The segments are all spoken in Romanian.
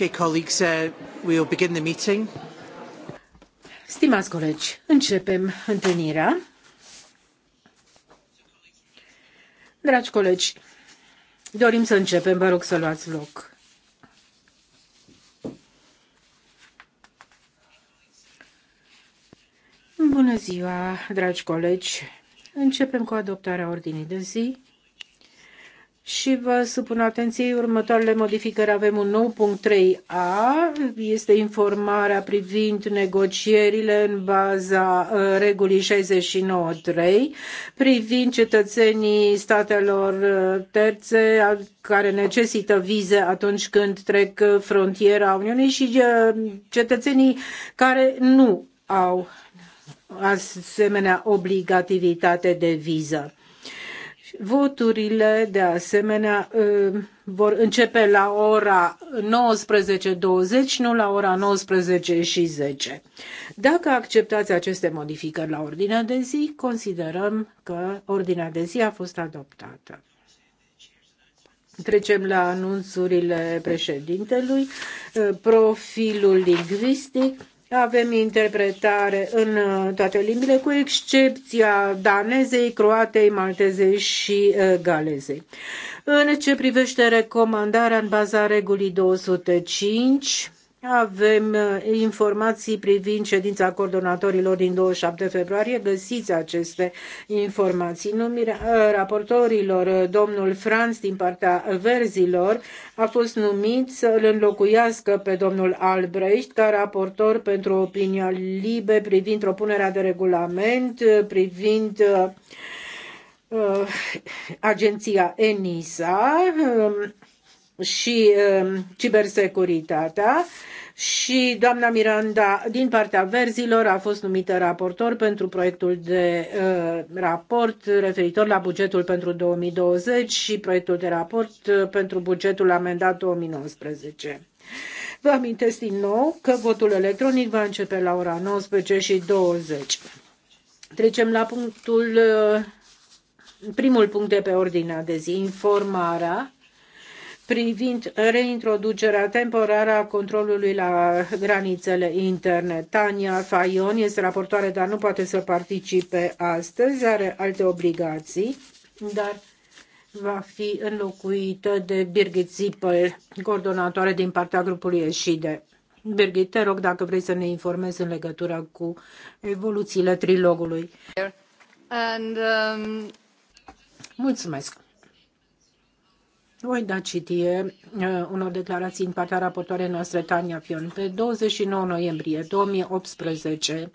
Uh, Stimați colegi, începem întâlnirea. Dragi colegi, dorim să începem, vă rog să luați loc. Bună ziua, dragi colegi. Începem cu adoptarea ordinii de zi și vă supun atenției următoarele modificări. Avem un nou punct 3a, este informarea privind negocierile în baza uh, regulii 69.3, privind cetățenii statelor uh, terțe care necesită vize atunci când trec uh, frontiera Uniunii și cetățenii care nu au asemenea obligativitate de viză Voturile, de asemenea, uh, vor începe la ora 19.20, nu la ora 19.10. Dacă acceptați aceste modificări la ordinea de zi, considerăm că ordinea de zi a fost adoptată. Trecem la anunțurile președintelui, uh, profilul lingvistic avem interpretare în uh, toate limbile, cu excepția danezei, croatei, maltezei și uh, galezei. În ce privește recomandarea în baza regulii 205, avem uh, informații privind ședința coordonatorilor din 27 februarie. Găsiți aceste informații. Numirea uh, raportorilor, uh, domnul Franz din partea verzilor, a fost numit să îl înlocuiască pe domnul Albrecht ca raportor pentru opinia libe privind propunerea de regulament, privind agenția ENISA. Um, și um, cibersecuritatea și doamna Miranda din partea verzilor a fost numită raportor pentru proiectul de uh, raport referitor la bugetul pentru 2020 și proiectul de raport uh, pentru bugetul amendat 2019. Vă amintesc din nou că votul electronic va începe la ora 19 și 20. Trecem la punctul, uh, primul punct de pe ordinea de zi, informarea privind reintroducerea temporară a controlului la granițele interne. Tania Fayon este raportoare, dar nu poate să participe astăzi, are alte obligații, dar va fi înlocuită de Birgit Zippel, coordonatoare din partea grupului Eșide. Birgit, te rog dacă vrei să ne informezi în legătură cu evoluțiile trilogului. And, um... Mulțumesc. Voi da citire uh, unor declarații din partea raportoarei noastre, Tania Fion. Pe 29 noiembrie 2018,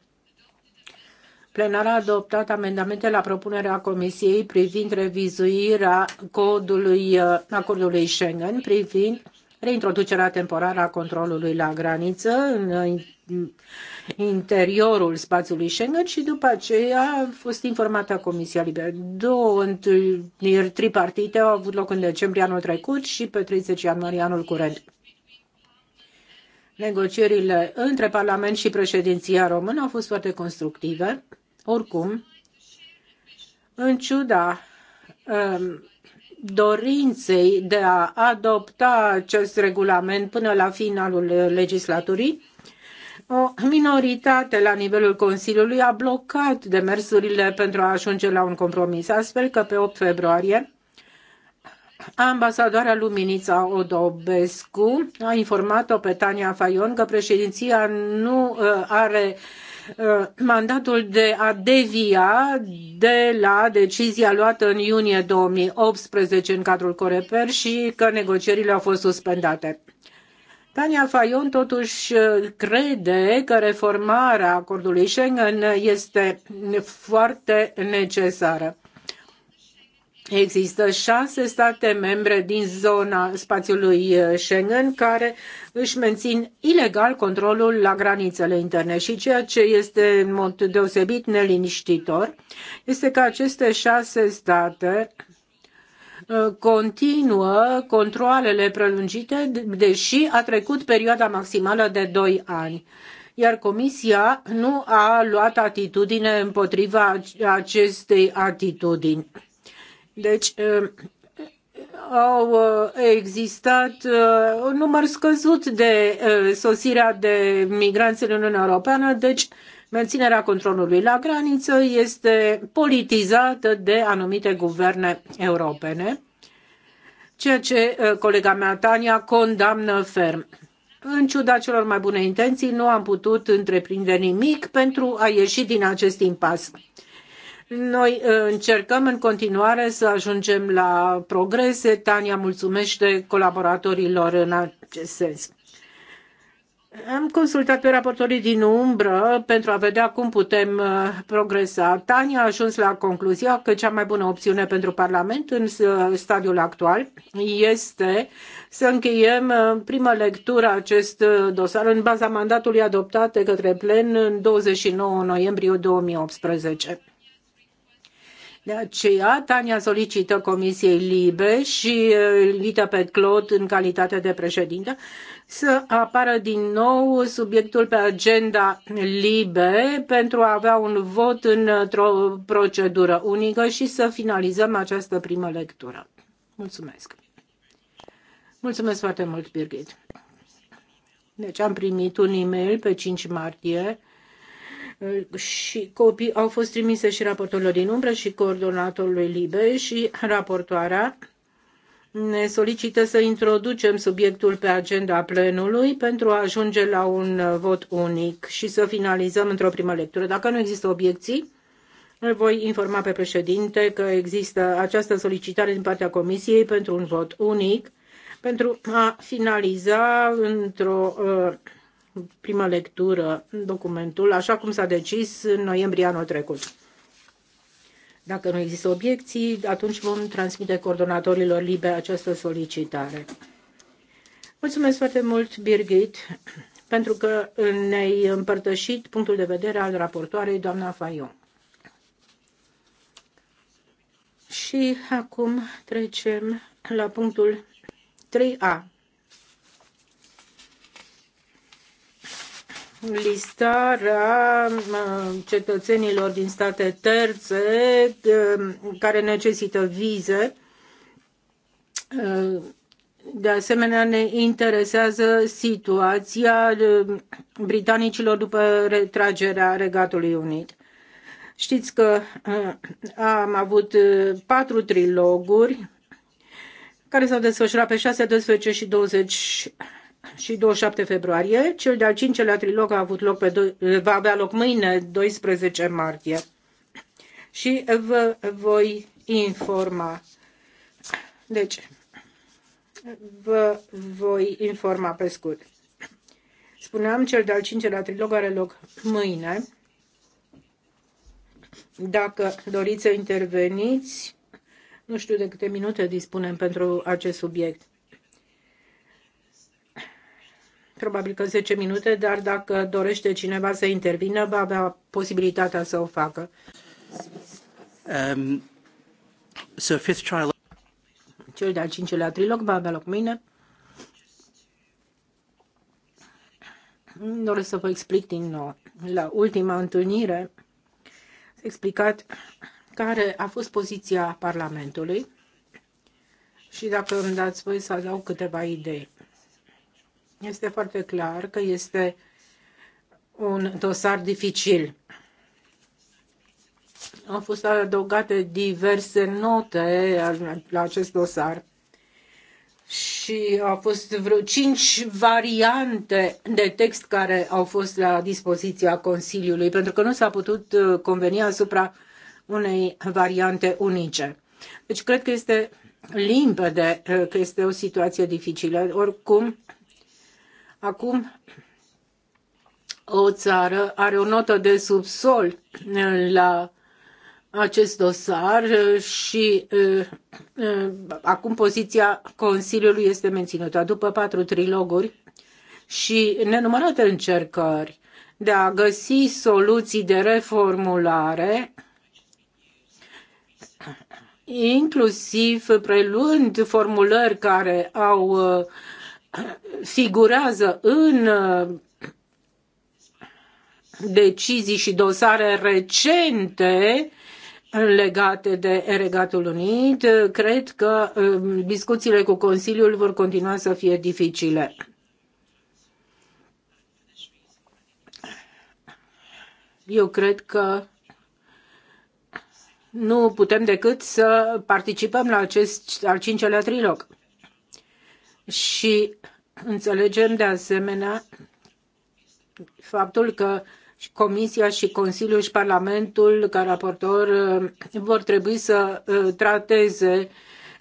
plenara a adoptat amendamente la propunerea Comisiei privind revizuirea codului uh, acordului Schengen, privind reintroducerea temporară a controlului la graniță în interiorul spațiului Schengen și după aceea a fost informată Comisia Liberă. Două întâlniri tripartite au avut loc în decembrie anul trecut și pe 30 ianuarie anul curent. Negocierile între Parlament și președinția română au fost foarte constructive. Oricum, în ciuda um, dorinței de a adopta acest regulament până la finalul legislaturii, o minoritate la nivelul Consiliului a blocat demersurile pentru a ajunge la un compromis, astfel că pe 8 februarie Ambasadoarea Luminița Odobescu a informat-o pe Tania Fayon că președinția nu uh, are uh, Uh, mandatul de a devia de la decizia luată în iunie 2018 în cadrul Coreper și că negocierile au fost suspendate. Tania Fayon totuși uh, crede că reformarea acordului Schengen este foarte necesară. Există șase state membre din zona spațiului eh, Schengen care își mențin ilegal controlul la granițele interne și ceea ce este în mod deosebit neliniștitor este că aceste șase state eh, continuă controlele prelungite, deși a trecut perioada maximală de 2 ani iar Comisia nu a luat atitudine împotriva acestei atitudini. Deci um, au uh, existat uh, un număr scăzut de uh, sosirea de migranți în Uniunea Europeană, deci menținerea controlului la graniță este politizată de anumite guverne europene, ceea ce colega mea Tania condamnă ferm. În ciuda celor mai bune intenții, nu am putut întreprinde nimic pentru a ieși din acest impas. Noi uh, încercăm în continuare să ajungem la progrese. Tania mulțumește colaboratorilor în acest sens. Am consultat pe raportorii din umbră pentru a vedea cum putem uh, progresa. Tania a ajuns la concluzia că cea mai bună opțiune pentru Parlament în uh, stadiul actual este să încheiem prima lectură acest dosar în baza mandatului adoptat de către plen în 29 noiembrie 2018. De aceea, Tania solicită Comisiei Libe și uh, invită pe Clot în calitate de președinte să apară din nou subiectul pe agenda Libe pentru a avea un vot într-o procedură unică și să finalizăm această primă lectură. Mulțumesc! Mulțumesc foarte mult, Birgit! Deci am primit un e-mail pe 5 martie și copii au fost trimise și raportorilor din umbră și coordonatorului Libe și raportoarea ne solicită să introducem subiectul pe agenda plenului pentru a ajunge la un vot unic și să finalizăm într-o primă lectură. Dacă nu există obiecții, îl voi informa pe președinte că există această solicitare din partea Comisiei pentru un vot unic pentru a finaliza într-o uh, prima lectură documentul, așa cum s-a decis în noiembrie anul trecut. Dacă nu există obiecții, atunci vom transmite coordonatorilor libe această solicitare. Mulțumesc foarte mult, Birgit, pentru că ne-ai împărtășit punctul de vedere al raportoarei doamna Fayon. Și acum trecem la punctul 3A, listarea cetățenilor din state terțe care necesită vize. De asemenea, ne interesează situația britanicilor după retragerea Regatului Unit. Știți că eh, am avut eh, patru triloguri care s-au desfășurat pe 6, 12 și 20 și 27 februarie. Cel de-al cincelea trilog a avut loc pe, va avea loc mâine, 12 martie. Și vă voi informa. Deci, vă voi informa pe scurt. Spuneam, cel de-al cincelea trilog are loc mâine. Dacă doriți să interveniți, nu știu de câte minute dispunem pentru acest subiect. probabil că 10 minute, dar dacă dorește cineva să intervină, va avea posibilitatea să o facă. Um, so fifth trial... Cel de-al cincilea trilog va avea loc mâine. Doresc să vă explic din nou. La ultima întâlnire s-a explicat care a fost poziția Parlamentului și dacă îmi dați voi să adaug câteva idei. Este foarte clar că este un dosar dificil. Au fost adăugate diverse note la acest dosar și au fost vreo cinci variante de text care au fost la dispoziția Consiliului, pentru că nu s-a putut uh, conveni asupra unei variante unice. Deci cred că este limpede uh, că este o situație dificilă. Oricum, Acum, o țară are o notă de subsol eh, la acest dosar eh, și eh, acum poziția Consiliului este menținută. După patru triloguri și nenumărate încercări de a găsi soluții de reformulare, inclusiv preluând formulări care au uh, figurează în uh, decizii și dosare recente legate de Regatul Unit, cred că um, discuțiile cu Consiliul vor continua să fie dificile. Eu cred că nu putem decât să participăm la acest al cincelea trilog și înțelegem de asemenea faptul că Comisia și Consiliul și Parlamentul, ca raportor, eh, vor trebui să eh, trateze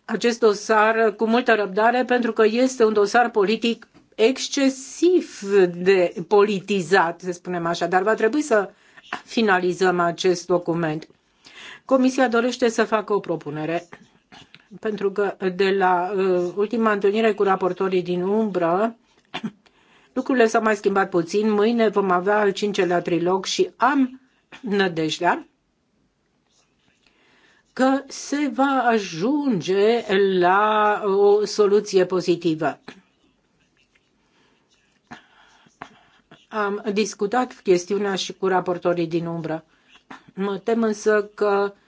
acest dosar cu multă răbdare, pentru că este un dosar politic excesiv de politizat, să spunem așa, dar va trebui să finalizăm acest document. Comisia dorește să facă o propunere pentru că de la uh, ultima întâlnire cu raportorii din umbră, lucrurile s-au mai schimbat puțin. Mâine vom avea al cincelea trilog și am nădejdea că se va ajunge la o soluție pozitivă. Am discutat chestiunea și cu raportorii din umbră. Mă tem însă că uh,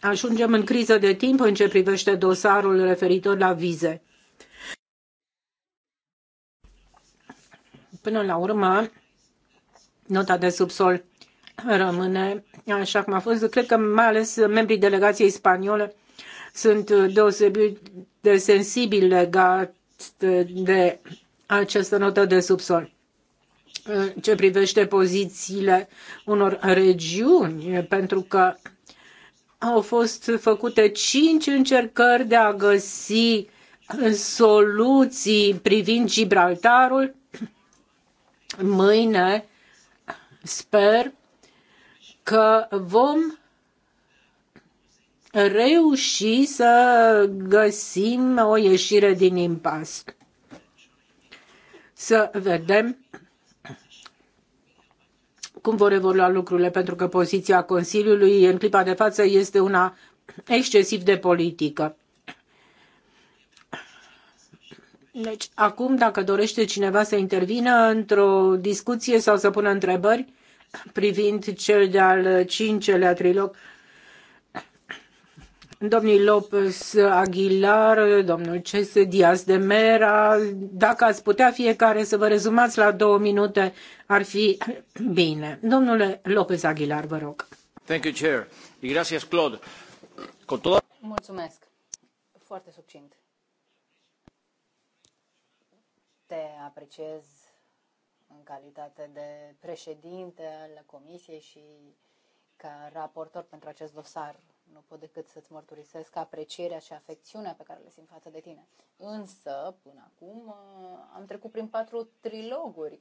ajungem în criză de timp în ce privește dosarul referitor la vize. Până la urmă, nota de subsol rămâne așa cum a fost. Cred că mai ales membrii delegației spaniole sunt deosebit de sensibili legat de această notă de subsol ce privește pozițiile unor regiuni, pentru că au fost făcute cinci încercări de a găsi uh, soluții privind Gibraltarul. Mâine sper că vom reuși să găsim o ieșire din impas. Să vedem cum vor evolua lucrurile, pentru că poziția Consiliului în clipa de față este una excesiv de politică. Deci, acum, dacă dorește cineva să intervină într-o discuție sau să pună întrebări privind cel de-al cincelea trilog, domnii Lopez Aguilar, domnul Ces Diaz de Mera, dacă ați putea fiecare să vă rezumați la două minute ar fi bine. Domnule López Aguilar, vă rog. Thank you, Chair. Gracias, Claude. Mulțumesc. Foarte succint. Te apreciez în calitate de președinte al comisiei și ca raportor pentru acest dosar. Nu pot decât să-ți mărturisesc aprecierea și afecțiunea pe care le simt față de tine. Însă, până acum, am trecut prin patru triloguri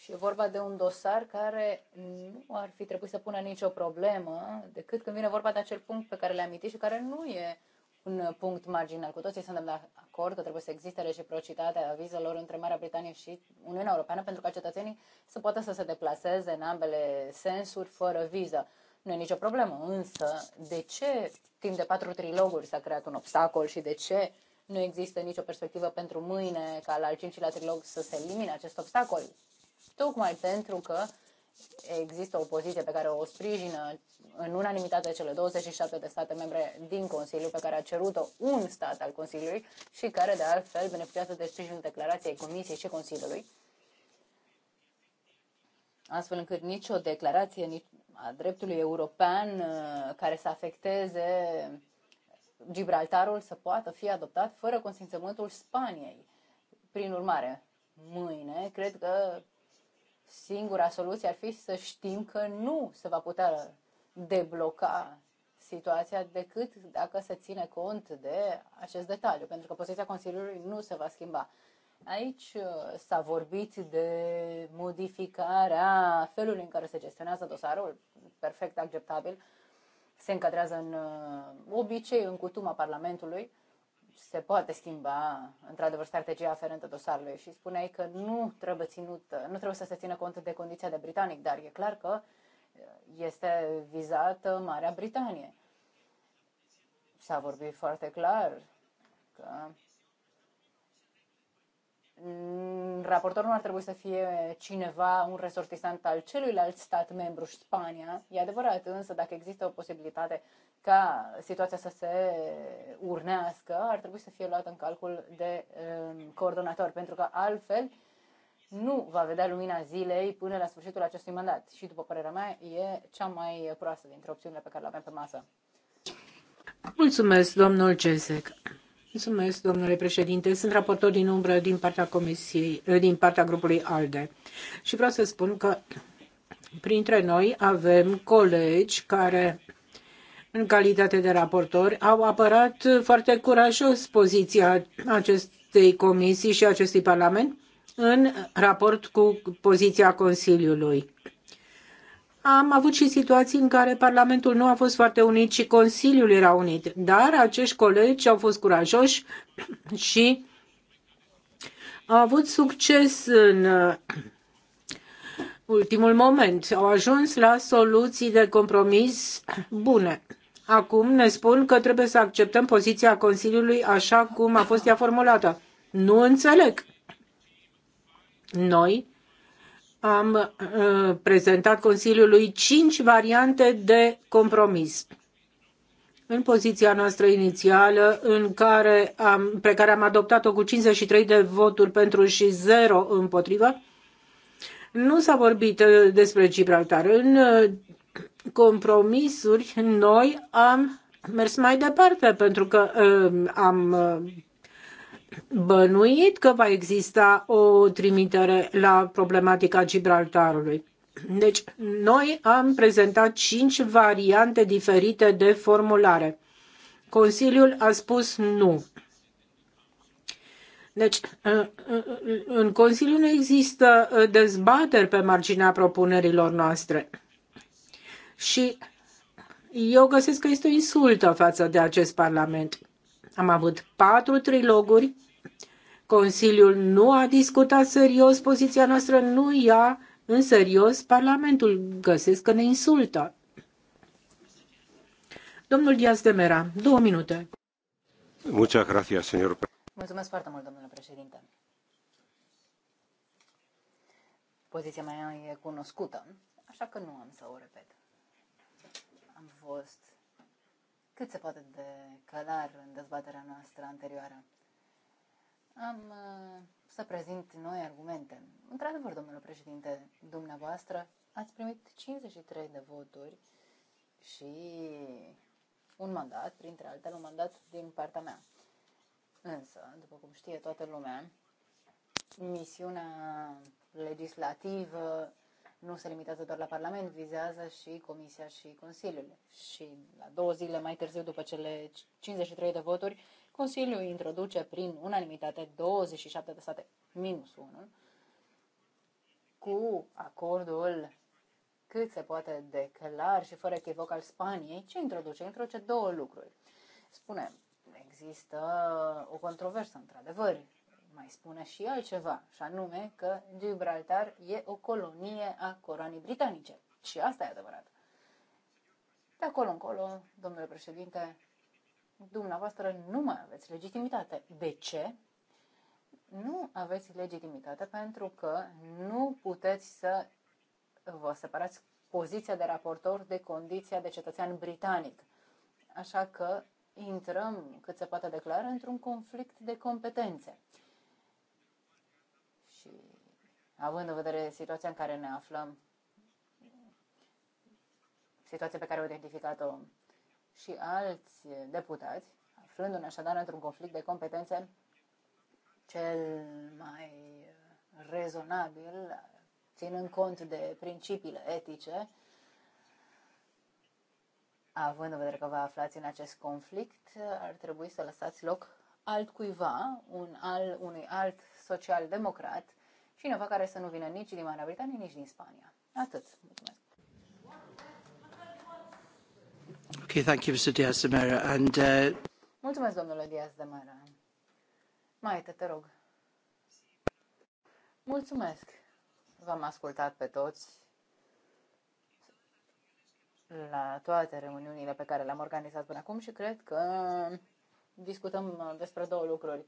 și e vorba de un dosar care nu ar fi trebuit să pună nicio problemă, decât când vine vorba de acel punct pe care le-am amintit și care nu e un punct marginal. Cu toții suntem de acord că trebuie să existe reciprocitatea vizelor între Marea Britanie și Uniunea Europeană pentru ca cetățenii să poată să se deplaseze în ambele sensuri fără viză. Nu e nicio problemă, însă de ce timp de patru triloguri s-a creat un obstacol și de ce nu există nicio perspectivă pentru mâine ca la al cincilea trilog să se elimine acest obstacol? tocmai pentru că există o poziție pe care o sprijină în unanimitate cele 27 de state membre din Consiliu, pe care a cerut-o un stat al Consiliului și care, de altfel, beneficiază de sprijinul declarației Comisiei și Consiliului, astfel încât nicio declarație nici a dreptului european uh, care să afecteze Gibraltarul să poată fi adoptat fără consimțământul Spaniei. Prin urmare, mâine, cred că Singura soluție ar fi să știm că nu se va putea debloca situația decât dacă se ține cont de acest detaliu, pentru că poziția Consiliului nu se va schimba. Aici uh, s-a vorbit de modificarea felului în care se gestionează dosarul, perfect acceptabil, se încadrează în uh, obicei, în cutuma Parlamentului, se poate schimba, într-adevăr, strategia aferentă dosarului și spuneai că nu trebuie, ținut, nu trebuie să se țină cont de condiția de britanic, dar e clar că uh, este vizată Marea Britanie. S-a vorbit foarte clar că raportorul nu ar trebui să fie cineva, un resortisant al celuilalt stat membru, Spania. E adevărat, însă, dacă există o posibilitate ca situația să se urnească, ar trebui să fie luată în calcul de um, coordonator, pentru că altfel nu va vedea lumina zilei până la sfârșitul acestui mandat. Și, după părerea mea, e cea mai proastă dintre opțiunile pe care le avem pe masă. Mulțumesc, domnul Cesec. Mulțumesc, domnule președinte. Sunt raportor din umbră din partea comisiei, eh, din partea grupului ALDE. Și vreau să spun că printre noi avem colegi care în calitate de raportori, au apărat foarte curajos poziția acestei comisii și acestui Parlament în raport cu poziția Consiliului. Am avut și situații în care Parlamentul nu a fost foarte unit și Consiliul era unit, dar acești colegi au fost curajoși și au avut succes în uh, ultimul moment. Au ajuns la soluții de compromis bune. Acum ne spun că trebuie să acceptăm poziția Consiliului așa cum a fost ea formulată. Nu înțeleg. Noi am uh, prezentat Consiliului cinci variante de compromis. În poziția noastră inițială, în care am, pe care am adoptat-o cu 53 de voturi pentru și 0 împotrivă, nu s-a vorbit uh, despre Gibraltar. În uh, compromisuri, noi am mers mai departe pentru că um, uh, am bănuit că va exista o trimitere la problematica Gibraltarului. Deci, noi am prezentat cinci variante diferite de formulare. Consiliul a spus nu. Deci, uh, uh, în Consiliu nu există uh, dezbateri pe marginea propunerilor noastre și eu găsesc că este o insultă față de acest Parlament. Am avut patru triloguri, Consiliul nu a discutat serios poziția noastră, nu ia în serios Parlamentul. Găsesc că ne insultă. Domnul Diaz de Mera, două minute. Muchas gracias, señor. Mulțumesc foarte mult, domnule președinte. Poziția mea e cunoscută, așa că nu am să o repet am fost cât se poate de calar în dezbaterea noastră anterioară. Am uh, să prezint noi argumente. Într-adevăr, domnule președinte, dumneavoastră ați primit 53 de voturi și un mandat, printre altele un mandat din partea mea. Însă, după cum știe toată lumea, misiunea legislativă nu se limitează doar la Parlament, vizează și Comisia și Consiliul. Și la două zile mai târziu, după cele 53 de voturi, Consiliul introduce prin unanimitate 27 de state minus 1 cu acordul cât se poate de clar și fără echivoc al Spaniei, ce introduce? Introduce două lucruri. Spune, există o controversă, într-adevăr, mai spune și altceva, și anume că Gibraltar e o colonie a coroanei britanice. Și asta e adevărat. De acolo încolo, domnule președinte, dumneavoastră nu mai aveți legitimitate. De ce? Nu aveți legitimitate pentru că nu puteți să vă separați poziția de raportor de condiția de cetățean britanic. Așa că intrăm, cât se poate declara, într-un conflict de competențe. Și având în vedere situația în care ne aflăm, situația pe care au identificat-o și alți deputați, aflându-ne așadar într-un conflict de competențe, cel mai rezonabil, ținând cont de principiile etice, având în vedere că vă aflați în acest conflict, ar trebui să lăsați loc altcuiva, un al, unui alt social-democrat, cineva care să nu vină nici din Marea Britanie, nici din Spania. Atât. Mulțumesc. Okay, thank you, Mr. Diaz de Mera. And, uh... Mulțumesc, domnule Diaz de Mera. Mai Maite, te rog. Mulțumesc. V-am ascultat pe toți la toate reuniunile pe care le-am organizat până acum și cred că discutăm despre două lucruri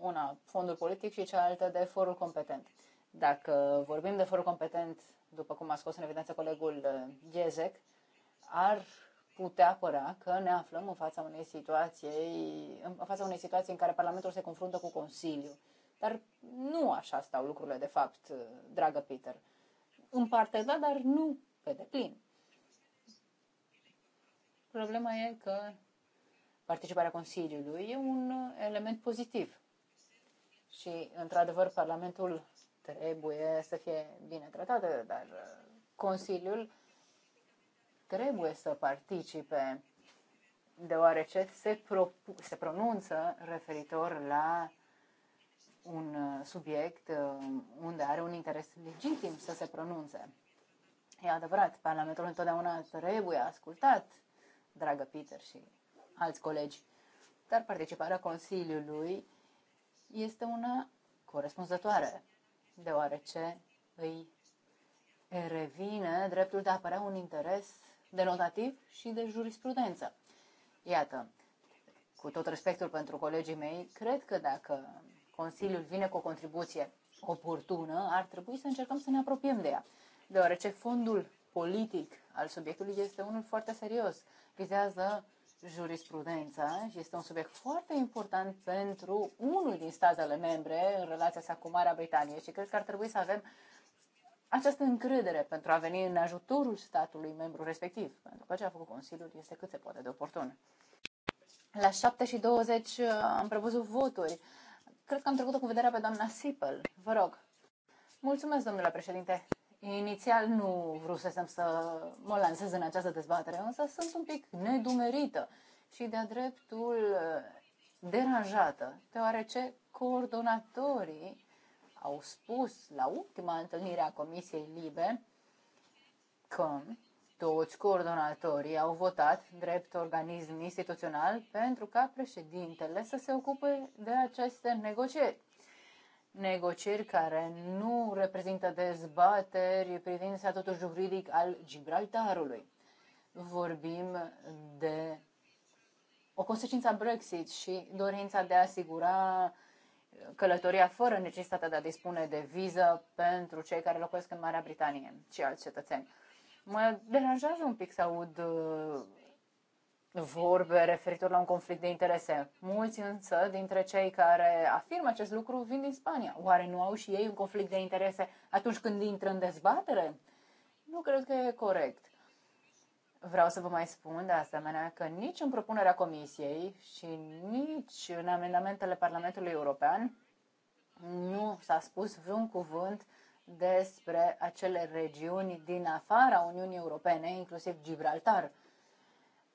una fondul politic și cealaltă de forul competent. Dacă vorbim de forul competent, după cum a scos în evidență colegul uh, Ghezec, ar putea părea că ne aflăm în fața unei situații, în fața unei situații în care Parlamentul se confruntă cu Consiliu, Dar nu așa stau lucrurile, de fapt, uh, dragă Peter. În parte, da, dar nu pe deplin. Problema e că participarea Consiliului e un uh, element pozitiv și, într-adevăr, Parlamentul trebuie să fie bine tratat, dar uh, Consiliul trebuie să participe, deoarece se, se pronunță referitor la un uh, subiect uh, unde are un interes legitim să se pronunțe. E adevărat, Parlamentul întotdeauna trebuie ascultat, dragă Peter și alți colegi, dar participarea Consiliului este una corespunzătoare, deoarece îi revine dreptul de a apărea un interes denotativ și de jurisprudență. Iată, cu tot respectul pentru colegii mei, cred că dacă Consiliul vine cu o contribuție oportună, ar trebui să încercăm să ne apropiem de ea, deoarece fondul politic al subiectului este unul foarte serios. Vizează jurisprudența și este un subiect foarte important pentru unul din statele membre în relația sa cu Marea Britanie și cred că ar trebui să avem această încredere pentru a veni în ajutorul statului membru respectiv, pentru că ce a făcut Consiliul este cât se poate de oportun. La 7 și 20 uh, am prevăzut voturi. Cred că am trecut-o cu vederea pe doamna Sipel. Vă rog. Mulțumesc, domnule președinte. Inițial nu vrusesem să mă lansez în această dezbatere, însă sunt un pic nedumerită și de-a dreptul uh, deranjată, deoarece coordonatorii au spus la ultima întâlnire a Comisiei Libe că toți coordonatorii au votat drept organism instituțional pentru ca președintele să se ocupe de aceste negocieri negocieri care nu reprezintă dezbateri privind statutul juridic al Gibraltarului. Vorbim de o consecință a Brexit și dorința de a asigura călătoria fără necesitatea de a dispune de viză pentru cei care locuiesc în Marea Britanie și alți cetățeni. Mă deranjează un pic să aud vorbe referitor la un conflict de interese. Mulți însă dintre cei care afirmă acest lucru vin din Spania. Oare nu au și ei un conflict de interese atunci când intră în dezbatere? Nu cred că e corect. Vreau să vă mai spun de asemenea că nici în propunerea Comisiei și nici în amendamentele Parlamentului European nu s-a spus vreun cuvânt despre acele regiuni din afara Uniunii Europene, inclusiv Gibraltar.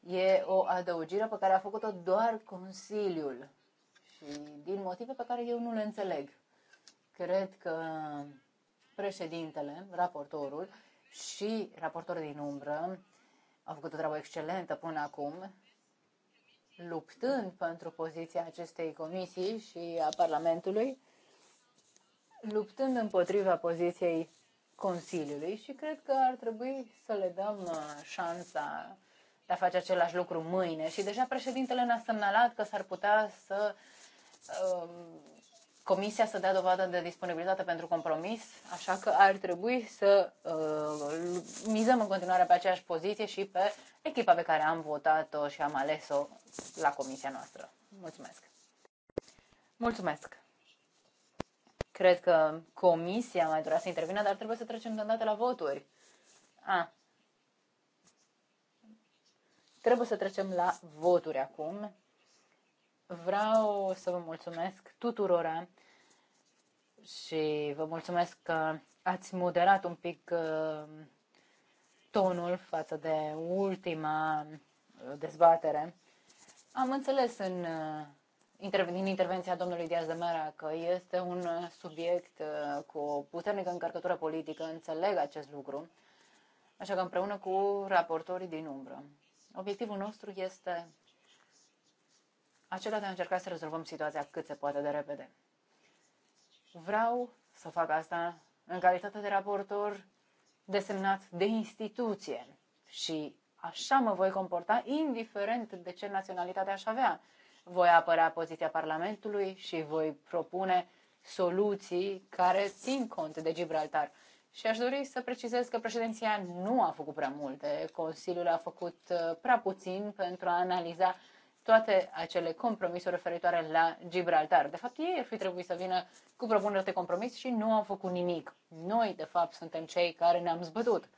E o adăugire pe care a făcut-o doar Consiliul și din motive pe care eu nu le înțeleg. Cred că președintele, raportorul și raportorul din umbră au făcut o treabă excelentă până acum, luptând pentru poziția acestei comisii și a Parlamentului, luptând împotriva poziției Consiliului și cred că ar trebui să le dăm șansa de a face același lucru mâine. Și deja președintele ne-a semnalat că s-ar putea să uh, comisia să dea dovadă de disponibilitate pentru compromis, așa că ar trebui să uh, mizăm în continuare pe aceeași poziție și pe echipa pe care am votat-o și am ales-o la comisia noastră. Mulțumesc! Mulțumesc! Cred că comisia mai dura să intervină, dar trebuie să trecem de îndată la voturi. Ah. Trebuie să trecem la voturi acum. Vreau să vă mulțumesc tuturora și vă mulțumesc că ați moderat un pic uh, tonul față de ultima uh, dezbatere. Am înțeles în, uh, din intervenția domnului Diaz de Mera că este un subiect cu o puternică încărcătură politică, înțeleg acest lucru, așa că împreună cu raportorii din umbră Obiectivul nostru este acela de a încerca să rezolvăm situația cât se poate de repede. Vreau să fac asta în calitate de raportor desemnat de instituție și așa mă voi comporta indiferent de ce naționalitate aș avea. Voi apăra poziția Parlamentului și voi propune soluții care țin cont de Gibraltar. Și aș dori să precizez că președinția nu a făcut prea multe. Consiliul a făcut uh, prea puțin pentru a analiza toate acele compromisuri referitoare la Gibraltar. De fapt, ei ar fi trebuit să vină cu propuneri de compromis și nu au făcut nimic. Noi, de fapt, suntem cei care ne-am zbătut.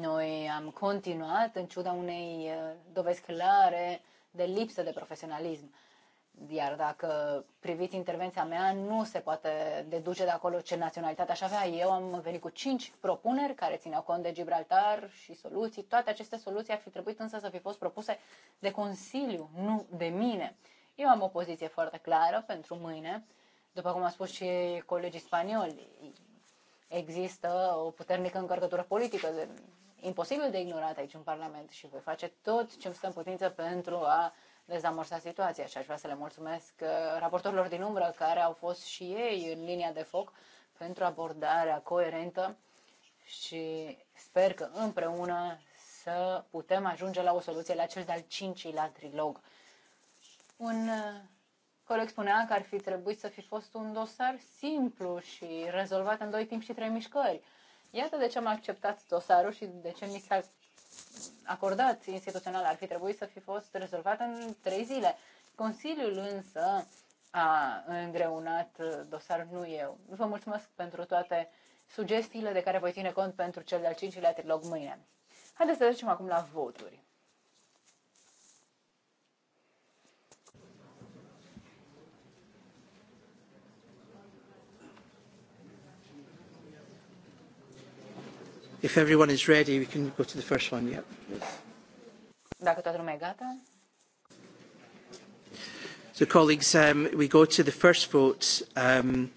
Noi am continuat în ciuda unei uh, dovezi clare de lipsă de profesionalism. Iar dacă priviți intervenția mea, nu se poate deduce de acolo ce naționalitate aș avea. Eu am venit cu cinci propuneri care țineau cont de Gibraltar și soluții. Toate aceste soluții ar fi trebuit însă să fi fost propuse de Consiliu, nu de mine. Eu am o poziție foarte clară pentru mâine. După cum a spus și colegii spanioli, există o puternică încărcătură politică, de, imposibil de ignorat aici în Parlament și voi face tot ce îmi stă în putință pentru a dezamorsa situația și aș vrea să le mulțumesc uh, raportorilor din umbră care au fost și ei în linia de foc pentru abordarea coerentă și sper că împreună să putem ajunge la o soluție la cel de-al cincilea trilog. Un uh, coleg spunea că ar fi trebuit să fi fost un dosar simplu și rezolvat în doi timp și trei mișcări. Iată de ce am acceptat dosarul și de ce mi s-a acordat instituțional ar fi trebuit să fi fost rezolvat în trei zile. Consiliul însă a îngreunat dosarul, nu eu. Vă mulțumesc pentru toate sugestiile de care voi ține cont pentru cel de-al cincilea trilog mâine. Haideți să trecem acum la voturi. If everyone is ready, we can go to the first one. Yeah. Dacă toată lumea e gata. So, colleagues, um, we go to the first vote. Um,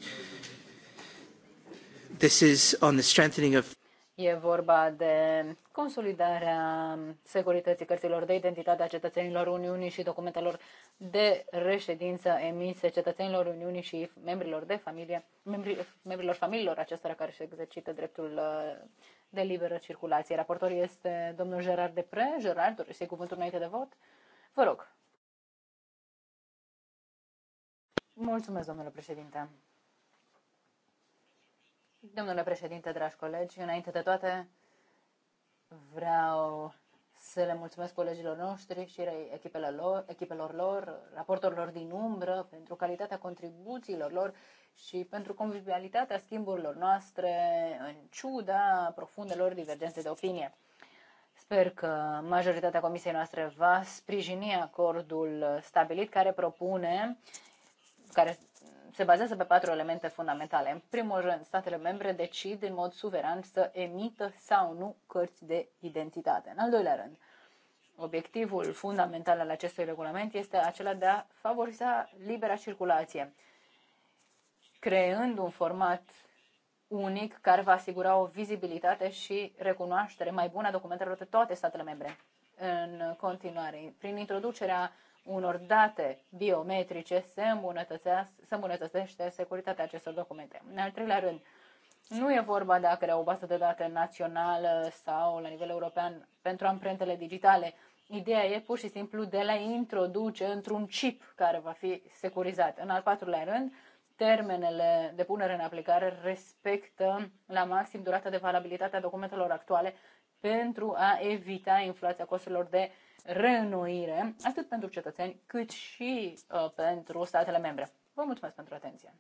this is on the strengthening of. E vorba de consolidarea securității cărților de identitate a cetățenilor Uniunii și documentelor de reședință emise cetățenilor Uniunii și membrilor de familie, membrilor familiilor acestora care își exercită dreptul uh, de liberă circulație. Raportor este domnul Gerard Depre. Gerard, doriți să cuvântul înainte de vot? Vă rog. Mulțumesc, domnule președinte. Domnule președinte, dragi colegi, înainte de toate, vreau să le mulțumesc colegilor noștri și echipelor lor, echipelor lor, raportorilor din umbră, pentru calitatea contribuțiilor lor și pentru convivialitatea schimburilor noastre, în ciuda profundelor divergențe de opinie. Sper că majoritatea comisiei noastre va sprijini acordul stabilit care propune, care se bazează pe patru elemente fundamentale. În primul rând, statele membre decid în mod suveran să emită sau nu cărți de identitate. În al doilea rând, obiectivul fundamental al acestui regulament este acela de a favoriza libera circulație, creând un format unic care va asigura o vizibilitate și recunoaștere mai bună a documentelor de toate statele membre. În continuare, prin introducerea unor date biometrice se, se îmbunătățește securitatea acestor documente. În al treilea rând, nu e vorba de a crea o bază de date națională sau la nivel european pentru amprentele digitale. Ideea e pur și simplu de la introduce într-un chip care va fi securizat. În al patrulea rând, termenele de punere în aplicare respectă la maxim durata de valabilitate a documentelor actuale pentru a evita inflația costurilor de reînnoire, atât pentru cetățeni, cât și uh, pentru statele membre. Vă mulțumesc pentru atenție.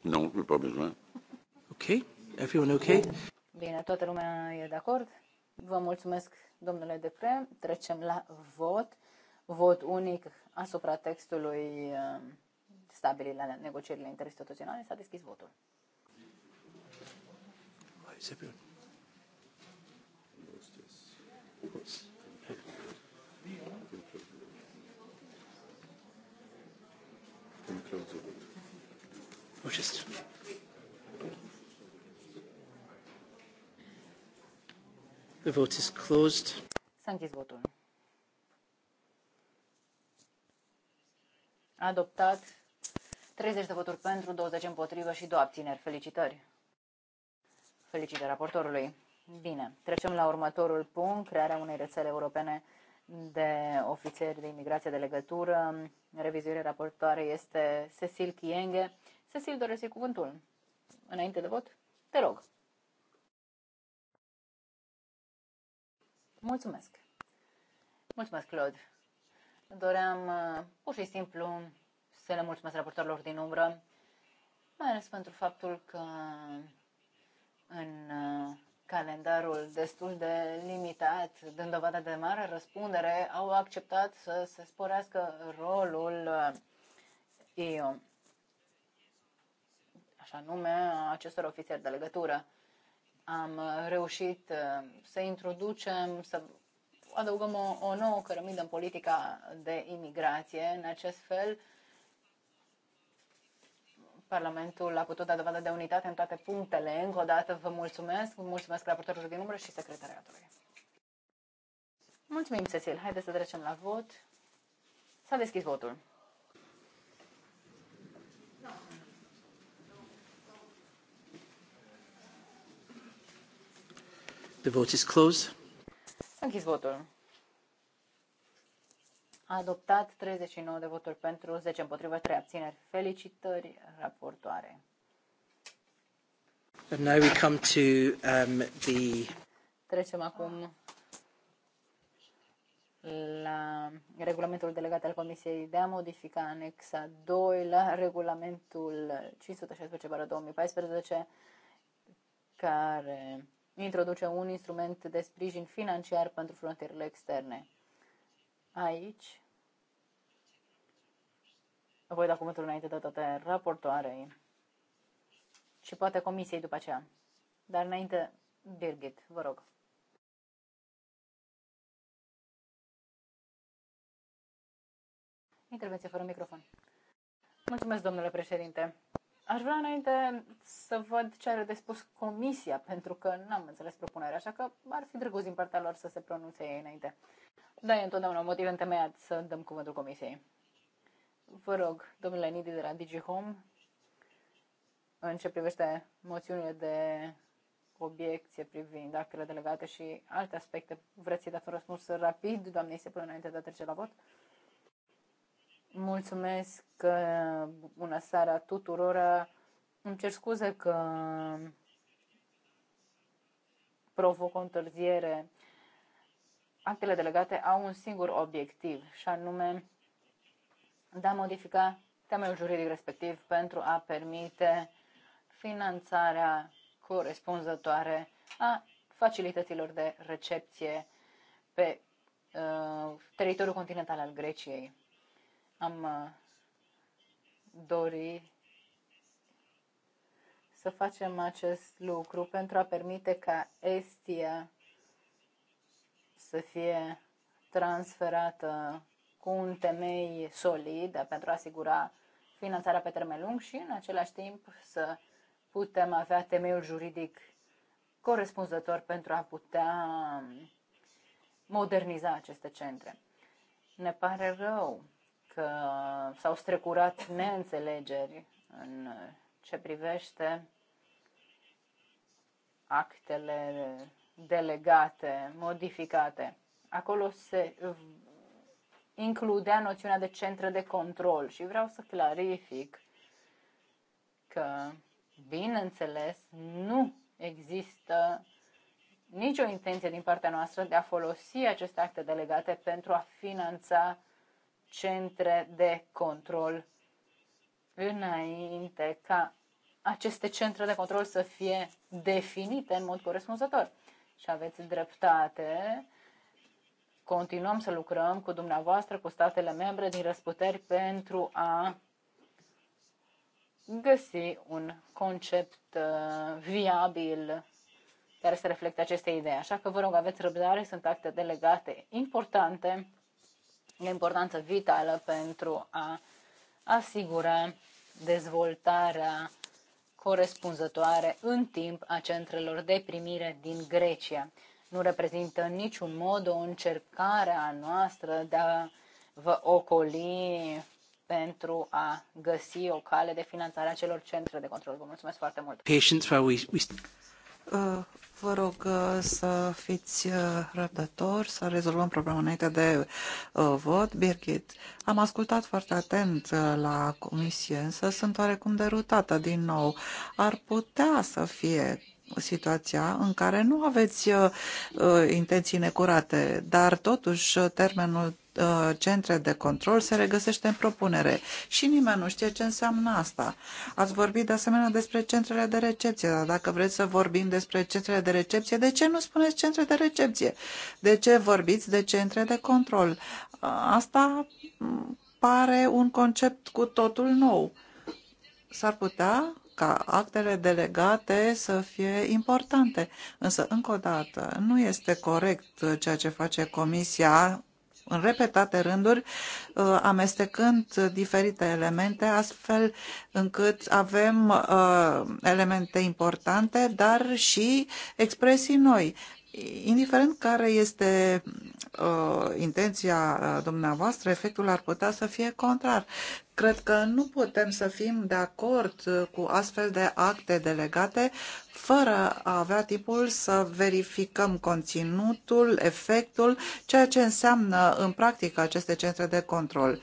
Nu, nu pas Ok, everyone ok? Bine, toată lumea e de acord. Vă mulțumesc, domnule Depre. Trecem la vot. Vot unic asupra textului uh, stabilit la negocierile interinstituționale. S-a deschis votul. Mai The vote is closed. S-a închis votul. Adoptat 30 de voturi pentru, 20 împotrivă și 2 abțineri. Felicitări! Felicitări raportorului! Bine, trecem la următorul punct, crearea unei rețele europene de ofițeri de imigrație de legătură. Revizuirea raportoare este Cecil Chienghe. Cecil, doresc cuvântul. Înainte de vot, te rog. Mulțumesc! Mulțumesc, Claude! Doream uh, pur și simplu să le mulțumesc raportorilor din umbră, mai ales pentru faptul că în uh, calendarul destul de limitat, dând dovadă de mare răspundere, au acceptat să se sporească rolul eu uh, așa nume, acestor ofițeri de legătură am uh, reușit uh, să introducem, să adăugăm o, o nouă cărămidă în politica de imigrație. În acest fel, Parlamentul a putut da dovadă de unitate în toate punctele. Încă o dată vă mulțumesc, mulțumesc raportorului din umbră și secretariatului. Mulțumim, Cecil. Haideți să trecem la vot. S-a deschis votul. The vote is closed. Închis votul. A adoptat 39 de voturi pentru, 10 împotriva, 3 abțineri. Felicitări, raportoare. And now we come to um, the... Trecem acum la regulamentul delegat al Comisiei de a modifica anexa 2 la regulamentul 516-2014 care introduce un instrument de sprijin financiar pentru frontierele externe. Aici voi da cuvântul înainte de toate raportoarei și poate comisiei după aceea. Dar înainte, Birgit, vă rog. Intervenție fără microfon. Mulțumesc, domnule președinte. Aș vrea înainte să văd ce are de spus comisia, pentru că nu am înțeles propunerea, așa că ar fi drăguț din partea lor să se pronunțe ei înainte. Da, e întotdeauna un motiv întemeiat să dăm cuvântul comisiei. Vă rog, domnule Nidi de la DigiHome, în ce privește moțiunile de obiecție privind actele delegate și alte aspecte, vreți să dați un răspuns rapid, doamnei, se până înainte de a trece la vot? Mulțumesc, uh, bună seara tuturor. Îmi cer scuze că provoc o întârziere. Actele delegate au un singur obiectiv și anume de a modifica temeiul juridic respectiv pentru a permite finanțarea corespunzătoare a facilităților de recepție pe uh, teritoriul continental al Greciei am uh, dori să facem acest lucru pentru a permite ca Estia să fie transferată cu un temei solid pentru a asigura finanțarea pe termen lung și în același timp să putem avea temeiul juridic corespunzător pentru a putea um, moderniza aceste centre. Ne pare rău că s-au strecurat neînțelegeri în ce privește actele delegate, modificate. Acolo se includea noțiunea de centre de control și vreau să clarific că, bineînțeles, nu există nicio intenție din partea noastră de a folosi aceste acte delegate pentru a finanța centre de control înainte ca aceste centre de control să fie definite în mod corespunzător. Și aveți dreptate, continuăm să lucrăm cu dumneavoastră, cu statele membre din răsputeri pentru a găsi un concept uh, viabil care să reflecte aceste idei. Așa că vă rog, aveți răbdare, sunt acte delegate importante de importanță vitală pentru a asigura dezvoltarea corespunzătoare în timp a centrelor de primire din Grecia. Nu reprezintă în niciun mod o încercare a noastră de a vă ocoli pentru a găsi o cale de finanțare a celor centre de control. Vă mulțumesc foarte mult! Patience, we, we... Uh, Vă rog uh, să fiți uh, răbdători, să rezolvăm problema înainte de uh, vot. Birgit, am ascultat foarte atent uh, la comisie, însă sunt oarecum derutată din nou. Ar putea să fie situația în care nu aveți uh, intenții necurate, dar totuși termenul Uh, centre de control se regăsește în propunere și nimeni nu știe ce înseamnă asta. Ați vorbit de asemenea despre centrele de recepție, dar dacă vreți să vorbim despre centrele de recepție, de ce nu spuneți centre de recepție? De ce vorbiți de centre de control? Uh, asta mm, pare un concept cu totul nou. S-ar putea ca actele delegate să fie importante. Însă, încă o dată, nu este corect uh, ceea ce face Comisia în repetate rânduri, uh, amestecând diferite elemente, astfel încât avem uh, elemente importante, dar și expresii noi indiferent care este uh, intenția uh, dumneavoastră, efectul ar putea să fie contrar. Cred că nu putem să fim de acord uh, cu astfel de acte delegate fără a avea tipul să verificăm conținutul, efectul, ceea ce înseamnă în practică aceste centre de control.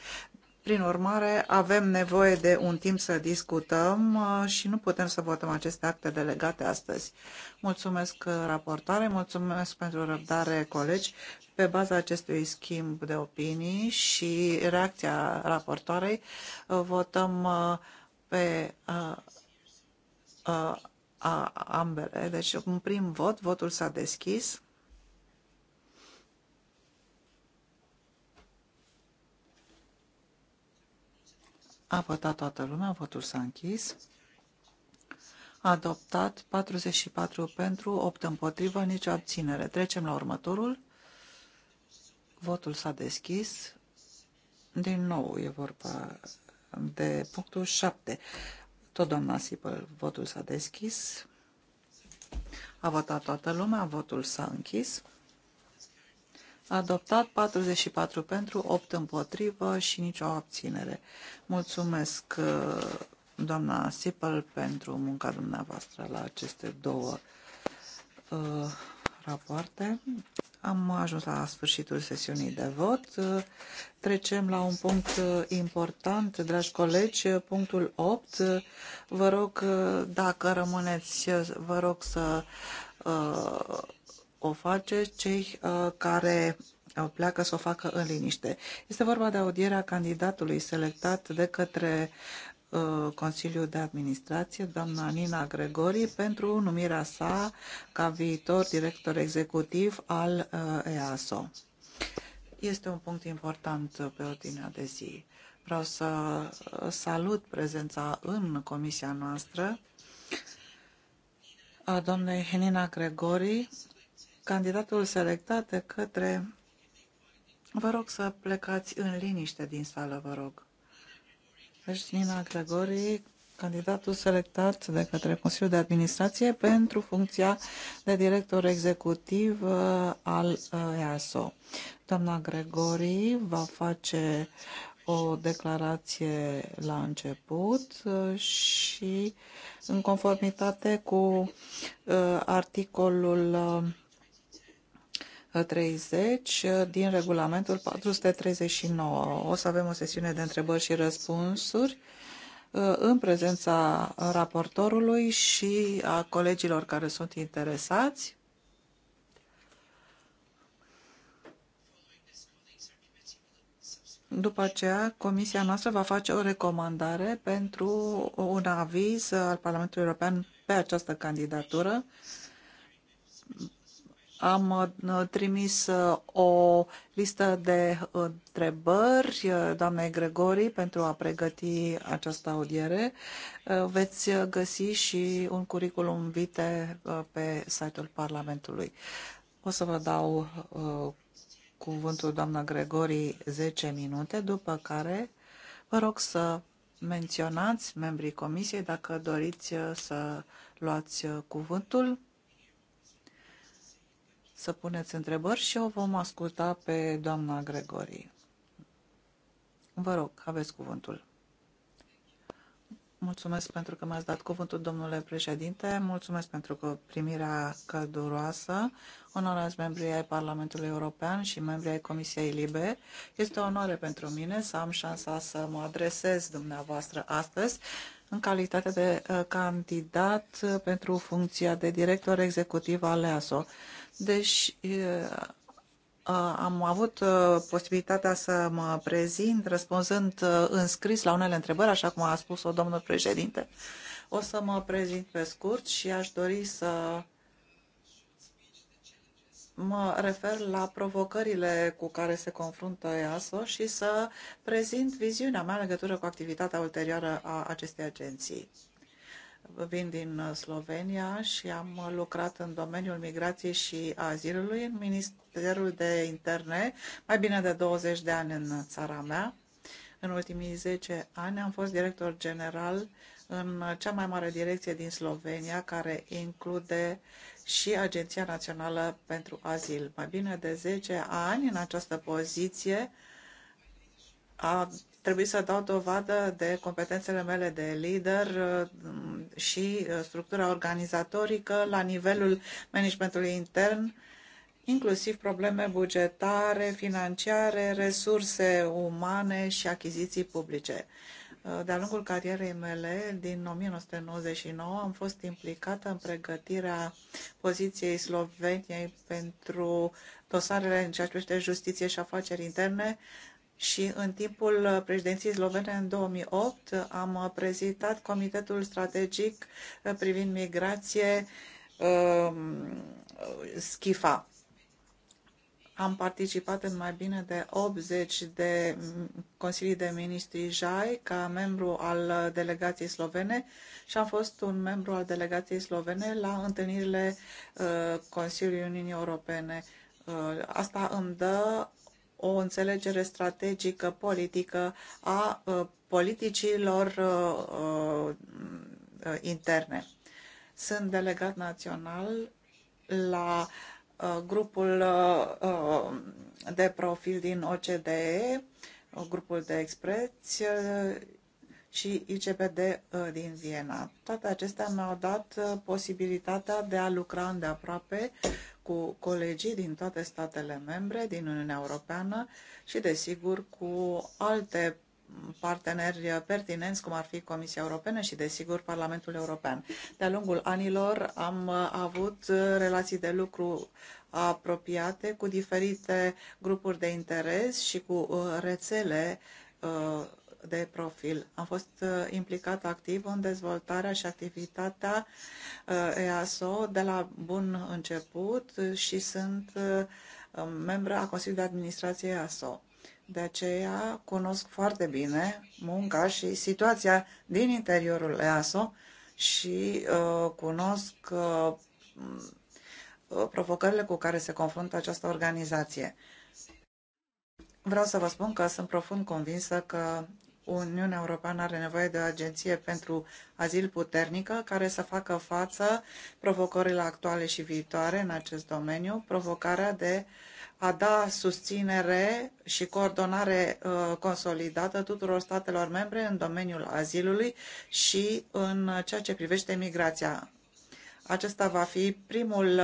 Prin urmare, avem nevoie de un timp să discutăm uh, și nu putem să votăm aceste acte delegate astăzi. Mulțumesc uh, raportare, mulțumesc pentru răbdare, colegi. Pe baza acestui schimb de opinii și reacția raportoarei, uh, votăm pe a, a, ambele. Deci, în prim vot, votul s-a deschis. A votat toată lumea, votul s-a închis. Adoptat 44 pentru, 8 împotrivă, nicio abținere. Trecem la următorul. Votul s-a deschis. Din nou e vorba de punctul 7. Tot doamna Sipăl, votul s-a deschis. A votat toată lumea, votul s-a închis. Adoptat 44 pentru, 8 împotrivă și nicio abținere. Mulțumesc, uh, doamna Sipel, pentru munca dumneavoastră la aceste două uh, rapoarte. Am ajuns la sfârșitul sesiunii de vot. Trecem la un punct uh, important, dragi colegi, uh, punctul 8. Vă rog, dacă rămâneți, vă rog să uh, o face cei uh, care uh, pleacă să o facă în liniște. Este vorba de audierea candidatului selectat de către uh, Consiliul de Administrație, doamna Nina Gregori, pentru numirea sa ca viitor director executiv al EASO. Este un punct important pe ordinea de zi. Vreau să salut prezența în comisia noastră a doamnei Henina Gregori, candidatul selectat de către... Vă rog să plecați în liniște din sală, vă rog. Deci Nina Gregori, candidatul selectat de către Consiliul de Administrație pentru funcția de director executiv uh, al uh, EASO. Doamna Gregori va face o declarație la început uh, și în conformitate cu articolul 30 uh, din regulamentul 439. O să avem o sesiune de întrebări și răspunsuri uh, în prezența raportorului și a colegilor care sunt interesați. După aceea, comisia noastră va face o recomandare pentru un aviz al Parlamentului European pe această candidatură am uh, trimis uh, o listă de întrebări uh, doamnei Gregori pentru a pregăti această audiere. Veți găsi și un curriculum vitae pe site-ul Parlamentului. O să vă dau cuvântul doamna Gregori 10 minute, după care vă rog să menționați membrii comisiei dacă doriți să luați cuvântul să puneți întrebări și o vom asculta pe doamna Gregorii. Vă rog, aveți cuvântul. Mulțumesc pentru că mi-ați dat cuvântul, domnule președinte. Mulțumesc pentru că primirea călduroasă. Onorați membrii ai Parlamentului European și membrii ai Comisiei Libe. Este o onoare pentru mine să am șansa să mă adresez dumneavoastră astăzi în calitate de uh, candidat uh, pentru funcția de director executiv al EASO. Deci am avut posibilitatea să mă prezint răspunzând în scris la unele întrebări, așa cum a spus-o domnul președinte. O să mă prezint pe scurt și aș dori să mă refer la provocările cu care se confruntă EASO și să prezint viziunea mea în legătură cu activitatea ulterioară a acestei agenții. Vin din uh, Slovenia și am uh, lucrat în domeniul migrației și azilului în Ministerul de Interne, mai bine de 20 de ani în uh, țara mea. În ultimii 10 ani am fost director general în cea mai mare direcție din Slovenia, care include și Agenția Națională pentru Azil. Mai bine de 10 ani în această poziție a Trebuie să dau dovadă de competențele mele de lider mm, și uh, structura organizatorică la nivelul managementului intern, inclusiv probleme bugetare, financiare, resurse umane și achiziții publice. Uh, de-a lungul carierei mele, din 1999, am fost implicată în pregătirea poziției Sloveniei pentru dosarele în ceea ce privește justiție și afaceri interne, și în timpul președinției slovene în 2008 am prezentat Comitetul Strategic privind migrație um, Schifa. Am participat în mai bine de 80 de consilii de ministri JAI ca membru al delegației slovene și am fost un membru al delegației slovene la întâlnirile uh, Consiliului Uniunii Europene. Uh, asta îmi dă o înțelegere strategică politică a uh, politicilor uh, uh, interne. Sunt delegat național la grupul de profil din OCDE, grupul de experți și ICPD din Viena. Toate acestea mi-au dat posibilitatea de a lucra îndeaproape cu colegii din toate statele membre din Uniunea Europeană și, desigur, cu alte parteneri pertinenți, cum ar fi Comisia Europeană și, desigur, Parlamentul European. De-a lungul anilor am avut relații de lucru apropiate cu diferite grupuri de interes și cu uh, rețele uh, de profil. Am fost uh, implicat activ în dezvoltarea și activitatea uh, EASO de la bun început și sunt uh, membră a Consiliului de Administrație EASO. De aceea cunosc foarte bine munca și situația din interiorul EASO și uh, cunosc uh, provocările cu care se confruntă această organizație. Vreau să vă spun că sunt profund convinsă că Uniunea Europeană are nevoie de o agenție pentru azil puternică care să facă față provocările actuale și viitoare în acest domeniu, provocarea de a da susținere și coordonare uh, consolidată tuturor statelor membre în domeniul azilului și în ceea ce privește migrația. Acesta va fi primul,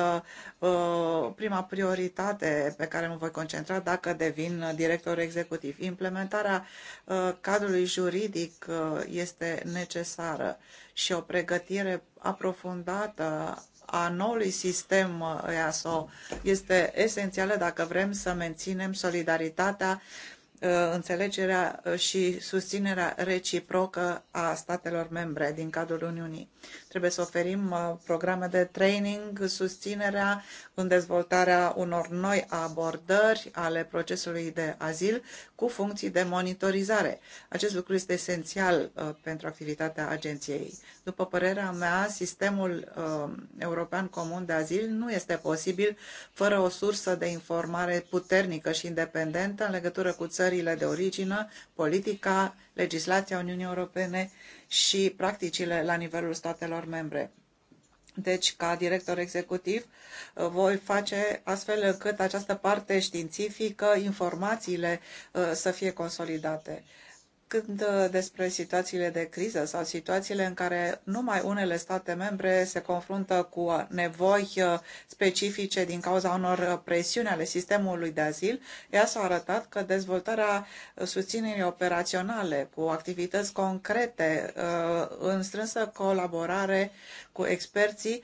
uh, prima prioritate pe care mă voi concentra dacă devin director executiv. Implementarea uh, cadrului juridic uh, este necesară și o pregătire aprofundată a noului sistem EASO este esențială dacă vrem să menținem solidaritatea Uh, înțelegerea uh, și susținerea reciprocă a statelor membre din cadrul Uniunii. Trebuie să oferim uh, programe de training, susținerea în dezvoltarea unor noi abordări ale procesului de azil cu funcții de monitorizare. Acest lucru este esențial pentru activitatea agenției. După părerea mea, sistemul european comun de azil nu este posibil fără o sursă de informare puternică și independentă în legătură cu țări țările de origine, politica, legislația Uniunii Europene și practicile la nivelul statelor membre. Deci, ca director executiv, uh, voi face astfel încât această parte științifică, informațiile uh, să fie consolidate când uh, despre situațiile de criză sau situațiile în care numai unele state membre se confruntă cu nevoi uh, specifice din cauza unor uh, presiuni ale sistemului de azil, ea s-a arătat că dezvoltarea susținerii operaționale cu activități concrete în strânsă colaborare cu experții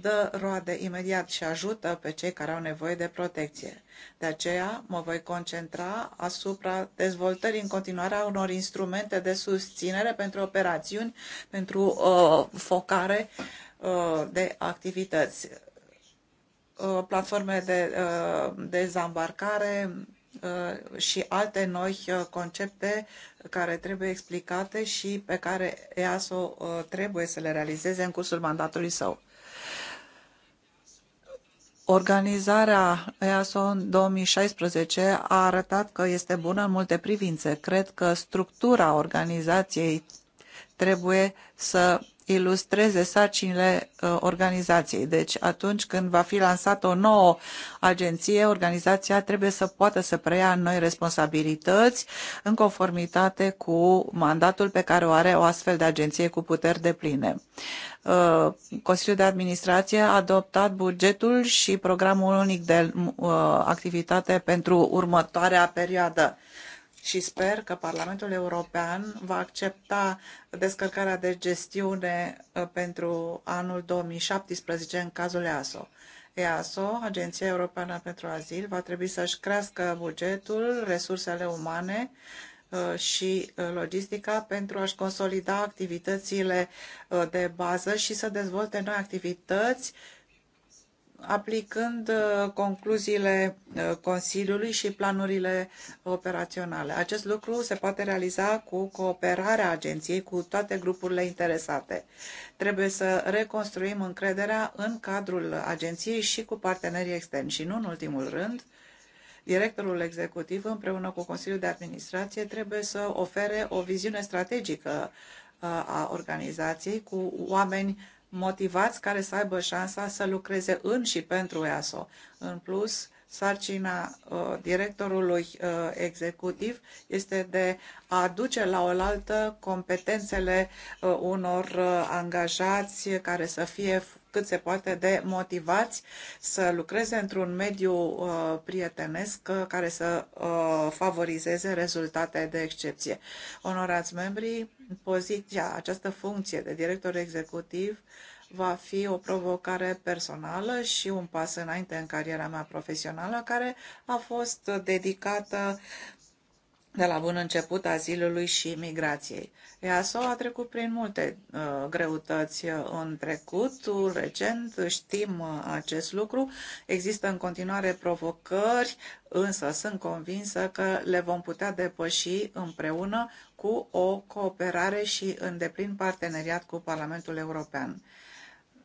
dă roade imediat și ajută pe cei care au nevoie de protecție. De aceea mă voi concentra asupra dezvoltării în continuare a unor instrumente de susținere pentru operațiuni, pentru uh, focare uh, de activități, uh, platforme de uh, dezambarcare, uh, și alte noi uh, concepte care trebuie explicate și pe care EASO uh, trebuie să le realizeze în cursul mandatului său. Organizarea EASO în 2016 a arătat că este bună în multe privințe. Cred că structura organizației trebuie să ilustreze sarcinile uh, organizației. Deci atunci când va fi lansată o nouă agenție, organizația trebuie să poată să preia noi responsabilități în conformitate cu mandatul pe care o are o astfel de agenție cu puteri de pline. Uh, Consiliul de Administrație a adoptat bugetul și programul unic de uh, activitate pentru următoarea perioadă și sper că Parlamentul European va accepta descărcarea de gestiune uh, pentru anul 2017 în cazul EASO. EASO, Agenția Europeană pentru Azil, va trebui să-și crească bugetul, resursele umane uh, și uh, logistica pentru a-și consolida activitățile de bază și să dezvolte noi activități aplicând uh, concluziile uh, Consiliului și planurile operaționale. Acest lucru se poate realiza cu cooperarea agenției cu toate grupurile interesate. Trebuie să reconstruim încrederea în cadrul agenției și cu partenerii externi și nu în ultimul rând, Directorul executiv împreună cu Consiliul de Administrație trebuie să ofere o viziune strategică uh, a organizației cu oameni motivați care să aibă șansa să lucreze în și pentru EASO. În plus, sarcina uh, directorului uh, executiv este de a aduce la oaltă competențele uh, unor uh, angajați care să fie cât se poate de motivați să lucreze într-un mediu uh, prietenesc uh, care să uh, favorizeze rezultate de excepție. Onorați membrii, poziția, această funcție de director executiv va fi o provocare personală și un pas înainte în cariera mea profesională care a fost dedicată de la bun început azilului și migrației. EASO a trecut prin multe uh, greutăți uh, în trecut, recent, știm uh, acest lucru, există în continuare provocări, însă sunt convinsă că le vom putea depăși împreună cu o cooperare și în deplin parteneriat cu Parlamentul European.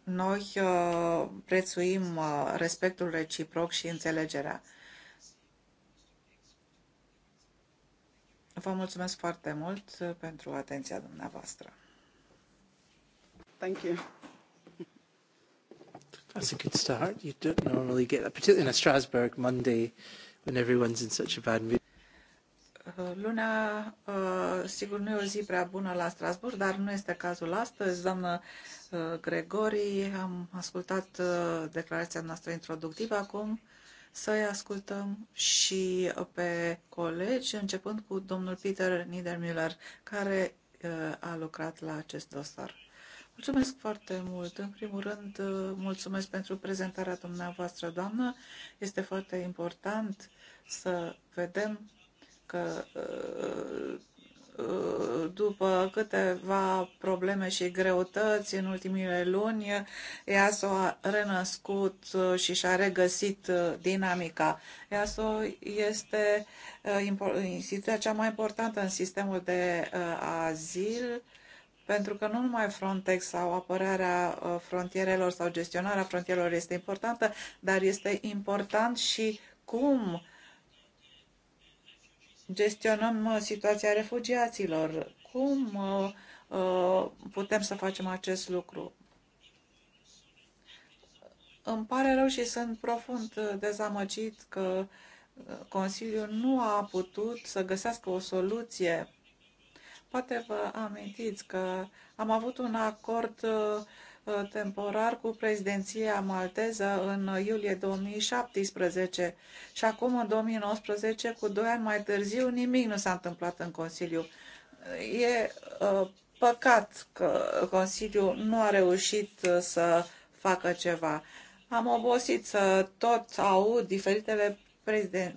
Noi uh, prețuim uh, respectul reciproc și înțelegerea Vă mulțumesc foarte mult uh, pentru atenția dumneavoastră. Thank you. That's a good start. You don't normally get that, particularly in a Strasbourg Monday when everyone's in such a bad mood. Uh, Luna, uh, sigur, nu e o zi prea bună la Strasburg, dar nu este cazul astăzi. Doamnă Gregori, am ascultat declarația noastră introductivă acum să-i ascultăm și pe colegi, începând cu domnul Peter Niedermüller, care uh, a lucrat la acest dosar. Mulțumesc foarte mult. În primul rând, uh, mulțumesc pentru prezentarea dumneavoastră, doamnă. Este foarte important să vedem că uh, Uh, după câteva probleme și greutăți în ultimile luni, EASO a renăscut uh, și și-a regăsit uh, dinamica. EASO este instituția cea mai importantă în sistemul de azil, pentru că nu numai Frontex sau apărarea frontierelor sau gestionarea frontierelor este importantă, dar este important și cum gestionăm uh, situația refugiaților? Cum uh, uh, putem să facem acest lucru? Îmi pare rău și sunt profund dezamăgit că Consiliul nu a putut să găsească o soluție. Poate vă amintiți că am avut un acord Uh, temporar cu președinția malteză în iulie 2017 și acum în 2019, cu doi ani mai târziu, nimic nu s-a întâmplat în Consiliu. E uh, păcat că Consiliul nu a reușit uh, să facă ceva. Am obosit să tot aud diferitele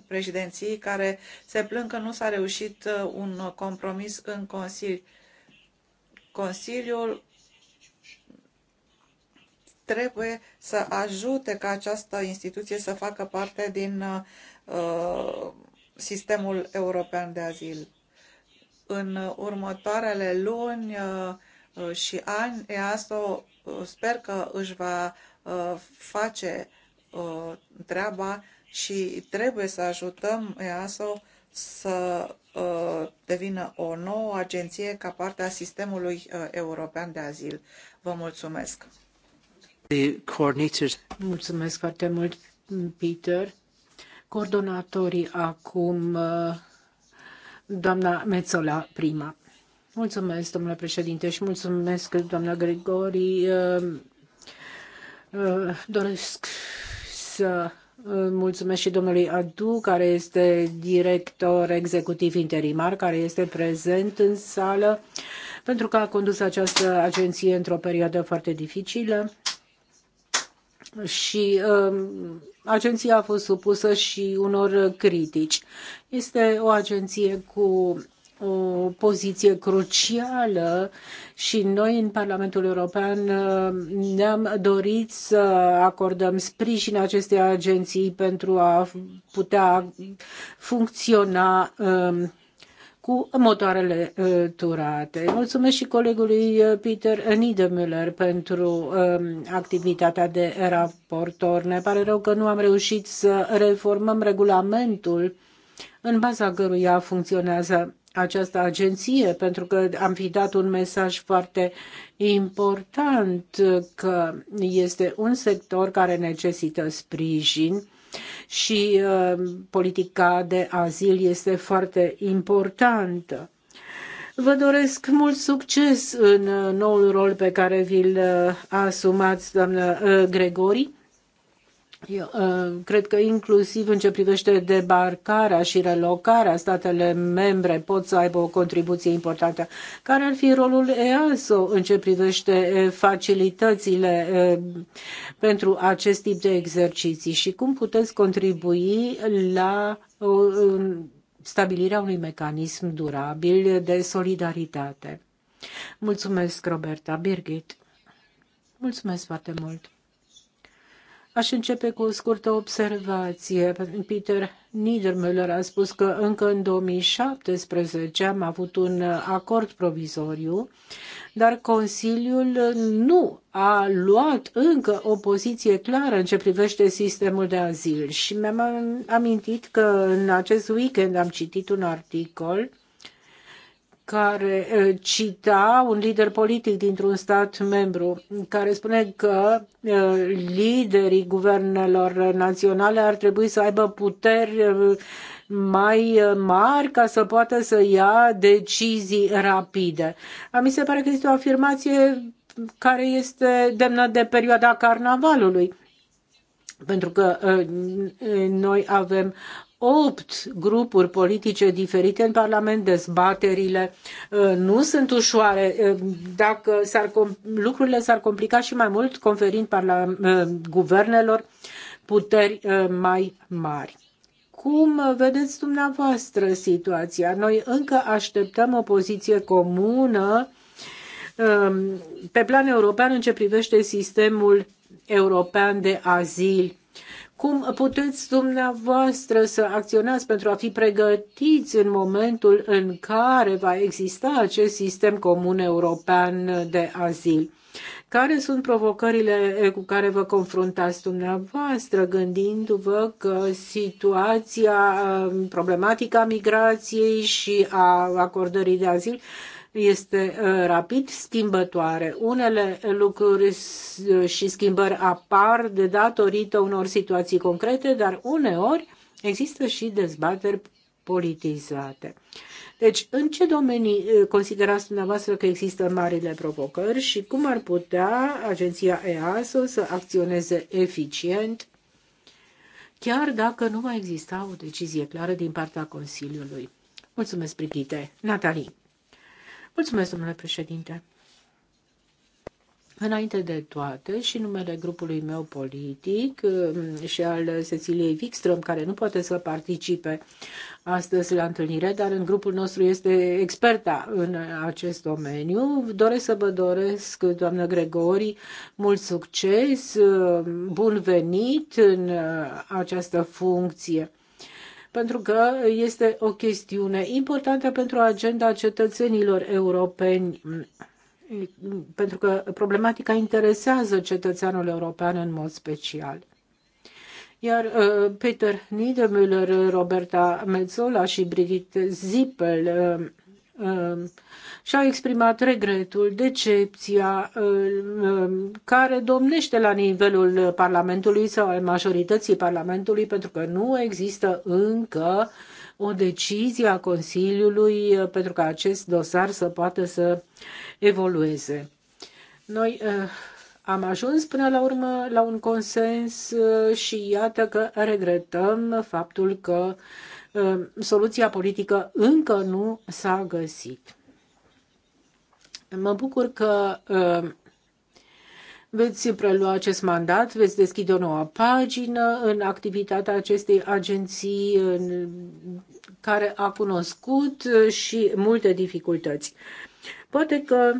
președinții care se plâng că nu s-a reușit un compromis în Consiliu. Consiliul trebuie să ajute ca această instituție să facă parte din uh, sistemul european de azil. În următoarele luni uh, și ani, EASO uh, sper că își va uh, face uh, treaba și trebuie să ajutăm EASO să uh, devină o nouă agenție ca parte a sistemului european de azil. Vă mulțumesc! The Mulțumesc foarte mult, Peter. Coordonatorii acum, uh, doamna Mețola prima. Mulțumesc, domnule președinte, și mulțumesc, doamna Gregori. Uh, uh, doresc să mulțumesc și domnului Adu, care este director executiv interimar, care este prezent în sală, pentru că a condus această agenție într-o perioadă foarte dificilă și um, agenția a fost supusă și unor critici. Este o agenție cu o poziție crucială și noi în Parlamentul European um, ne-am dorit să acordăm sprijin acestei agenții pentru a putea funcționa um, cu motoarele turate. Mulțumesc și colegului Peter Niedermüller pentru activitatea de raportor. Ne pare rău că nu am reușit să reformăm regulamentul în baza căruia funcționează această agenție, pentru că am fi dat un mesaj foarte important că este un sector care necesită sprijin și uh, politica de azil este foarte importantă. Vă doresc mult succes în uh, noul rol pe care vi-l uh, asumați, doamnă Gregori. Eu uh, cred că inclusiv în ce privește debarcarea și relocarea, statele membre pot să aibă o contribuție importantă. Care ar fi rolul EASO în ce privește uh, facilitățile uh, pentru acest tip de exerciții și cum puteți contribui la uh, stabilirea unui mecanism durabil de solidaritate? Mulțumesc, Roberta Birgit. Mulțumesc foarte mult. Aș începe cu o scurtă observație. Peter Niedermüller a spus că încă în 2017 am avut un acord provizoriu, dar Consiliul nu a luat încă o poziție clară în ce privește sistemul de azil. Și mi-am amintit că în acest weekend am citit un articol care eh, cita un lider politic dintr-un stat membru care spune că eh, liderii guvernelor naționale ar trebui să aibă puteri eh, mai mari ca să poată să ia decizii rapide. Mi se pare că este o afirmație care este demnă de perioada carnavalului pentru că noi avem opt grupuri politice diferite în Parlament, dezbaterile uh, nu sunt ușoare. Uh, dacă s-ar, lucrurile s-ar complica și mai mult conferind uh, guvernelor puteri mai mari. Cum vedeți dumneavoastră situația? Noi încă așteptăm o poziție comună um, pe plan european în ce privește sistemul european de azil cum puteți dumneavoastră să acționați pentru a fi pregătiți în momentul în care va exista acest sistem comun european de azil? Care sunt provocările cu care vă confruntați dumneavoastră, gândindu-vă că situația, um, problematica migrației și a acordării de azil este uh, rapid schimbătoare. Unele lucruri uh, și schimbări apar de datorită unor situații concrete, dar uneori există și dezbateri politizate. Deci, în ce domenii uh, considerați dumneavoastră că există marile provocări și cum ar putea agenția EASO să acționeze eficient, chiar dacă nu va exista o decizie clară din partea Consiliului? Mulțumesc, Brigitte. Natalie. Mulțumesc, domnule președinte. Înainte de toate, și numele grupului meu politic um, și al Ceciliei Wikström, care nu poate să participe astăzi la întâlnire, dar în grupul nostru este experta în acest domeniu. Doresc să vă doresc, doamnă Gregori, mult succes, um, bun venit în uh, această funcție pentru că este o chestiune importantă pentru agenda cetățenilor europeni, pentru că problematica interesează cetățeanul european în mod special. Iar uh, Peter Niedermüller, Roberta Mezzola și Brigitte Zippel uh, uh, și-au exprimat regretul, decepția uh, uh, care domnește la nivelul Parlamentului sau al majorității Parlamentului, pentru că nu există încă o decizie a Consiliului uh, pentru ca acest dosar să poată să evolueze. Noi am ajuns până la urmă la un consens și iată că regretăm faptul că soluția politică încă nu s-a găsit. Mă bucur că uh, veți prelua acest mandat, veți deschide o nouă pagină în activitatea acestei agenții care a cunoscut uh, și multe dificultăți. Poate că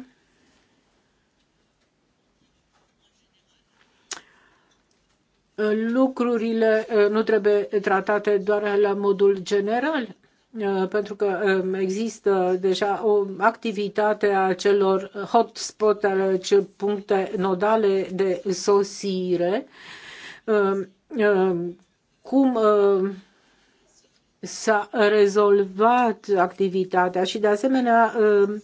lucrurile uh, nu trebuie tratate doar la modul general, Uh, pentru că um, există deja o activitate a celor hotspot, ale puncte nodale de sosire. Um, um, cum s-a rezolvat activitatea și, de asemenea, uh,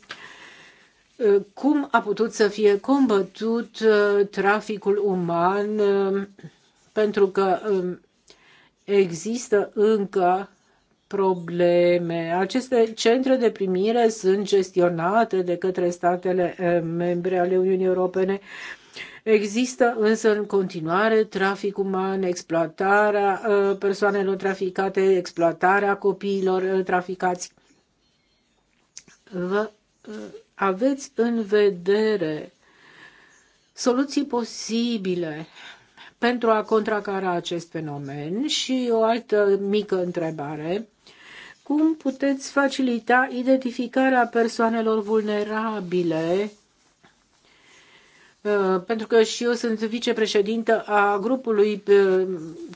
cum a putut să fie combătut uh, traficul uman, pentru că există încă probleme. Aceste centre de primire sunt gestionate de către statele eh, membre ale Uniunii Europene. Există însă în continuare trafic uman, exploatarea eh, persoanelor traficate, exploatarea copiilor eh, traficați. Vă aveți în vedere soluții posibile pentru a contracara acest fenomen? Și o altă mică întrebare. Cum puteți facilita identificarea persoanelor vulnerabile? Uh, pentru că și eu sunt vicepreședintă a grupului uh,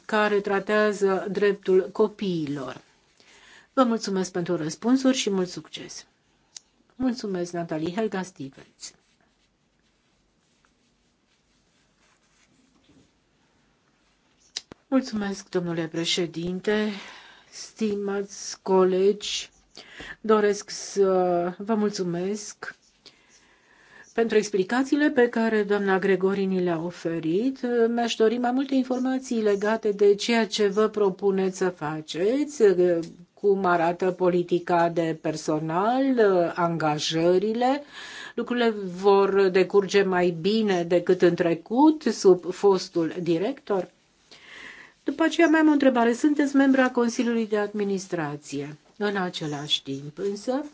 care tratează dreptul copiilor. Vă mulțumesc pentru răspunsuri și mult succes! Mulțumesc, Natalie Helga Stevens. Mulțumesc, domnule președinte. Stimați colegi, doresc să vă mulțumesc pentru explicațiile pe care doamna Gregorini le-a oferit. Mi-aș dori mai multe informații legate de ceea ce vă propuneți să faceți, cum arată politica de personal, angajările. Lucrurile vor decurge mai bine decât în trecut sub fostul director. După aceea mai am o întrebare. Sunteți membru a Consiliului de Administrație în același timp, însă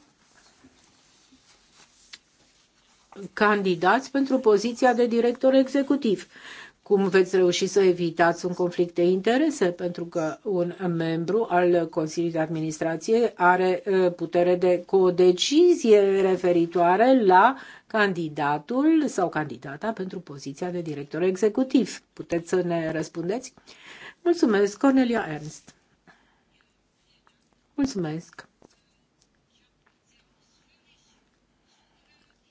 candidați pentru poziția de director executiv. Cum veți reuși să evitați un conflict de interese? Pentru că un membru al Consiliului de Administrație are putere de codecizie referitoare la candidatul sau candidata pentru poziția de director executiv. Puteți să ne răspundeți? Mulțumesc, Cornelia Ernst. Mulțumesc.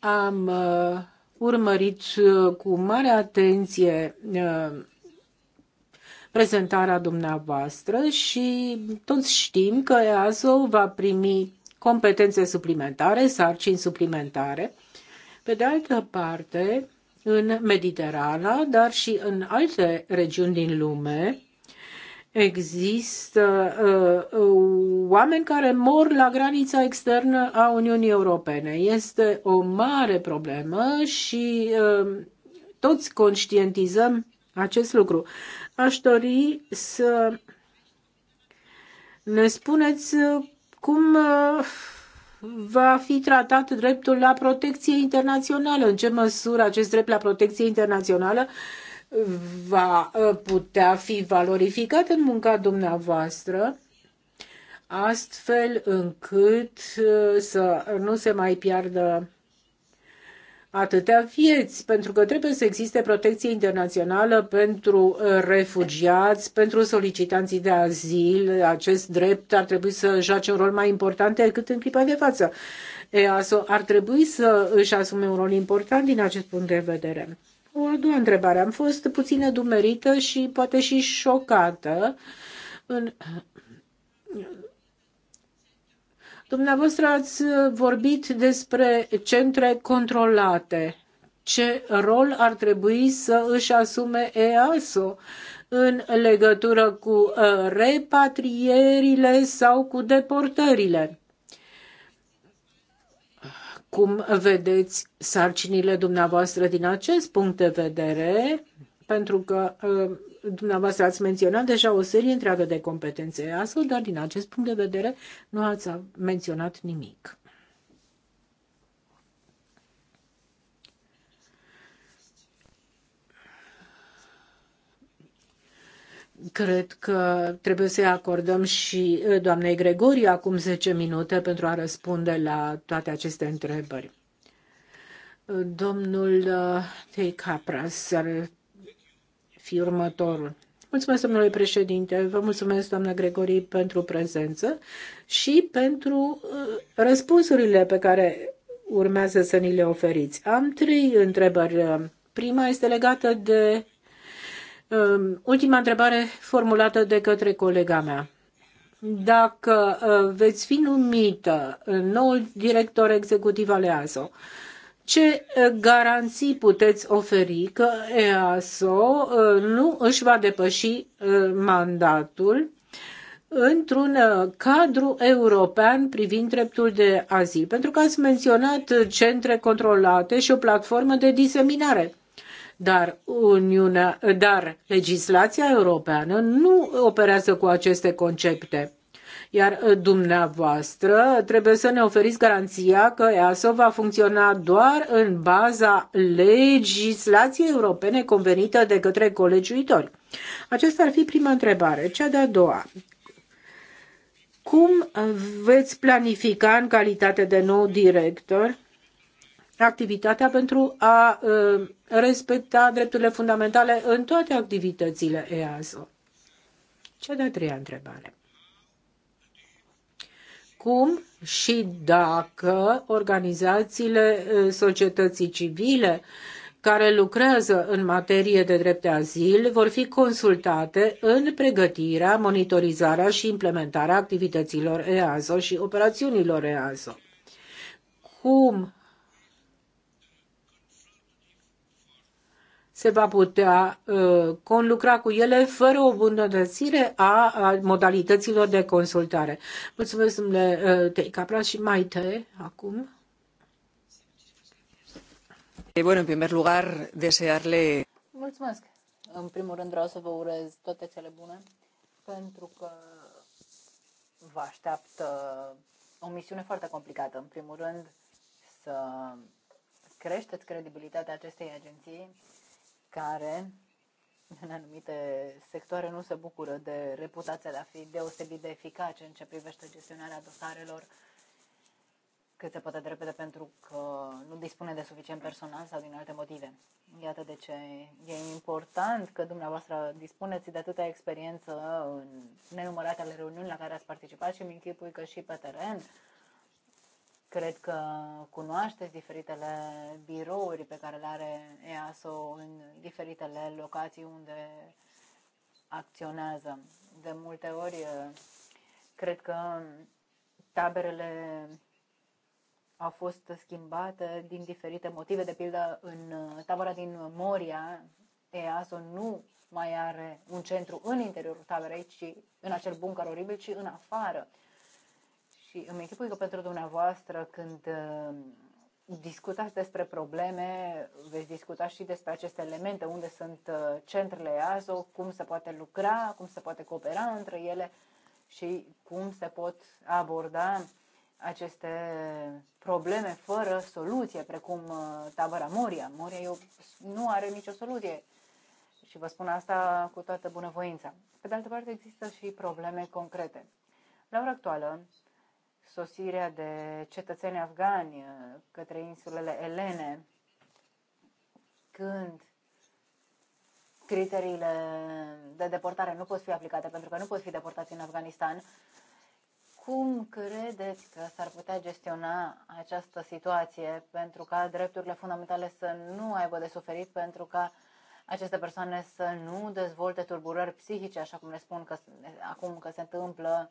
Am uh, urmărit uh, cu mare atenție uh, prezentarea dumneavoastră și toți știm că EASO va primi competențe suplimentare, sarcini suplimentare. Pe de altă parte, în Mediterana, dar și în alte regiuni din lume, Există uh, uh, oameni care mor la granița externă a Uniunii Europene. Este o mare problemă și uh, toți conștientizăm acest lucru. Aș dori să ne spuneți uh, cum uh, va fi tratat dreptul la protecție internațională, în ce măsură acest drept la protecție internațională va uh, putea fi valorificat în munca dumneavoastră, astfel încât uh, să nu se mai piardă atâtea vieți, pentru că trebuie să existe protecție internațională pentru uh, refugiați, pentru solicitanții de azil. Acest drept ar trebui să joace un rol mai important decât în clipa de față. EASO ar trebui să își asume un rol important din acest punct de vedere. O a doua întrebare. Am fost puțin dumerită și poate și șocată în Dumneavoastră ați vorbit despre centre controlate. Ce rol ar trebui să își asume EASO în legătură cu uh, repatrierile sau cu deportările? cum vedeți sarcinile dumneavoastră din acest punct de vedere, pentru că uh, dumneavoastră ați menționat deja o serie întreagă de competențe astfel, dar din acest punct de vedere nu ați menționat nimic. Cred că trebuie să-i acordăm și uh, doamnei Gregori acum 10 minute pentru a răspunde la toate aceste întrebări. Uh, domnul uh, Tei Capras ar fi următorul. Mulțumesc, domnule președinte, vă mulțumesc, doamna Gregori, pentru prezență și pentru răspunsurile pe care urmează să ni le oferiți. Am trei întrebări. Prima este legată de Ehm, ultima întrebare formulată de către colega mea. Dacă ehm, veți fi numită ehm, noul director executiv al EASO, ce garanții puteți oferi că EASO nu își va depăși mandatul într-un cadru european privind dreptul de azil? Pentru că ați menționat centre controlate și o platformă de diseminare. Dar, Uniunea, dar legislația europeană nu operează cu aceste concepte. Iar uh, dumneavoastră trebuie să ne oferiți garanția că EASO va funcționa doar în baza legislației europene convenită de către colegiuitori. Aceasta ar fi prima întrebare. Cea de-a doua. Cum veți planifica în calitate de nou director activitatea pentru a uh, respecta drepturile fundamentale în toate activitățile EASO. Cea de-a treia întrebare. Cum și dacă organizațiile societății civile care lucrează în materie de drept de azil vor fi consultate în pregătirea, monitorizarea și implementarea activităților EASO și operațiunilor EASO. Cum se va putea uh, conlucra cu ele fără o bunătățire a, a modalităților de consultare. Mulțumesc, domnule uh, Tei Capra și Maite, acum. E, bueno, în primul lugar, desearle... Mulțumesc. În primul rând vreau să vă urez toate cele bune, pentru că vă așteaptă o misiune foarte complicată. În primul rând, să creșteți credibilitatea acestei agenții care în anumite sectoare nu se bucură de reputația de a fi deosebit de eficace în ce privește gestionarea dosarelor cât se poate de repede pentru că nu dispune de suficient personal sau din alte motive. Iată de ce e important că dumneavoastră dispuneți de atâta experiență în nenumăratele reuniuni la care ați participat și îmi închipui că și pe teren Cred că cunoașteți diferitele birouri pe care le are EASO în diferitele locații unde acționează. De multe ori, cred că taberele au fost schimbate din diferite motive. De pildă, în tabăra din Moria, EASO nu mai are un centru în interiorul taberei, ci în acel buncăr oribil, ci în afară. Și îmi închipui că pentru dumneavoastră, când uh, discutați despre probleme, veți discuta și despre aceste elemente, unde sunt uh, centrele EASO, cum se poate lucra, cum se poate coopera între ele și cum se pot aborda aceste probleme fără soluție, precum uh, tabăra Moria. Moria eu, nu are nicio soluție și vă spun asta cu toată bunăvoința. Pe de altă parte, există și probleme concrete. La ora actuală, sosirea de cetățeni afgani uh, către insulele Elene, când criteriile de deportare nu pot fi aplicate pentru că nu pot fi deportați în Afganistan, cum credeți că s-ar putea gestiona această situație pentru ca drepturile fundamentale să nu aibă de suferit, pentru ca aceste persoane să nu dezvolte tulburări psihice, așa cum le spun că, acum că se întâmplă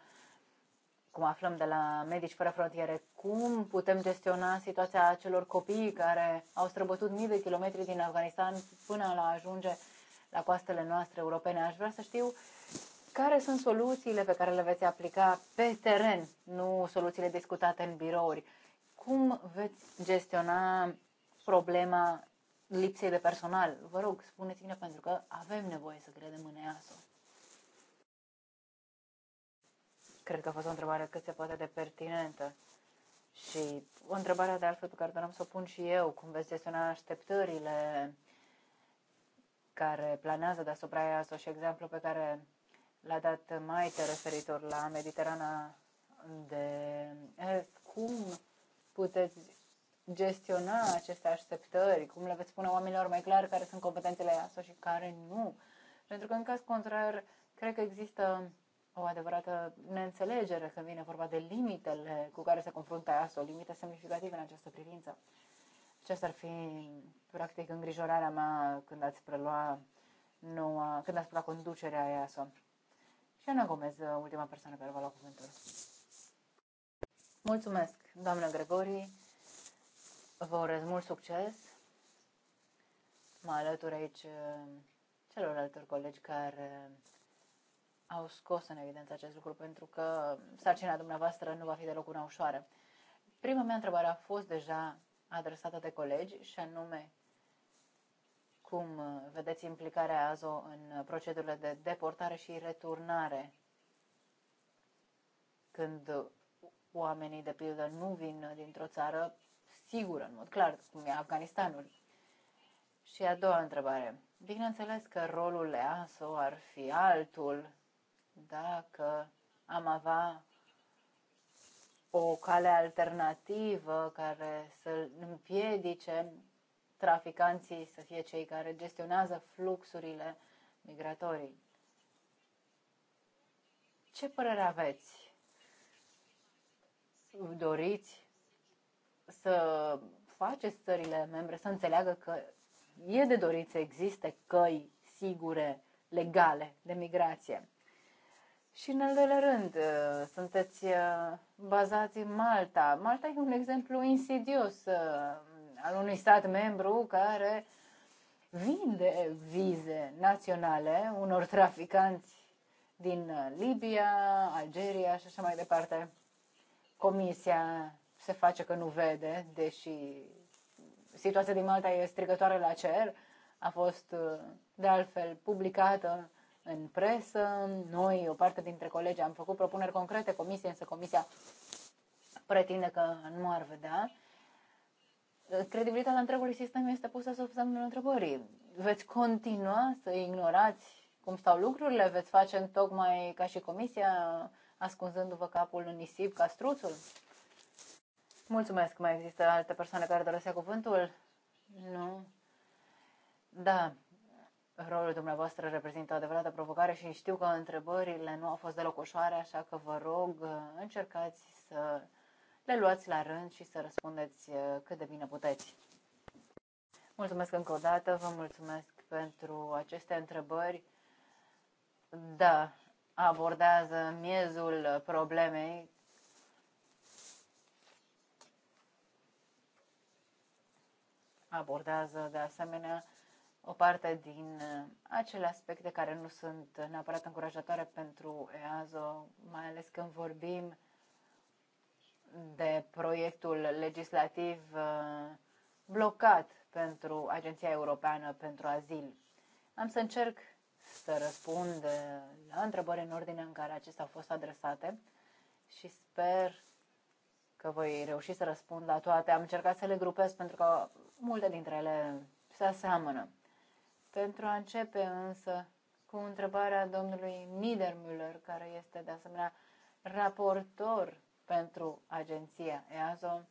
cum aflăm de la Medici Fără Frontiere, cum putem gestiona situația acelor copii care au străbătut mii de kilometri din Afganistan până la ajunge la coastele noastre europene. Aș vrea să știu care sunt soluțiile pe care le veți aplica pe teren, nu soluțiile discutate în birouri. Cum veți gestiona problema lipsei de personal? Vă rog, spuneți-ne pentru că avem nevoie să credem în EASO. Cred că a fost o întrebare cât se poate de pertinentă. Și o întrebare de altfel pe care doream să o pun și eu, cum veți gestiona așteptările care planează deasupra sau și exemplu pe care l-a dat Maite referitor la Mediterana de Est, cum puteți gestiona aceste așteptări, cum le veți spune oamenilor mai clar care sunt competențele ASO și care nu. Pentru că, în caz contrar, cred că există o adevărată neînțelegere când vine vorba de limitele cu care se confruntă o limite semnificative în această privință. Aceasta ar fi, practic, îngrijorarea mea când ați prelua noua, când ați prelua conducerea sau. Și Ana Gomez, ultima persoană care va lua cuvântul. Mulțumesc, doamnă Gregori. Vă urez mult succes. Mă alătur aici eh, celorlaltor colegi care au scos în evidență acest lucru, pentru că sarcina dumneavoastră nu va fi deloc una ușoară. Prima mea întrebare a fost deja adresată de colegi și anume cum vedeți implicarea AZO în procedurile de deportare și returnare când oamenii, de pildă, nu vin dintr-o țară sigură, în mod clar, cum e Afganistanul. Și a doua întrebare. Bineînțeles că rolul EASO ar fi altul dacă am avea o cale alternativă care să împiedice traficanții să fie cei care gestionează fluxurile migratorii. Ce părere aveți? Doriți să faceți țările membre să înțeleagă că e de dorit să existe căi sigure, legale de migrație? Și în al doilea rând, uh, sunteți uh, bazați în Malta. Malta e un exemplu insidios uh, al unui stat membru care vinde vize naționale unor traficanți din Libia, Algeria și așa mai departe. Comisia se face că nu vede, deși situația din Malta e strigătoare la cer. A fost, de altfel, publicată în presă. Noi, o parte dintre colegi, am făcut propuneri concrete comisiei, însă comisia pretinde că nu ar vedea. Credibilitatea întregului sistem este pusă sub semnul întrebării. Veți continua să ignorați cum stau lucrurile? Veți face în tocmai ca și comisia, ascunzându-vă capul în nisip ca struțul? Mulțumesc. Mai există alte persoane care doresc cuvântul? Nu. Da. Rolul dumneavoastră reprezintă o adevărată provocare și știu că întrebările nu au fost deloc ușoare, așa că vă rog, uh, încercați să le luați la rând și să răspundeți uh, cât de bine puteți. Mulțumesc încă o dată, vă mulțumesc pentru aceste întrebări. Da, abordează miezul problemei. Abordează de asemenea o parte din uh, acele aspecte care nu sunt neapărat încurajatoare pentru EASO, mai ales când vorbim de proiectul legislativ uh, blocat pentru Agenția Europeană pentru Azil. Am să încerc să răspund uh, la întrebări în ordine în care acestea au fost adresate și sper că voi reuși să răspund la toate. Am încercat să le grupez pentru că multe dintre ele se aseamănă. Pentru a începe însă cu întrebarea domnului Niedermüller, care este de asemenea raportor pentru agenția EASO,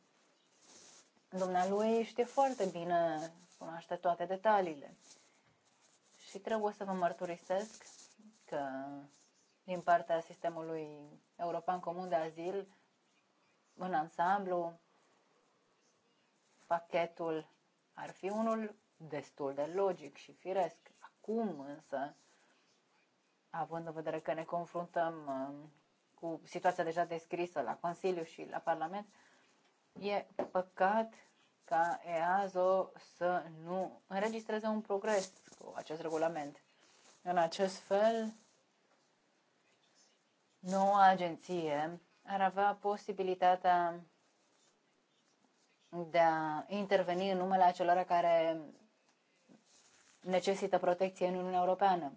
dumnealui știe foarte bine, cunoaște toate detaliile. Și trebuie să vă mărturisesc că din partea sistemului european comun de azil, în ansamblu, pachetul ar fi unul destul de logic și firesc. Acum însă, având în vedere că ne confruntăm um, cu situația deja descrisă la Consiliu și la Parlament, e păcat ca EASO să nu înregistreze un progres cu acest regulament. În acest fel, noua agenție ar avea posibilitatea de a interveni în numele acelora care necesită protecție în Uniunea Europeană.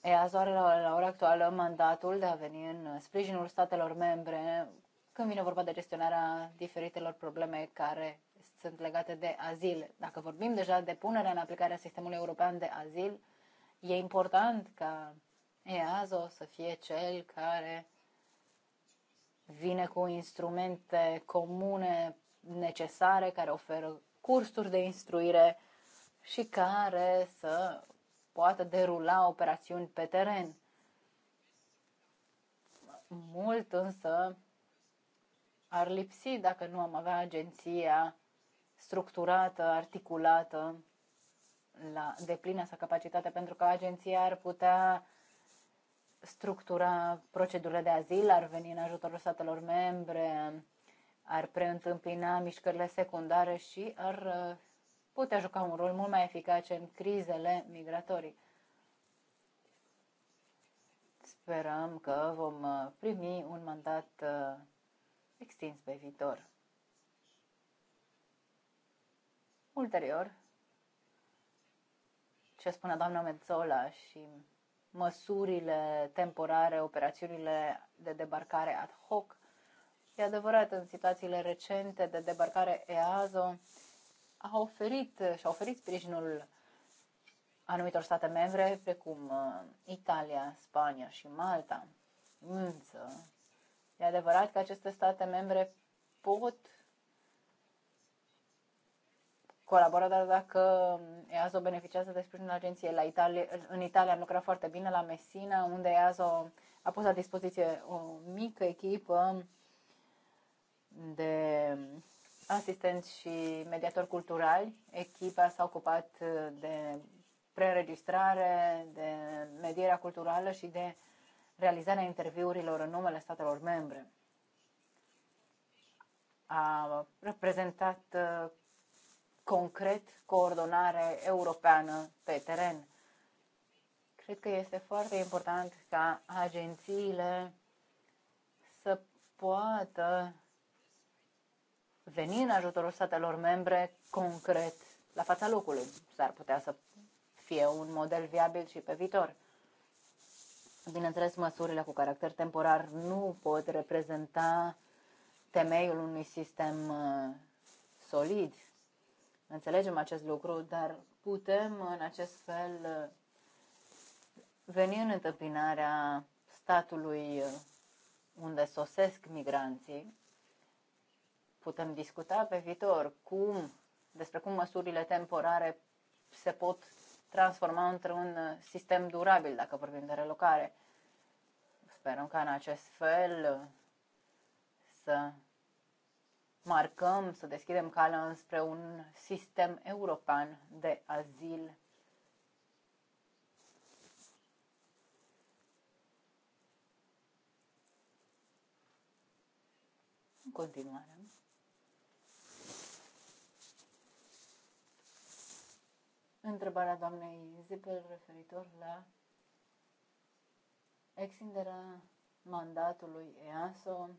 EASO la, la ora actuală mandatul de a veni în sprijinul statelor membre când vine vorba de gestionarea diferitelor probleme care sunt legate de azil. Dacă vorbim deja de punerea în aplicare a sistemului european de azil, e important ca EASO să fie cel care vine cu instrumente comune necesare, care oferă cursuri de instruire și care să poată derula operațiuni pe teren. Mult însă ar lipsi dacă nu am avea agenția structurată, articulată, la deplină sa capacitate, pentru că agenția ar putea structura procedurile de azil, ar veni în ajutorul statelor membre, ar preîntâmpina mișcările secundare și ar putea juca un rol mult mai eficace în crizele migratorii. Sperăm că vom uh, primi un mandat uh, extins pe viitor. Ulterior, ce spunea doamna Mezzola și măsurile temporare, operațiunile de debarcare ad hoc. E adevărat, în situațiile recente de debarcare EASO, a oferit și-a oferit sprijinul anumitor state membre, precum uh, Italia, Spania și Malta. Însă, e adevărat că aceste state membre pot colabora, dar dacă EASO beneficiază de sprijinul agenției la Italia, în Italia am lucrat foarte bine la Messina, unde EASO a pus la dispoziție o mică echipă de asistenți și mediatori culturali. Echipa s-a ocupat uh, de preregistrare, de medierea culturală și de realizarea interviurilor în numele statelor membre. A reprezentat uh, concret coordonare europeană pe teren. Cred că este foarte important ca agențiile să poată veni în ajutorul statelor membre concret la fața locului. S-ar putea să fie un model viabil și pe viitor. Bineînțeles, măsurile cu caracter temporar nu pot reprezenta temeiul unui sistem uh, solid. Înțelegem acest lucru, dar putem în acest fel uh, veni în întâmpinarea statului uh, unde sosesc migranții Putem discuta pe viitor cum, despre cum măsurile temporare se pot transforma într-un uh, sistem durabil, dacă vorbim de relocare. Sperăm ca în acest fel uh, să marcăm, să deschidem calea înspre un sistem european de azil. În continuare. întrebarea doamnei Zipel referitor la extinderea mandatului EASO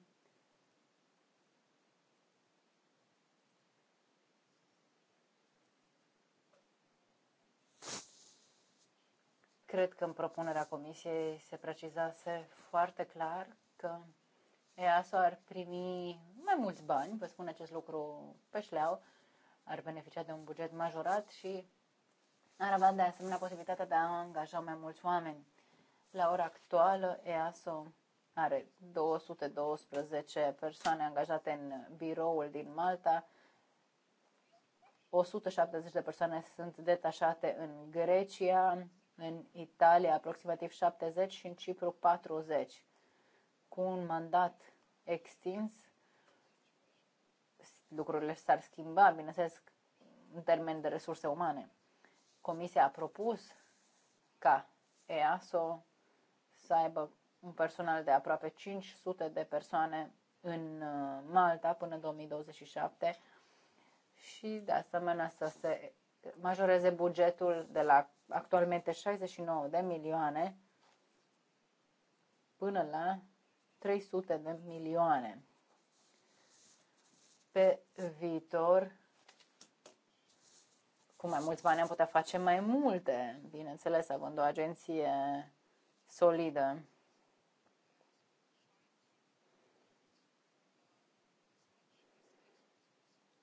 Cred că în propunerea comisiei se precizase foarte clar că EASO ar primi mai mulți bani, vă spun acest lucru pe șleau, ar beneficia de un buget majorat și ar avea de asemenea posibilitatea de a angaja mai mulți oameni. La ora actuală, EASO are 212 persoane angajate în biroul din Malta, 170 de persoane sunt detașate în Grecia, în Italia aproximativ 70 și în Cipru 40. Cu un mandat extins, lucrurile s-ar schimba, bineînțeles, în termen de resurse umane. Comisia a propus ca EASO să aibă un personal de aproape 500 de persoane în uh, Malta până 2027 și de asemenea să se majoreze bugetul de la actualmente 69 de milioane până la 300 de milioane. Pe viitor cu mai mulți bani am putea face mai multe, bineînțeles, având o agenție solidă.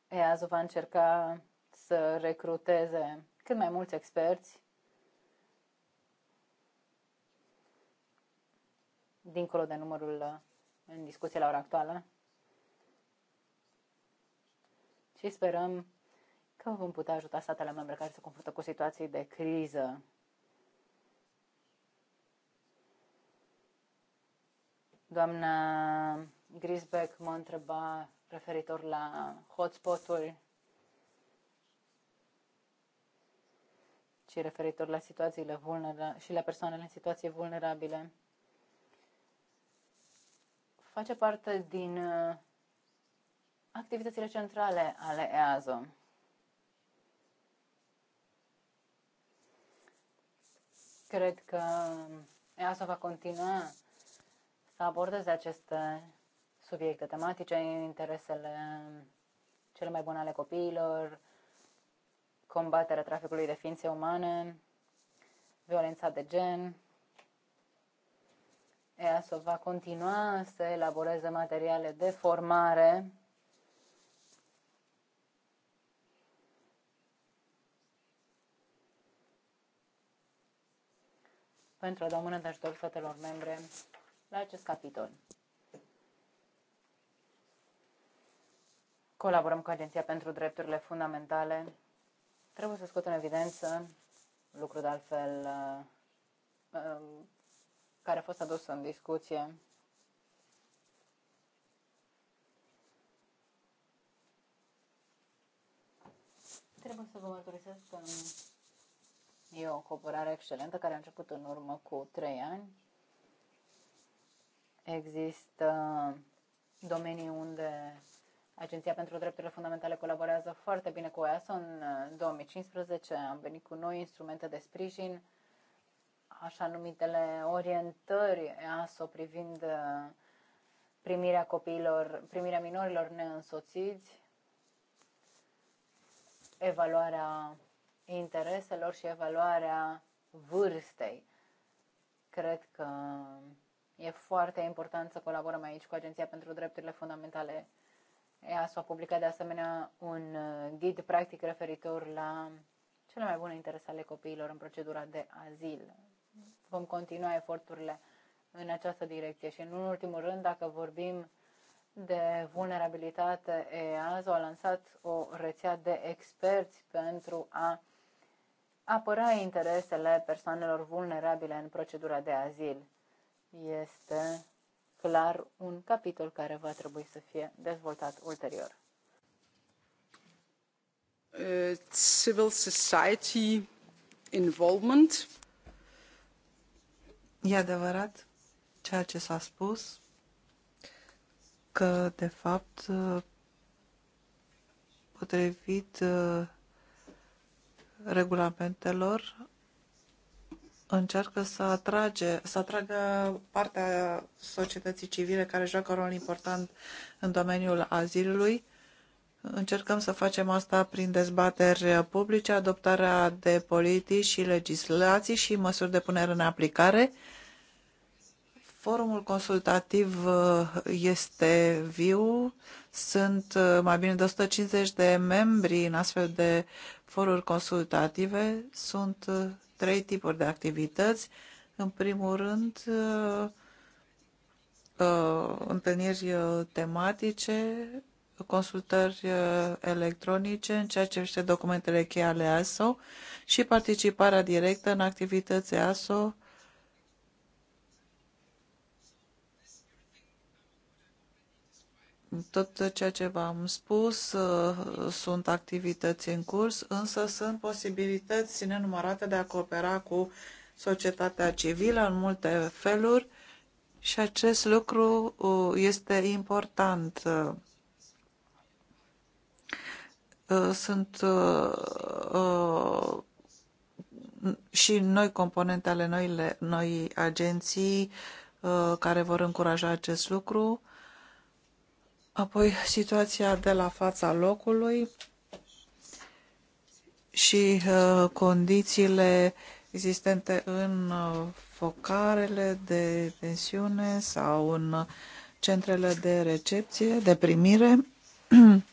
EASO va încerca să recruteze cât mai mulți experți dincolo de numărul în discuție la ora actuală. Și sperăm cum vom putea ajuta statele membre care se confruntă cu situații de criză. Doamna Grisbeck mă întreba referitor la hotspot-uri și referitor la situațiile vulnerabile și la persoanele în situații vulnerabile. Face parte din uh, activitățile centrale ale EASO. Cred că ea să va continua să abordeze aceste subiecte tematice, interesele cele mai bune ale copiilor, combaterea traficului de ființe umane, violența de gen. Ea să va continua să elaboreze materiale de formare pentru a da mână de ajutor statelor membre la acest capitol. Colaborăm cu Agenția pentru Drepturile Fundamentale. Trebuie să scot în evidență lucru de altfel uh, um, care a fost adus în discuție Trebuie să vă mărturisesc că E o cooperare excelentă care a început în urmă cu trei ani. Există domenii unde Agenția pentru Drepturile Fundamentale colaborează foarte bine cu EASO. În 2015 uh, am venit cu noi instrumente de sprijin, așa numitele orientări EASO privind uh, primirea copiilor, primirea minorilor neînsoțiți, evaluarea intereselor și evaluarea vârstei. Cred că e foarte important să colaborăm aici cu Agenția pentru Drepturile Fundamentale. Ea s a publicat de asemenea un uh, ghid practic referitor la cele mai bune interese ale copiilor în procedura de azil. Vom continua eforturile în această direcție și, în ultimul rând, dacă vorbim de vulnerabilitate, EASO a lansat o rețea de experți pentru a apăra interesele persoanelor vulnerabile în procedura de azil. Este clar un capitol care va trebui să fie dezvoltat ulterior. Uh, civil society involvement. E adevărat ceea ce s-a spus, că de fapt uh, potrivit uh, regulamentelor încearcă să, atrage, să atragă partea societății civile care joacă un rol important în domeniul azilului. Încercăm să facem asta prin dezbateri publice, adoptarea de politici și legislații și măsuri de punere în aplicare. Forumul consultativ uh, este viu. Sunt uh, mai bine de 150 de membri în astfel de foruri consultative sunt uh, trei tipuri de activități. În primul rând, uh, uh, întâlniri tematice, consultări electronice în ceea ce este documentele cheie ale ASO și participarea directă în activități ASO Tot ceea ce v-am spus uh, sunt activități în curs, însă sunt posibilități nenumărate de a coopera cu societatea civilă în multe feluri și acest lucru uh, este important. Uh, sunt și noi componente ale noile, noi agenții care vor încuraja acest lucru Apoi situația de la fața locului și uh, condițiile existente în uh, focarele de pensiune sau în centrele de recepție, de primire.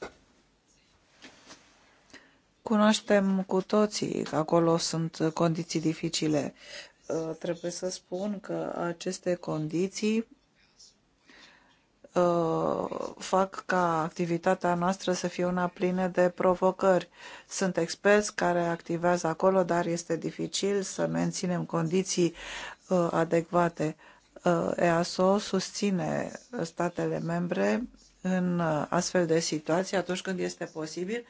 Cunoaștem cu toții că acolo sunt condiții dificile. Uh, trebuie să spun că aceste condiții Uh, fac ca activitatea noastră să fie una plină de provocări. Sunt experți care activează acolo, dar este dificil să menținem condiții uh, adecvate. Uh, EASO susține statele membre în astfel de situații atunci când este posibil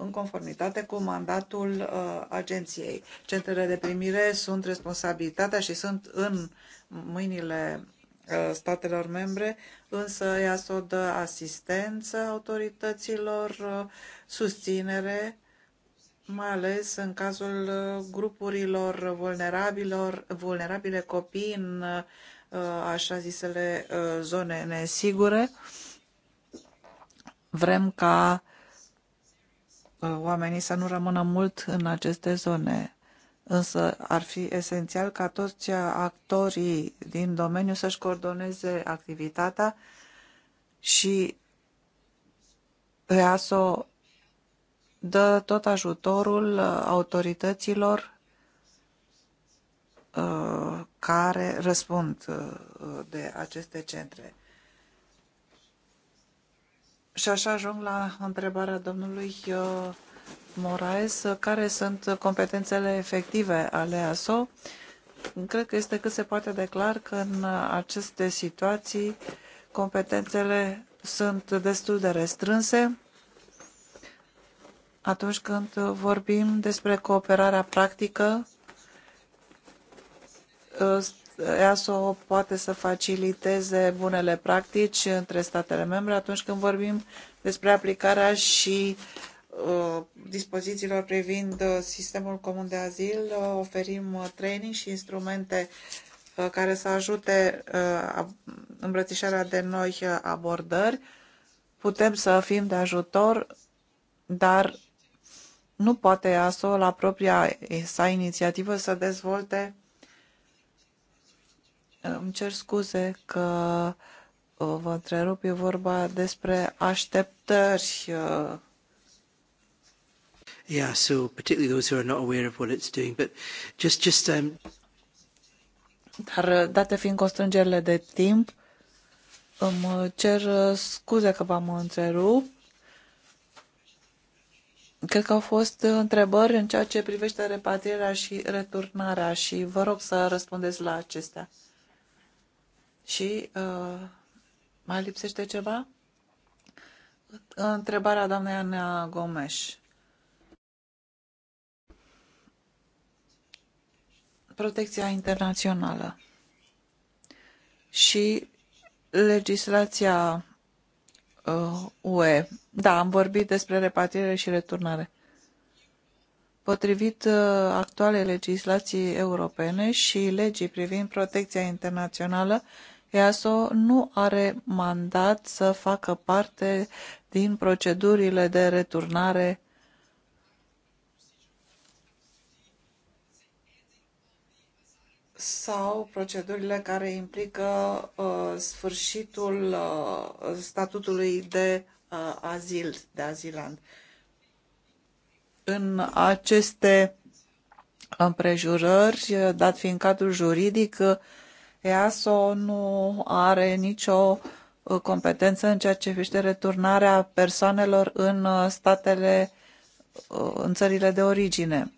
în conformitate cu mandatul agenției. Centrele de primire sunt responsabilitatea și sunt în mâinile Uh, statelor membre, însă EASO dă asistență autorităților, uh, susținere, mai ales în cazul uh, grupurilor vulnerabilor, vulnerabile copii în așa zisele zone nesigure. Vrem ca oamenii să nu rămână mult în aceste zone Însă ar fi esențial ca toți actorii din domeniu să-și coordoneze activitatea și EASO dă tot ajutorul uh, autorităților uh, care răspund uh, de aceste centre. Și așa ajung la întrebarea domnului Moraes care sunt competențele efective ale ASO. Cred că este cât se poate de clar că în aceste situații competențele sunt destul de restrânse atunci când vorbim despre cooperarea practică EASO poate să faciliteze bunele practici între statele membre atunci când vorbim despre aplicarea și Uh, dispozițiilor privind uh, sistemul comun de azil, uh, oferim training și instrumente care să ajute îmbrățișarea de noi abordări. Putem să fim de ajutor, dar nu poate ASO la propria sa inițiativă să dezvolte îmi cer scuze că vă întrerup, e vorba despre așteptări Yeah, so particularly those who are not aware of what it's doing, but just, just, um... Dar uh, date fiind constrângerile de timp, îmi uh, cer uh, scuze că v-am întrerupt. Cred că au fost întrebări în ceea ce privește repatrierea și returnarea și vă rog să răspundeți la acestea. Și uh, mai lipsește ceva? Întrebarea doamnei Ana Gomes. protecția internațională și legislația uh, UE. Da, am vorbit despre repatriere și returnare. Potrivit uh, actualei legislații europene și legii privind protecția internațională, EASO nu are mandat să facă parte din procedurile de returnare sau procedurile care implică uh, sfârșitul uh, statutului de uh, azil, de azilant. În aceste împrejurări, dat fiind cadrul juridic, EASO nu are nicio uh, competență în ceea ce privește returnarea persoanelor în uh, statele, uh, în țările de origine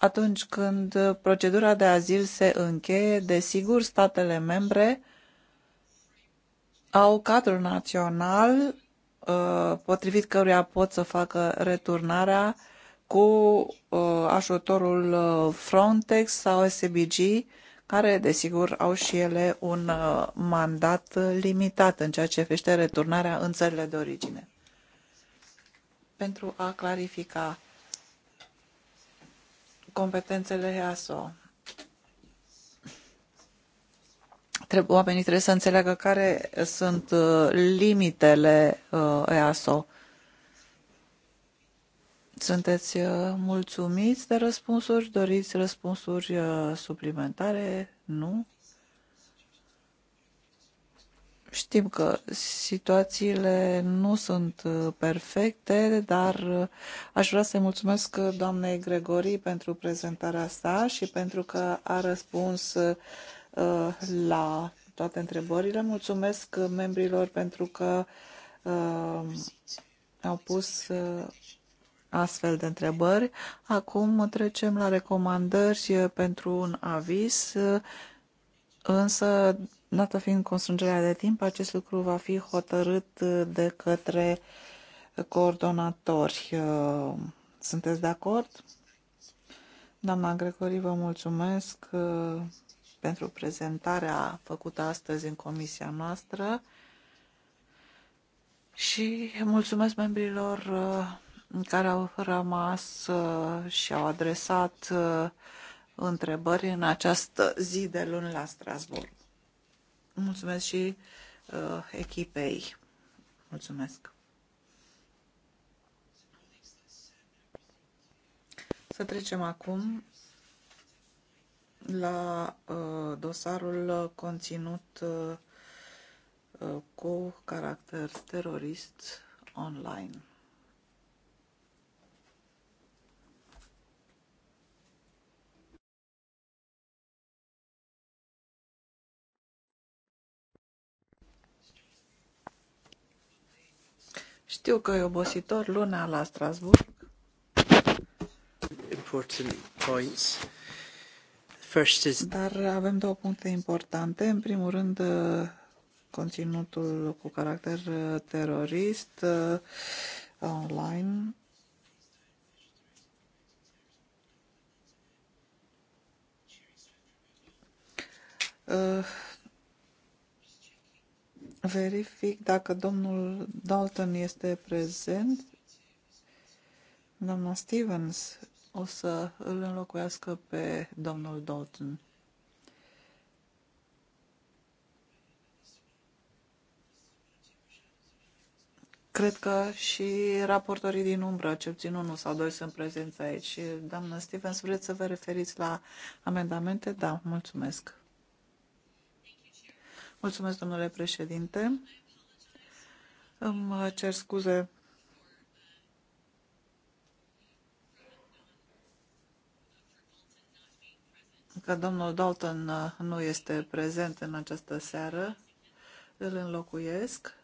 atunci când procedura de azil se încheie, desigur, statele membre au cadrul național uh, potrivit căruia pot să facă returnarea cu uh, ajutorul uh, Frontex sau SBG, care, desigur, au și ele un mandat limitat în ceea ce privește returnarea în țările de origine. Pentru a clarifica competențele EASO. Trebuie, oamenii trebuie să înțeleagă care sunt uh, limitele uh, EASO. Sunteți uh, mulțumiți de răspunsuri? Doriți răspunsuri suplimentare? Nu? Știm că situațiile nu sunt uh, perfecte, dar uh, aș vrea să-i mulțumesc uh, doamnei Gregori pentru prezentarea sa și pentru că a răspuns la toate întrebările. Mulțumesc membrilor pentru că au pus astfel de întrebări. Acum trecem la recomandări pentru un aviz, însă Dată fiind constrângerea de timp, acest lucru va fi hotărât de către coordonatori. Uh, sunteți de acord? Doamna Grecori, vă mulțumesc uh, pentru prezentarea făcută astăzi în comisia noastră și mulțumesc membrilor uh, care au rămas și au adresat întrebări în această zi de luni la Strasbourg. Mulțumesc și uh, echipei. Mulțumesc. Să trecem acum la uh, dosarul conținut uh, uh cu caracter terorist online. Știu că e obositor luna la Strasburg. Important points. First is... Dar avem două puncte importante. În primul rând, uh, conținutul cu caracter uh, terorist uh, online Uh, verific dacă domnul Dalton este prezent. Doamna Stevens o să îl înlocuiască pe domnul Dalton. Cred că și raportorii din umbră, cel puțin unul sau doi, sunt prezenți aici. Doamna Stevens, vreți să vă referiți la amendamente? Da, mulțumesc. Mulțumesc, domnule președinte. Îmi cer scuze că domnul Dalton uh, nu este prezent în această seară. Îl înlocuiesc.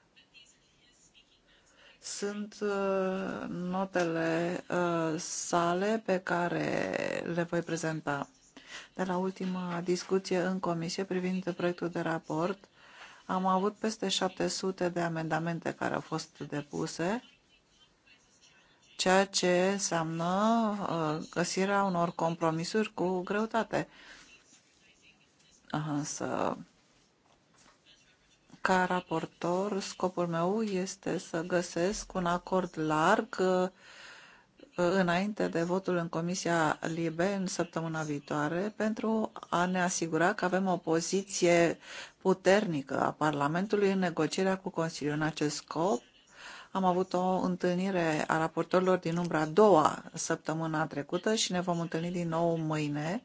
Sunt uh, notele uh, sale pe care le voi prezenta de la ultima discuție în comisie privind proiectul de raport. Am avut peste 700 de amendamente care au fost depuse, ceea ce înseamnă uh, găsirea unor compromisuri cu greutate. Însă, ca raportor, scopul meu este să găsesc un acord larg uh, înainte de votul în Comisia Libe în săptămâna viitoare pentru a ne asigura că avem o poziție puternică a Parlamentului în negocierea cu Consiliul. În acest scop, am avut o întâlnire a raportorilor din umbra a doua săptămâna trecută și ne vom întâlni din nou mâine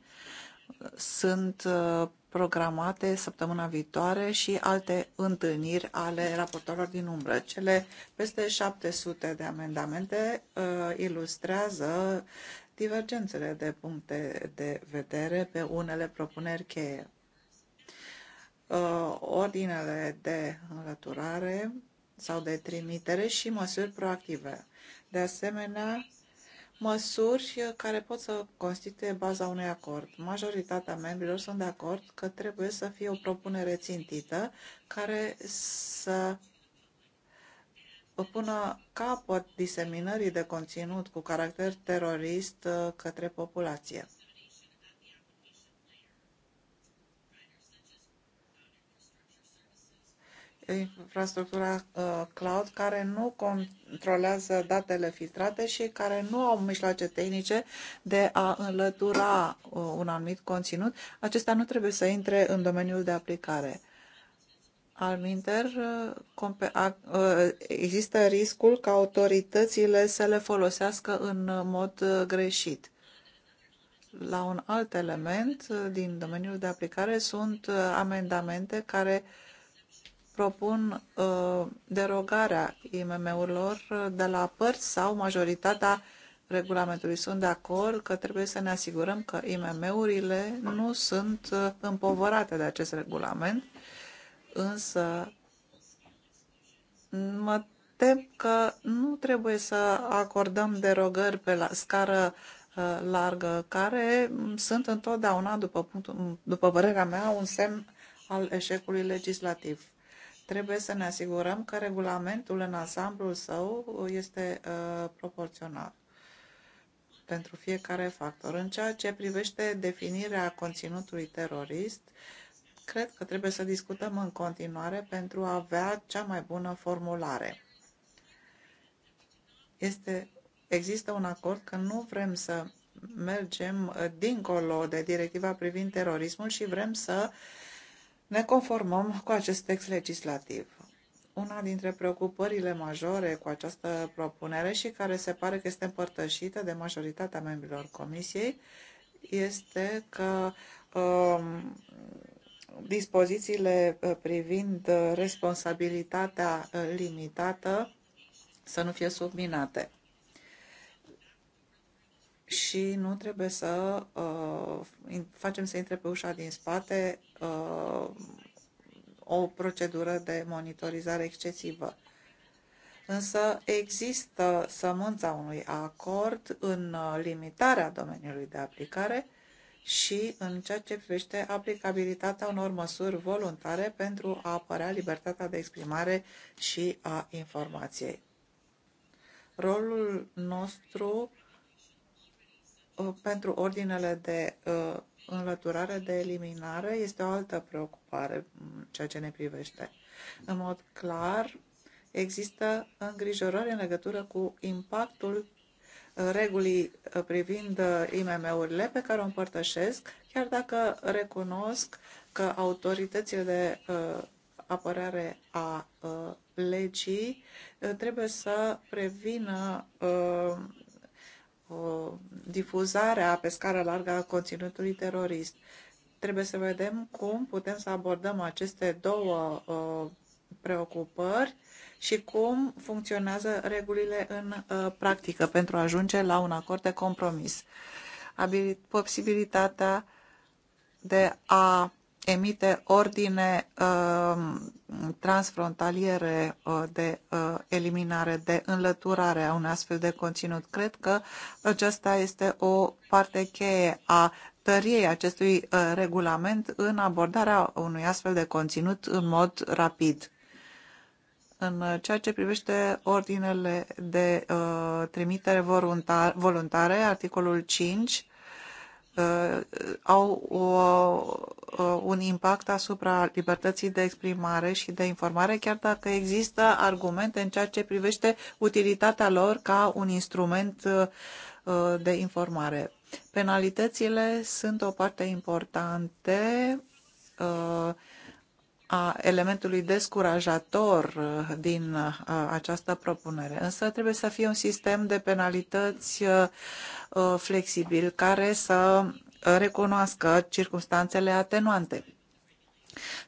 sunt uh, programate săptămâna viitoare și alte întâlniri ale raportorilor din umbră. Cele peste 700 de amendamente uh, ilustrează divergențele de puncte de vedere pe unele propuneri cheie. Uh, ordinele de înlăturare sau de trimitere și măsuri proactive. De asemenea, măsuri care pot să constituie baza unui acord. Majoritatea membrilor sunt de acord că trebuie să fie o propunere țintită care să pună capăt diseminării de conținut cu caracter terorist către populație. infrastructura uh, cloud care nu controlează datele filtrate și care nu au mijloace tehnice de a înlătura uh, un anumit conținut, acesta nu trebuie să intre în domeniul de aplicare. Al minter, uh, există riscul ca autoritățile să le folosească în mod greșit. La un alt element din domeniul de aplicare sunt amendamente care uh, propun uh, derogarea IMM-urilor uh, de la părți sau majoritatea regulamentului. Sunt de acord că trebuie să ne asigurăm că IMM-urile nu sunt uh, împovărate de acest regulament, însă mă tem că nu trebuie să acordăm derogări pe la scară uh, largă, care sunt întotdeauna, după, punctul, după părerea mea, un semn al eșecului legislativ. Trebuie să ne asigurăm că regulamentul în ansamblul său uh, este uh, proporțional pentru fiecare factor. În ceea ce privește definirea conținutului terorist, cred că trebuie să discutăm în continuare pentru a avea cea mai bună formulare. Este, există un acord că nu vrem să mergem uh, dincolo de directiva privind terorismul și vrem să uh, ne conformăm cu acest text legislativ. Una dintre preocupările majore cu această propunere și care se pare că este împărtășită de majoritatea membrilor Comisiei este că um, dispozițiile uh, privind uh, responsabilitatea uh, limitată să nu fie subminate și nu trebuie să uh, facem să intre pe ușa din spate uh, o procedură de monitorizare excesivă. Însă există sămânța unui acord în uh, limitarea domeniului de aplicare și în ceea ce privește aplicabilitatea unor măsuri voluntare pentru a apărea libertatea de exprimare și a informației. Rolul nostru Uh, pentru ordinele de uh, înlăturare, de eliminare, este o altă preocupare mm, ceea ce ne privește. În mod clar, există îngrijorări în legătură cu impactul uh, regulii privind IMM-urile pe care o împărtășesc, chiar dacă recunosc că autoritățile de apărare a legii trebuie să prevină difuzarea pe scară largă a conținutului terorist. Trebuie să vedem cum putem să abordăm aceste două uh, preocupări și cum funcționează regulile în uh, practică pentru a ajunge la un acord de compromis. Posibilitatea de a emite ordine uh, transfrontaliere uh, de uh, eliminare, de înlăturare a unui astfel de conținut. Cred că aceasta este o parte cheie a tăriei acestui uh, regulament în abordarea unui astfel de conținut în mod rapid. În ceea ce privește ordinele de uh, trimitere voluntar, voluntare, articolul 5, au o, un impact asupra libertății de exprimare și de informare, chiar dacă există argumente în ceea ce privește utilitatea lor ca un instrument uh, de informare. Penalitățile sunt o parte importantă uh, a elementului descurajator uh, din această propunere. Însă trebuie să fie un sistem de penalități Uh, flexibil care să uh, recunoască circumstanțele atenuante.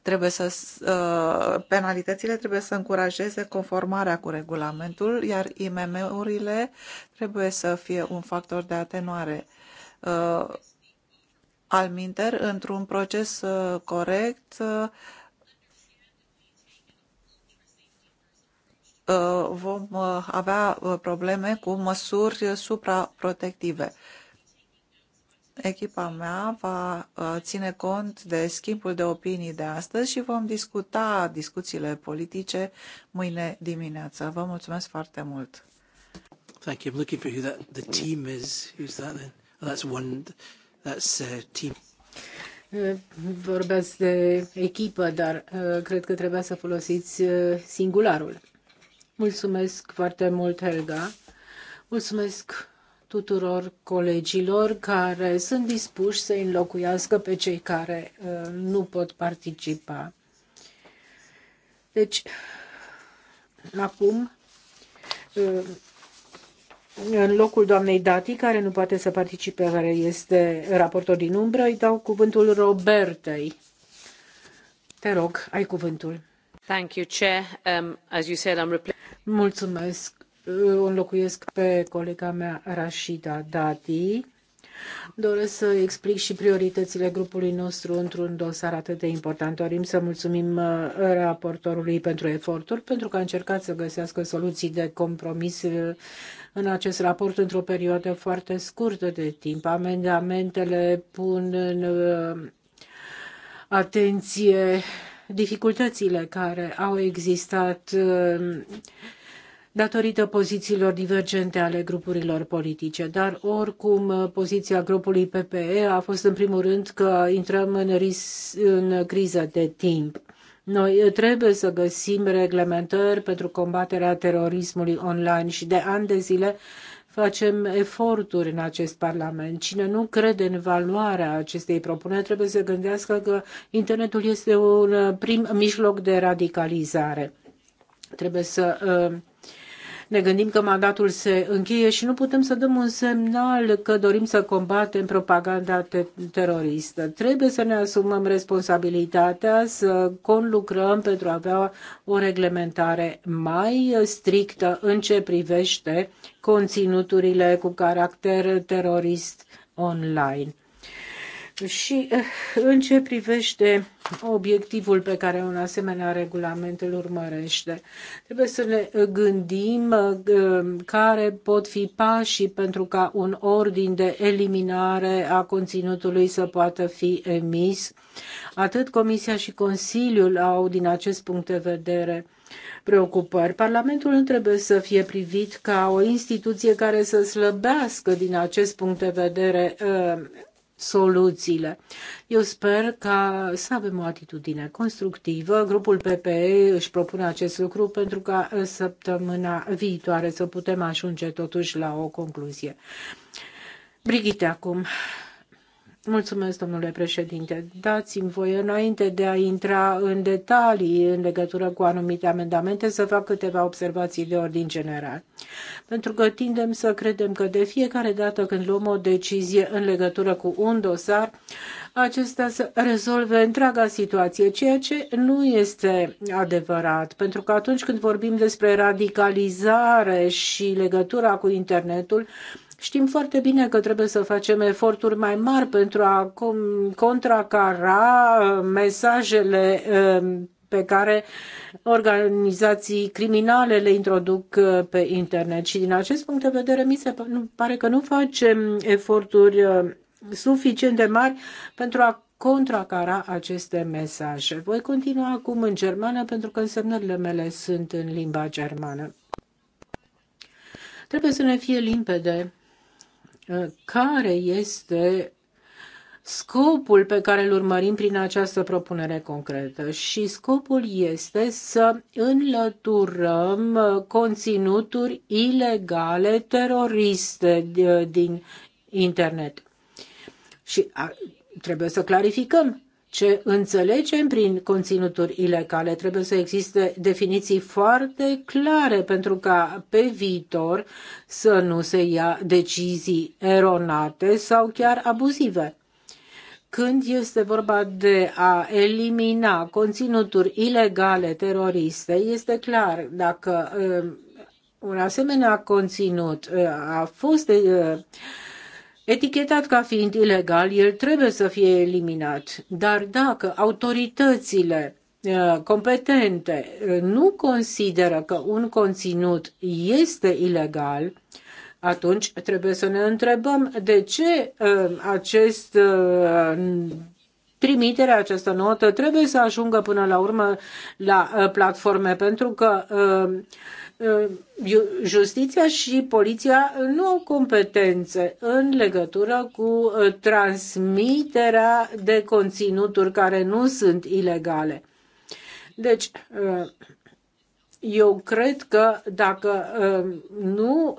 Trebuie să, uh, penalitățile trebuie să încurajeze conformarea cu regulamentul, iar IMM-urile trebuie să fie un factor de atenuare. Alminter, într-un proces corect, Uh, vom uh, avea uh, probleme cu măsuri supraprotective. Echipa mea va ține cont de schimbul de opinii de astăzi și vom discuta discuțiile politice mâine dimineață. Vă mulțumesc foarte mult! Thank you. I'm looking for who that the team is. Who's that then? Oh, that's one. That's uh, team. Vorbeați de echipă, dar uh, cred că trebuia să folosiți uh, singularul. Mulțumesc foarte mult, Helga. Mulțumesc tuturor colegilor care sunt dispuși să înlocuiască pe cei care uh, nu pot participa. Deci, acum, uh, în locul doamnei Dati, care nu poate să participe, care este raportor din umbră, îi dau cuvântul Robertei. Te rog, ai cuvântul. Thank you, Chair. Um, as you said, I'm Mulțumesc. înlocuiesc pe colega mea Rashida Dati. Doresc să explic și prioritățile grupului nostru într-un dosar atât de important. Dorim să mulțumim uh, raportorului pentru eforturi, pentru că a încercat să găsească soluții de compromis uh, în acest raport într-o perioadă foarte scurtă de timp. Amendamentele pun în uh, atenție dificultățile care au existat um, datorită pozițiilor divergente ale grupurilor politice. Dar oricum uh, poziția grupului PPE a fost în primul rând că intrăm în, ris- în criză de timp. Noi uh, trebuie să găsim reglementări pentru combaterea terorismului online și de ani de zile facem eforturi în acest Parlament. Cine nu crede în valoarea acestei propuneri trebuie să gândească că internetul este un prim mijloc de radicalizare. Trebuie să uh, ne gândim că mandatul se încheie și nu putem să dăm un semnal că dorim să combatem propaganda te- teroristă. Trebuie să ne asumăm responsabilitatea, să conlucrăm pentru a avea o reglementare mai strictă în ce privește conținuturile cu caracter terorist online. Și eh, în ce privește obiectivul pe care un asemenea regulament îl urmărește, trebuie să ne gândim eh, care pot fi pașii pentru ca un ordin de eliminare a conținutului să poată fi emis. Atât Comisia și Consiliul au din acest punct de vedere preocupări. Parlamentul nu trebuie să fie privit ca o instituție care să slăbească din acest punct de vedere eh, soluțiile. Eu sper ca să avem o atitudine constructivă. Grupul PPE își propune acest lucru pentru ca săptămâna viitoare să putem ajunge totuși la o concluzie. Brigitte, acum Mulțumesc, domnule președinte. Dați-mi voie, înainte de a intra în detalii în legătură cu anumite amendamente, să fac câteva observații de ordin general. Pentru că tindem să credem că de fiecare dată când luăm o decizie în legătură cu un dosar, acesta să rezolve întreaga situație, ceea ce nu este adevărat. Pentru că atunci când vorbim despre radicalizare și legătura cu internetul, Știm foarte bine că trebuie să facem eforturi mai mari pentru a contracara uh, mesajele uh, pe care organizații criminale le introduc uh, pe internet. Și din acest punct de vedere, mi se pare că nu facem eforturi suficient de mari pentru a contracara aceste mesaje. Voi continua acum în germană pentru că însemnările mele sunt în limba germană. Trebuie să ne fie limpede Ă, care este scopul pe care îl urmărim prin această propunere concretă și scopul este să înlăturăm ă, conținuturi ilegale teroriste ă, din internet. Și trebuie să clarificăm ce înțelegem prin conținuturi ilegale. Trebuie să existe definiții foarte clare pentru ca pe viitor să nu se ia decizii eronate sau chiar abuzive. Când este vorba de a elimina conținuturi ilegale teroriste, este clar dacă um, un asemenea conținut uh, a fost uh, Etichetat ca fiind ilegal, el trebuie să fie eliminat. Dar dacă autoritățile uh, competente uh, nu consideră că un conținut este ilegal, atunci trebuie să ne întrebăm de ce uh, acest trimiterea, această notă trebuie să ajungă până la urmă la platforme, pentru că uh, Uh, justiția și poliția nu au competențe în legătură cu uh, transmiterea de conținuturi care nu sunt ilegale. Deci, uh, eu cred că dacă nu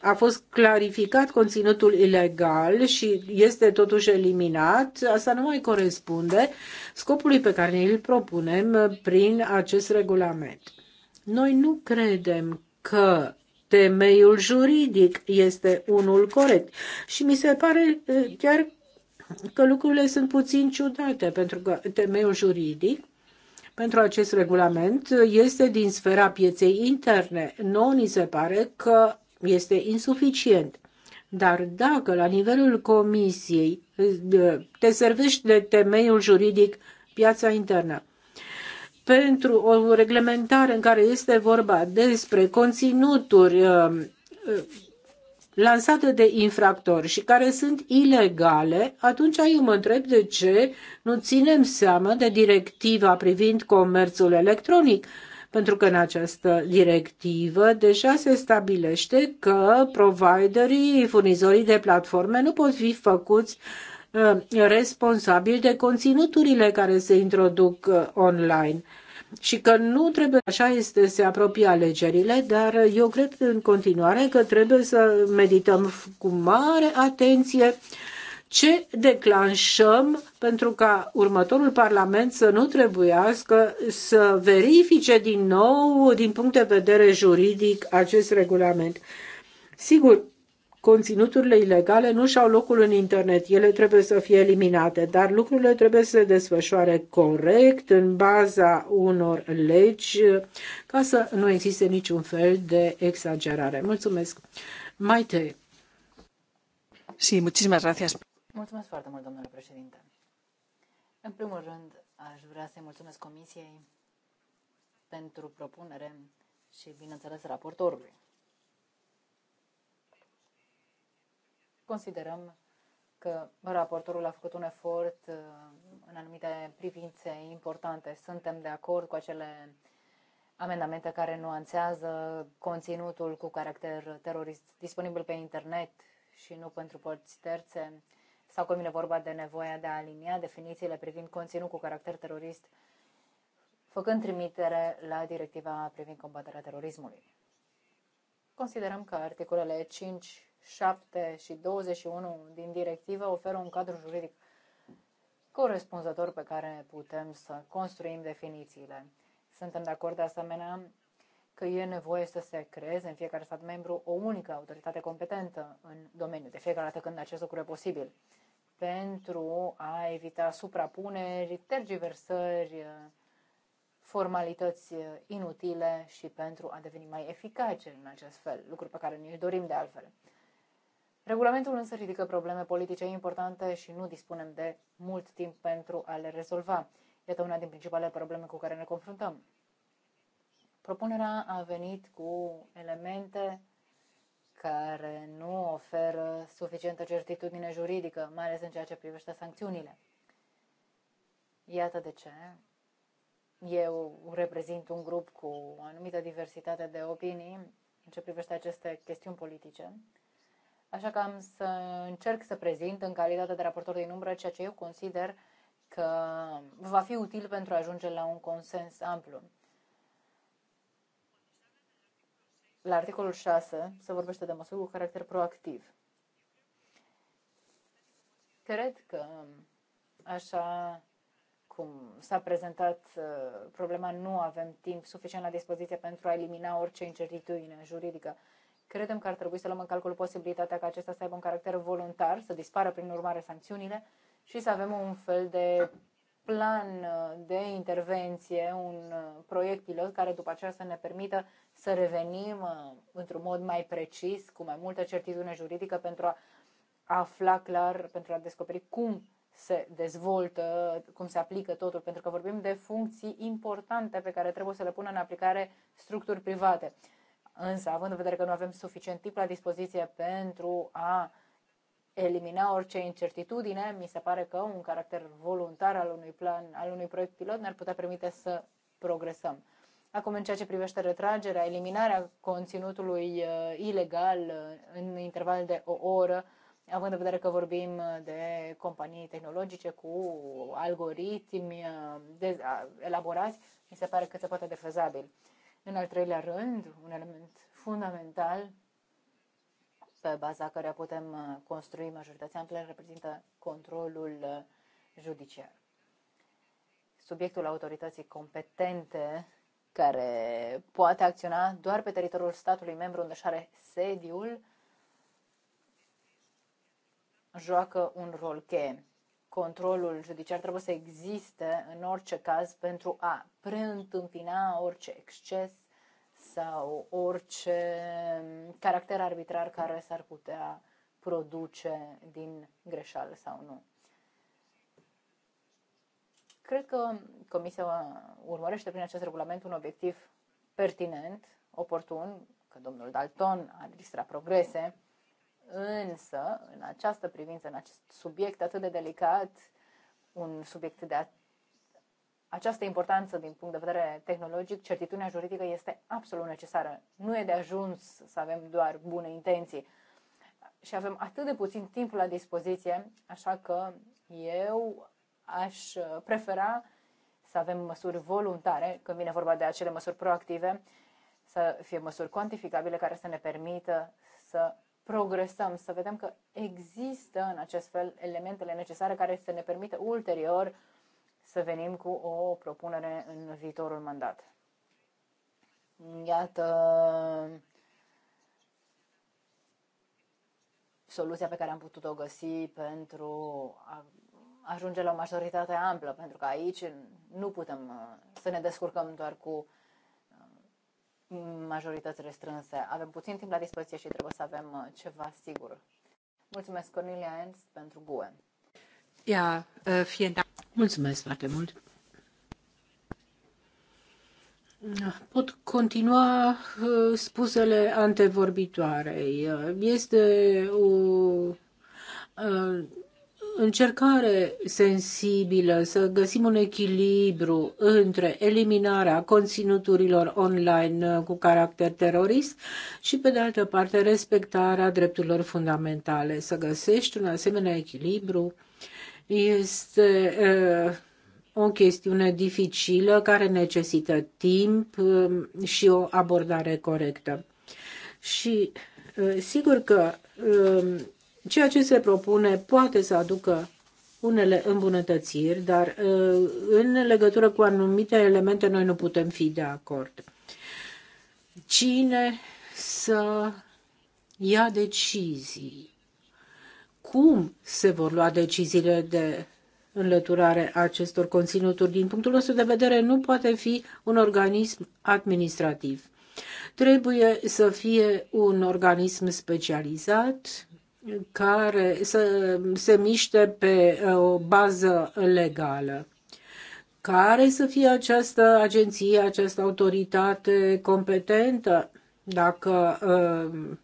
a fost clarificat conținutul ilegal și este totuși eliminat, asta nu mai corespunde scopului pe care îl propunem prin acest regulament. Noi nu credem că temeiul juridic este unul corect și mi se pare chiar că lucrurile sunt puțin ciudate, pentru că temeiul juridic pentru acest regulament este din sfera pieței interne. Noi ni se pare că este insuficient. Dar dacă la nivelul comisiei te servești de temeiul juridic piața internă, pentru o reglementare în care este vorba despre conținuturi uh, uh, lansate de infractori și care sunt ilegale, atunci eu mă întreb de ce nu ținem seama de directiva privind comerțul electronic, pentru că în această directivă deja se stabilește că providerii, furnizorii de platforme nu pot fi făcuți Uh, responsabili de conținuturile care se introduc uh, online și că nu trebuie, așa este, se apropie alegerile, dar eu cred în continuare că trebuie să medităm cu mare atenție ce declanșăm pentru ca următorul Parlament să nu trebuiască să verifice din nou, din punct de vedere juridic, acest regulament. Sigur, conținuturile ilegale nu și-au locul în internet, ele trebuie să fie eliminate, dar lucrurile trebuie să se desfășoare corect, în baza unor legi, ca să nu existe niciun fel de exagerare. Mulțumesc! Mai te. Sí, muchísimas gracias. Mulțumesc foarte mult, domnule președinte. În primul rând, aș vrea să-i mulțumesc Comisiei pentru propunere și, bineînțeles, raportorului. Considerăm că raportorul a făcut un efort uh, în anumite privințe importante. Suntem de acord cu acele amendamente care nuanțează conținutul cu caracter terorist disponibil pe internet și nu pentru părți terțe, sau cum vine vorba de nevoia de a alinia definițiile privind conținut cu caracter terorist, făcând trimitere la directiva privind combaterea terorismului. Considerăm că articolele 5 7 și 21 din directivă oferă un cadru juridic corespunzător pe care putem să construim definițiile. Suntem de acord de asemenea că e nevoie să se creeze în fiecare stat membru o unică autoritate competentă în domeniu, de fiecare dată când acest lucru e posibil, pentru a evita suprapuneri, tergiversări, formalități inutile și pentru a deveni mai eficace în acest fel, lucruri pe care ne dorim de altfel. Regulamentul însă ridică probleme politice importante și nu dispunem de mult timp pentru a le rezolva. Iată una din principalele probleme cu care ne confruntăm. Propunerea a venit cu elemente care nu oferă suficientă certitudine juridică, mai ales în ceea ce privește sancțiunile. Iată de ce eu reprezint un grup cu o anumită diversitate de opinii în ce privește aceste chestiuni politice Așa că am să încerc să prezint în calitate de raportor din umbră ceea ce eu consider că va fi util pentru a ajunge la un consens amplu. La articolul 6 se vorbește de măsuri cu caracter proactiv. Cred că așa cum s-a prezentat uh, problema, nu avem timp suficient la dispoziție pentru a elimina orice incertitudine juridică. Credem că ar trebui să luăm în calcul posibilitatea ca acesta să aibă un caracter voluntar, să dispară prin urmare sancțiunile și să avem un fel de plan uh, de intervenție, un uh, proiect pilot care după aceea să ne permită să revenim uh, într-un mod mai precis, cu mai multă certitudine juridică pentru a afla clar, pentru a descoperi cum se dezvoltă, cum se aplică totul, pentru că vorbim de funcții importante pe care trebuie să le pună în aplicare structuri private. Însă, având în vedere că nu avem suficient timp la dispoziție pentru a elimina orice incertitudine, mi se pare că un caracter voluntar al unui plan, al unui proiect pilot ne-ar putea permite să progresăm. Acum, în ceea ce privește retragerea, eliminarea conținutului uh, ilegal uh, în interval de o oră, având în vedere că vorbim uh, de companii tehnologice cu algoritmi uh, de, uh, elaborați, mi se pare cât se poate defezabil. Uh, în al treilea rând, un element fundamental pe baza căreia putem uh, construi majoritatea amplă reprezintă controlul uh, judiciar. Subiectul autorității competente care poate acționa doar pe teritoriul statului membru unde își are sediul, joacă un rol cheie controlul judiciar trebuie să existe în orice caz pentru a preîntâmpina orice exces sau orice caracter arbitrar care s-ar putea produce din greșeală sau nu. Cred că Comisia urmărește prin acest regulament un obiectiv pertinent, oportun, că domnul Dalton a registrat progrese Însă, în această privință, în acest subiect atât de delicat, un subiect de această importanță din punct de vedere tehnologic, certitudinea juridică este absolut necesară. Nu e de ajuns să avem doar bune intenții. Și avem atât de puțin timp la dispoziție, așa că eu aș prefera să avem măsuri voluntare, când vine vorba de acele măsuri proactive, să fie măsuri cuantificabile care să ne permită să progresăm, să vedem că există în acest fel elementele necesare care să ne permită ulterior să venim cu o propunere în viitorul mandat. Iată soluția pe care am putut-o găsi pentru a ajunge la o majoritate amplă, pentru că aici nu putem uh, să ne descurcăm doar cu majorități restrânse. Avem puțin timp la dispoziție și trebuie să avem uh, ceva sigur. Mulțumesc, Cornelia Ernst, pentru GUE. Ja, vielen uh, da- Mulțumesc foarte mult. Ah, pot continua uh, spusele antevorbitoarei. Este o încercare sensibilă să găsim un echilibru între eliminarea conținuturilor online uh, cu caracter terorist și, pe de altă parte, respectarea drepturilor fundamentale. Să găsești un asemenea echilibru este uh, o chestiune dificilă care necesită timp um, și o abordare corectă. Și uh, sigur că um, Ceea ce se propune poate să aducă unele îmbunătățiri, dar ă, în legătură cu anumite elemente noi nu putem fi de acord. Cine să ia decizii? Cum se vor lua deciziile de înlăturare a acestor conținuturi? Din punctul nostru de vedere, nu poate fi un organism administrativ. Trebuie să fie un organism specializat, care să se miște pe uh, o bază legală. Care să fie această agenție, această autoritate competentă? Dacă uh,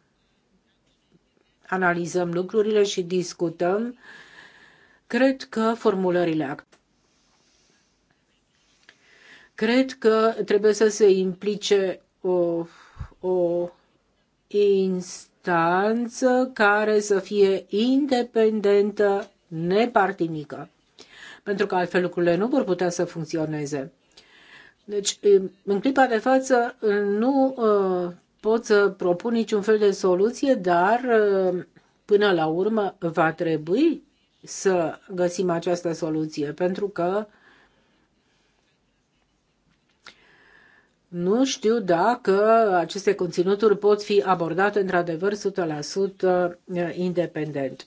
analizăm lucrurile și discutăm, cred că formulările act. cred că trebuie să se implice o, o instanță instanță care să fie independentă, nepartinică, pentru că altfel lucrurile nu vor putea să funcționeze. Deci, în clipa de față, nu uh, pot să propun niciun fel de soluție, dar uh, până la urmă va trebui să găsim această soluție, pentru că uh, Nu știu dacă aceste conținuturi pot fi abordate într-adevăr 100% uh, independent.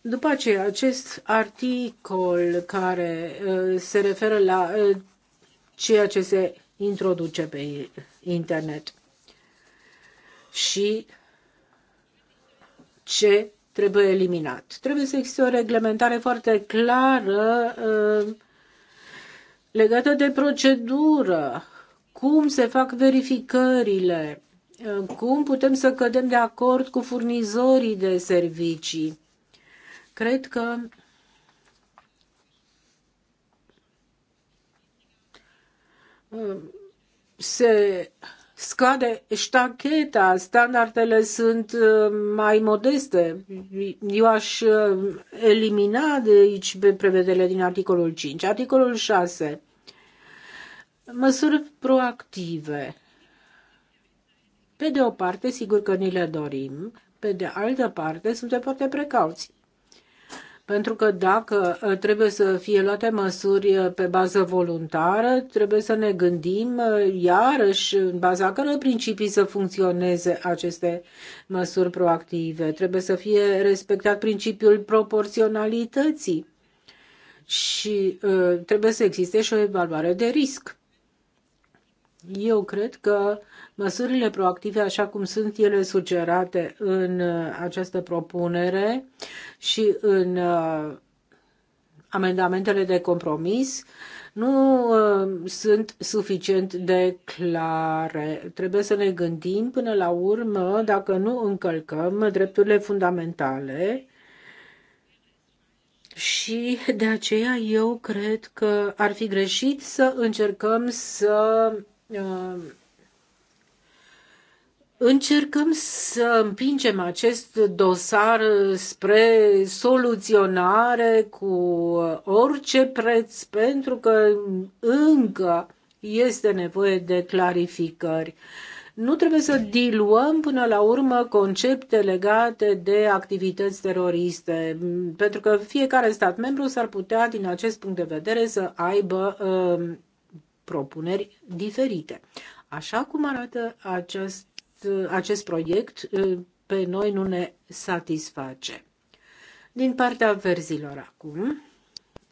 După aceea, acest articol care uh, se referă la uh, ceea ce se introduce pe internet și ce trebuie eliminat. Trebuie să existe o reglementare foarte clară legată de procedură cum se fac verificările, uh, cum putem să cădem de acord cu furnizorii de servicii. Cred că uh, se scade ștacheta, standardele sunt uh, mai modeste. Eu aș elimina de aici prevederile din articolul 5. Articolul 6 măsuri proactive. Pe de o parte, sigur că ni le dorim, pe de altă parte, suntem foarte precauți. Pentru că dacă uh, trebuie să fie luate măsuri uh, pe bază voluntară, trebuie să ne gândim uh, iarăși în baza căror principii să funcționeze aceste măsuri proactive. Trebuie să fie respectat principiul proporționalității și trebuie să existe și o evaluare de risc. Eu cred că măsurile proactive, așa cum sunt ele sugerate în uh, această propunere și în uh, amendamentele de compromis, nu uh, sunt suficient de clare. Trebuie să ne gândim până la urmă dacă nu încălcăm drepturile fundamentale și de aceea eu cred că ar fi greșit să încercăm să încercăm să împingem acest dosar spre soluționare cu orice preț, pentru că încă este nevoie de clarificări. Nu trebuie să diluăm până la urmă concepte legate de activități teroriste, pentru că fiecare stat membru s-ar putea, din acest punct de vedere, să aibă uh, propuneri diferite. Așa cum arată acest, acest proiect, ă, pe noi nu ne satisface. Din partea verzilor acum,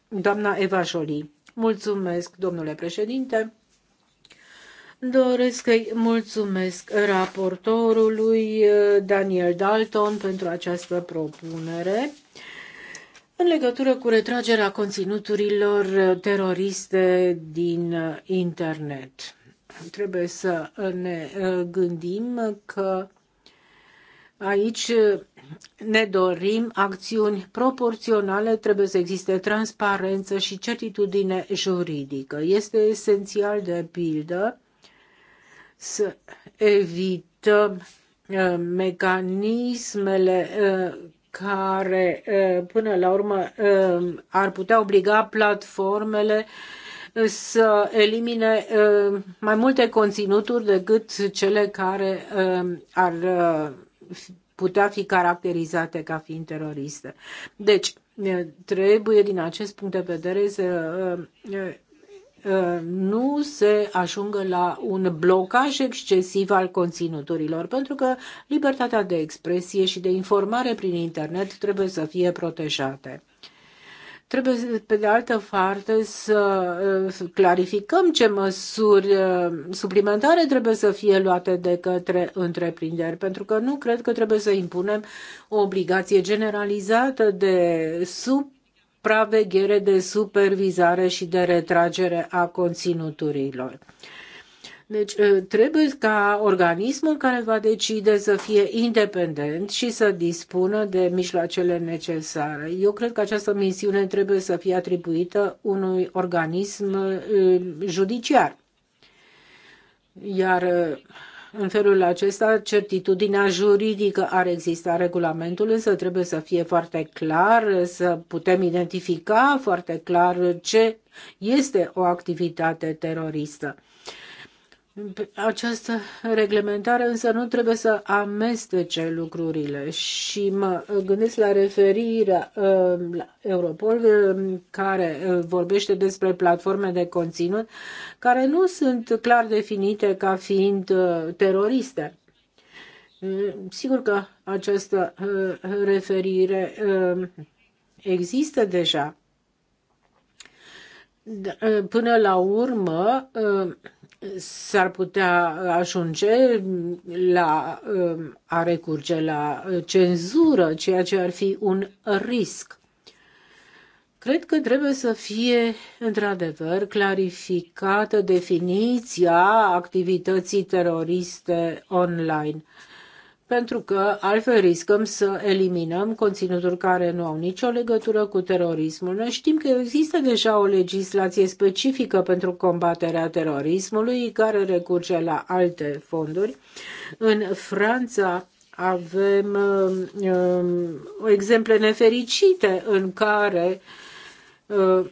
doamna Eva Jolie. Mulțumesc, domnule președinte. Doresc să-i mulțumesc raportorului ă, Daniel Dalton pentru această propunere în legătură cu retragerea conținuturilor teroriste din uh, internet. Trebuie să uh, ne uh, gândim că aici ne dorim acțiuni proporționale, trebuie să existe transparență și certitudine juridică. Este esențial, de pildă, să evităm mecanismele care până la urmă ar putea obliga platformele să elimine mai multe conținuturi decât cele care ar putea fi caracterizate ca fiind teroriste. Deci, trebuie din acest punct de vedere să Uh, nu se ajungă la un blocaj excesiv al conținuturilor, pentru că libertatea de expresie și de informare prin internet trebuie să fie protejate. Trebuie, pe de altă parte, să uh, clarificăm ce măsuri uh, suplimentare trebuie să fie luate de către întreprinderi, pentru că nu cred că trebuie să impunem o obligație generalizată de sub supraveghere, de supervizare și de retragere a conținuturilor. Deci ă, trebuie ca organismul care va decide să fie independent și să dispună de mijloacele necesare. Eu cred că această misiune trebuie să fie atribuită unui organism ă, judiciar. Iar ă, în felul acesta, certitudinea juridică ar exista. Regulamentul însă trebuie să fie foarte clar, să putem identifica foarte clar ce este o activitate teroristă. Această reglementare însă nu trebuie să amestece lucrurile și mă gândesc la referirea uh, la Europol uh, care uh, vorbește despre platforme de conținut care nu sunt clar definite ca fiind teroriste. Sigur că această referire există deja. Da, până la urmă, s-ar putea ajunge la um, a recurge la cenzură, ceea ce ar fi un risc. Cred că trebuie să fie, într-adevăr, clarificată definiția activității teroriste online pentru că altfel riscăm să eliminăm conținuturi care nu au nicio legătură cu terorismul. Noi știm că există deja o legislație specifică pentru combaterea terorismului care recurge la alte fonduri. În Franța avem um, um exemple nefericite în care uh,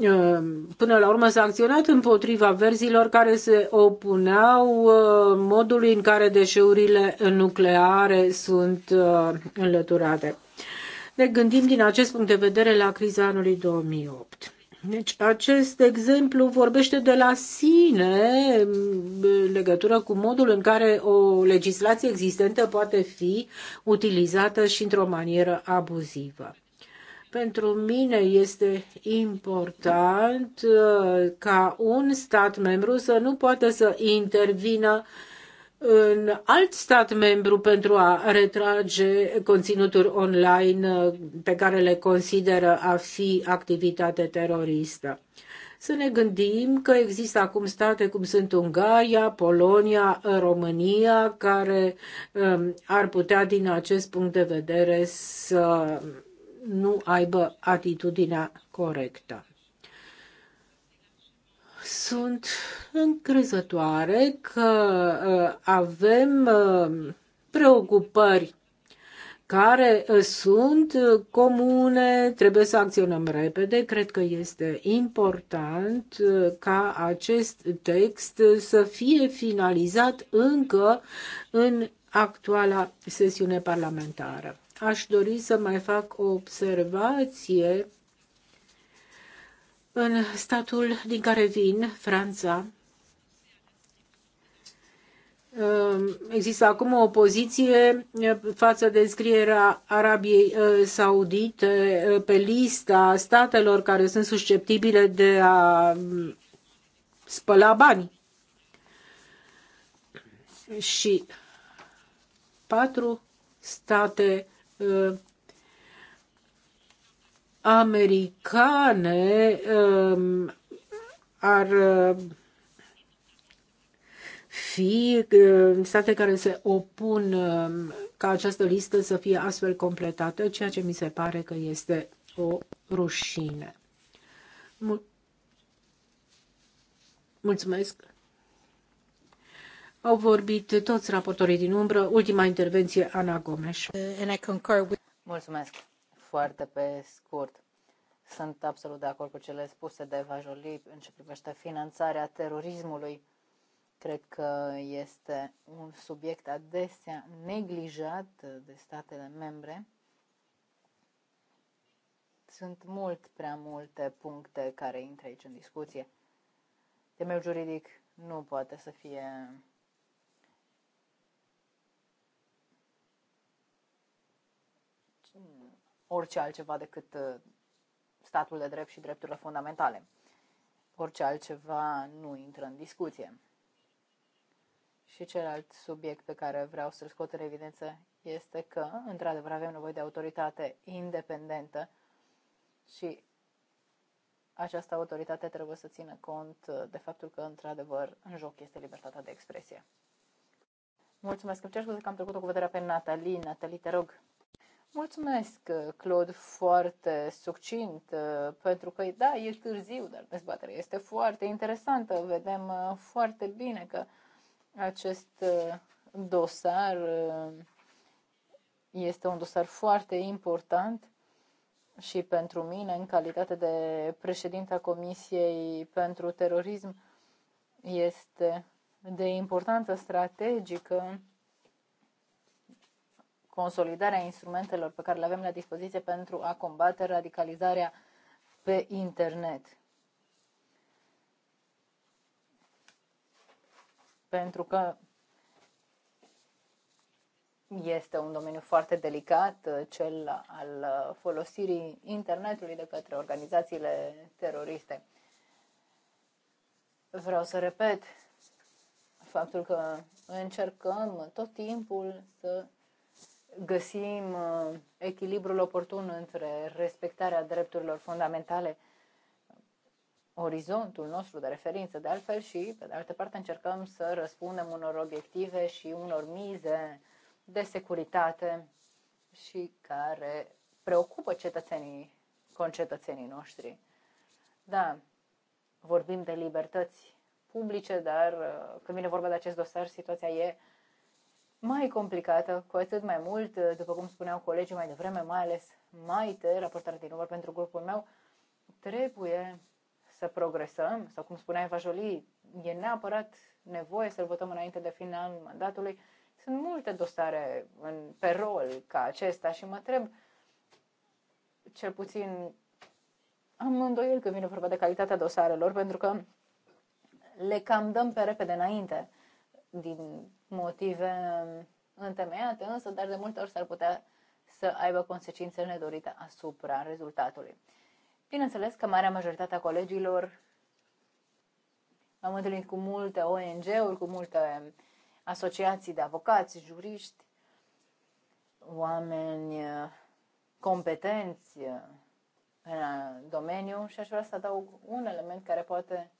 Ehm, până la urmă sancționat împotriva verzilor care se opuneau ehm, modului în care deșeurile nucleare sunt ehm, înlăturate. Ne gândim din acest punct de vedere la criza anului 2008. Deci acest exemplu vorbește de la sine în legătură cu modul în care o legislație existentă poate fi utilizată și într-o manieră abuzivă. Pentru mine este important uh, ca un stat membru să nu poată să intervină în alt stat membru pentru a retrage conținuturi online uh, pe care le consideră a fi activitate teroristă. Să ne gândim că există acum state cum sunt Ungaria, Polonia, România, care um, ar putea din acest punct de vedere să nu aibă atitudinea corectă. Sunt încrezătoare că uh, avem uh, preocupări care uh, sunt comune, trebuie să acționăm repede. Cred că este important ca acest text să fie finalizat încă în actuala sesiune parlamentară. Aș dori să mai fac o observație în statul din care vin, Franța. Ehm, există acum o opoziție față de înscrierea Arabiei Saudite pe lista statelor care sunt susceptibile de a spăla bani. Și patru state Uh, americane um, ar uh, fi uh, state care se opun um, ca această listă să fie astfel completată, ceea ce mi se pare că este o rușine. Mulțumesc! Au vorbit toți raportorii din umbră. Ultima intervenție, Ana Gomes. Mulțumesc. Foarte pe scurt. Sunt absolut de acord cu cele spuse de Eva Jolie în ce privește finanțarea terorismului. Cred că este un subiect adesea neglijat de statele membre. Sunt mult prea multe puncte care intră aici în discuție. Temeiul juridic nu poate să fie orice altceva decât uh, statul de drept și drepturile fundamentale. Orice altceva nu intră în discuție. Și celălalt subiect pe care vreau să-l scot în evidență este că, într-adevăr, avem nevoie de autoritate independentă și această autoritate trebuie să țină cont uh, de faptul că, într-adevăr, în joc este libertatea de expresie. Mulțumesc, îmi cer scuze că am trecut-o cu vederea pe Natalie. Natalie, te rog. Mulțumesc, uh, Claude, foarte succint, uh, pentru că, da, e târziu, dar dezbaterea este foarte interesantă. Vedem uh, foarte bine că acest dosar este un dosar foarte important și pentru mine, în calitate de președinta Comisiei pentru Terorism, este de importanță strategică consolidarea instrumentelor pe care le avem la dispoziție pentru a combate radicalizarea pe internet. Pentru că este un domeniu foarte delicat, cel al folosirii internetului de către organizațiile teroriste. Vreau să repet faptul că încercăm tot timpul să găsim uh, echilibrul oportun între respectarea drepturilor fundamentale, orizontul nostru de referință, de altfel, și, pe de altă parte, încercăm să răspundem unor obiective și unor mize de securitate și care preocupă cetățenii, concetățenii noștri. Da, vorbim de libertăți publice, dar uh, când vine vorba de acest dosar, situația e uh, mai complicată, cu atât mai mult, după cum spuneau colegii mai devreme, mai ales Maite, raportarea din număr pentru grupul meu, trebuie să progresăm, sau cum spunea Eva Jolie, e neapărat nevoie să-l votăm înainte de final mandatului. Sunt multe dosare în, pe rol ca acesta și mă întreb, cel puțin am îndoiel când vine vorba de calitatea dosarelor, pentru că le cam dăm pe repede înainte din motive întemeiate, însă, dar de multe ori s-ar putea să aibă consecințe nedorite asupra rezultatului. Bineînțeles că marea majoritate a colegilor am întâlnit cu multe ONG-uri, cu multe asociații de avocați, juriști, oameni uh, competenți uh, în uh, domeniu și aș vrea să adaug un element care poate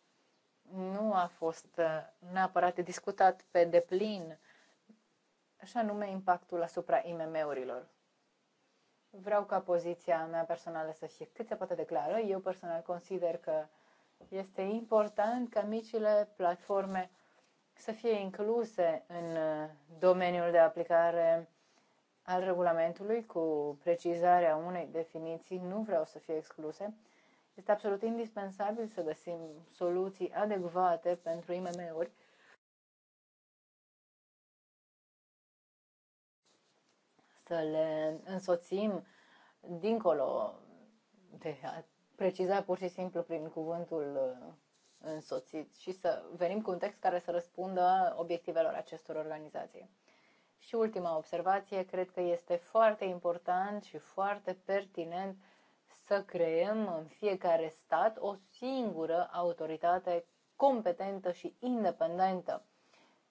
nu a fost uh, neapărat discutat pe deplin, și anume impactul asupra IMM-urilor. Vreau ca poziția mea personală să fie cât se poate declară. Eu personal consider că este important ca micile platforme să fie incluse în uh, domeniul de aplicare al regulamentului cu precizarea unei definiții. Nu vreau să fie excluse este absolut indispensabil să găsim soluții adecvate pentru IMM-uri să le însoțim dincolo de a preciza pur și simplu prin cuvântul uh, însoțit și să venim cu un text care să răspundă obiectivelor acestor organizații. Și ultima observație, cred că este foarte important și foarte pertinent să creăm în fiecare stat o singură autoritate competentă și independentă.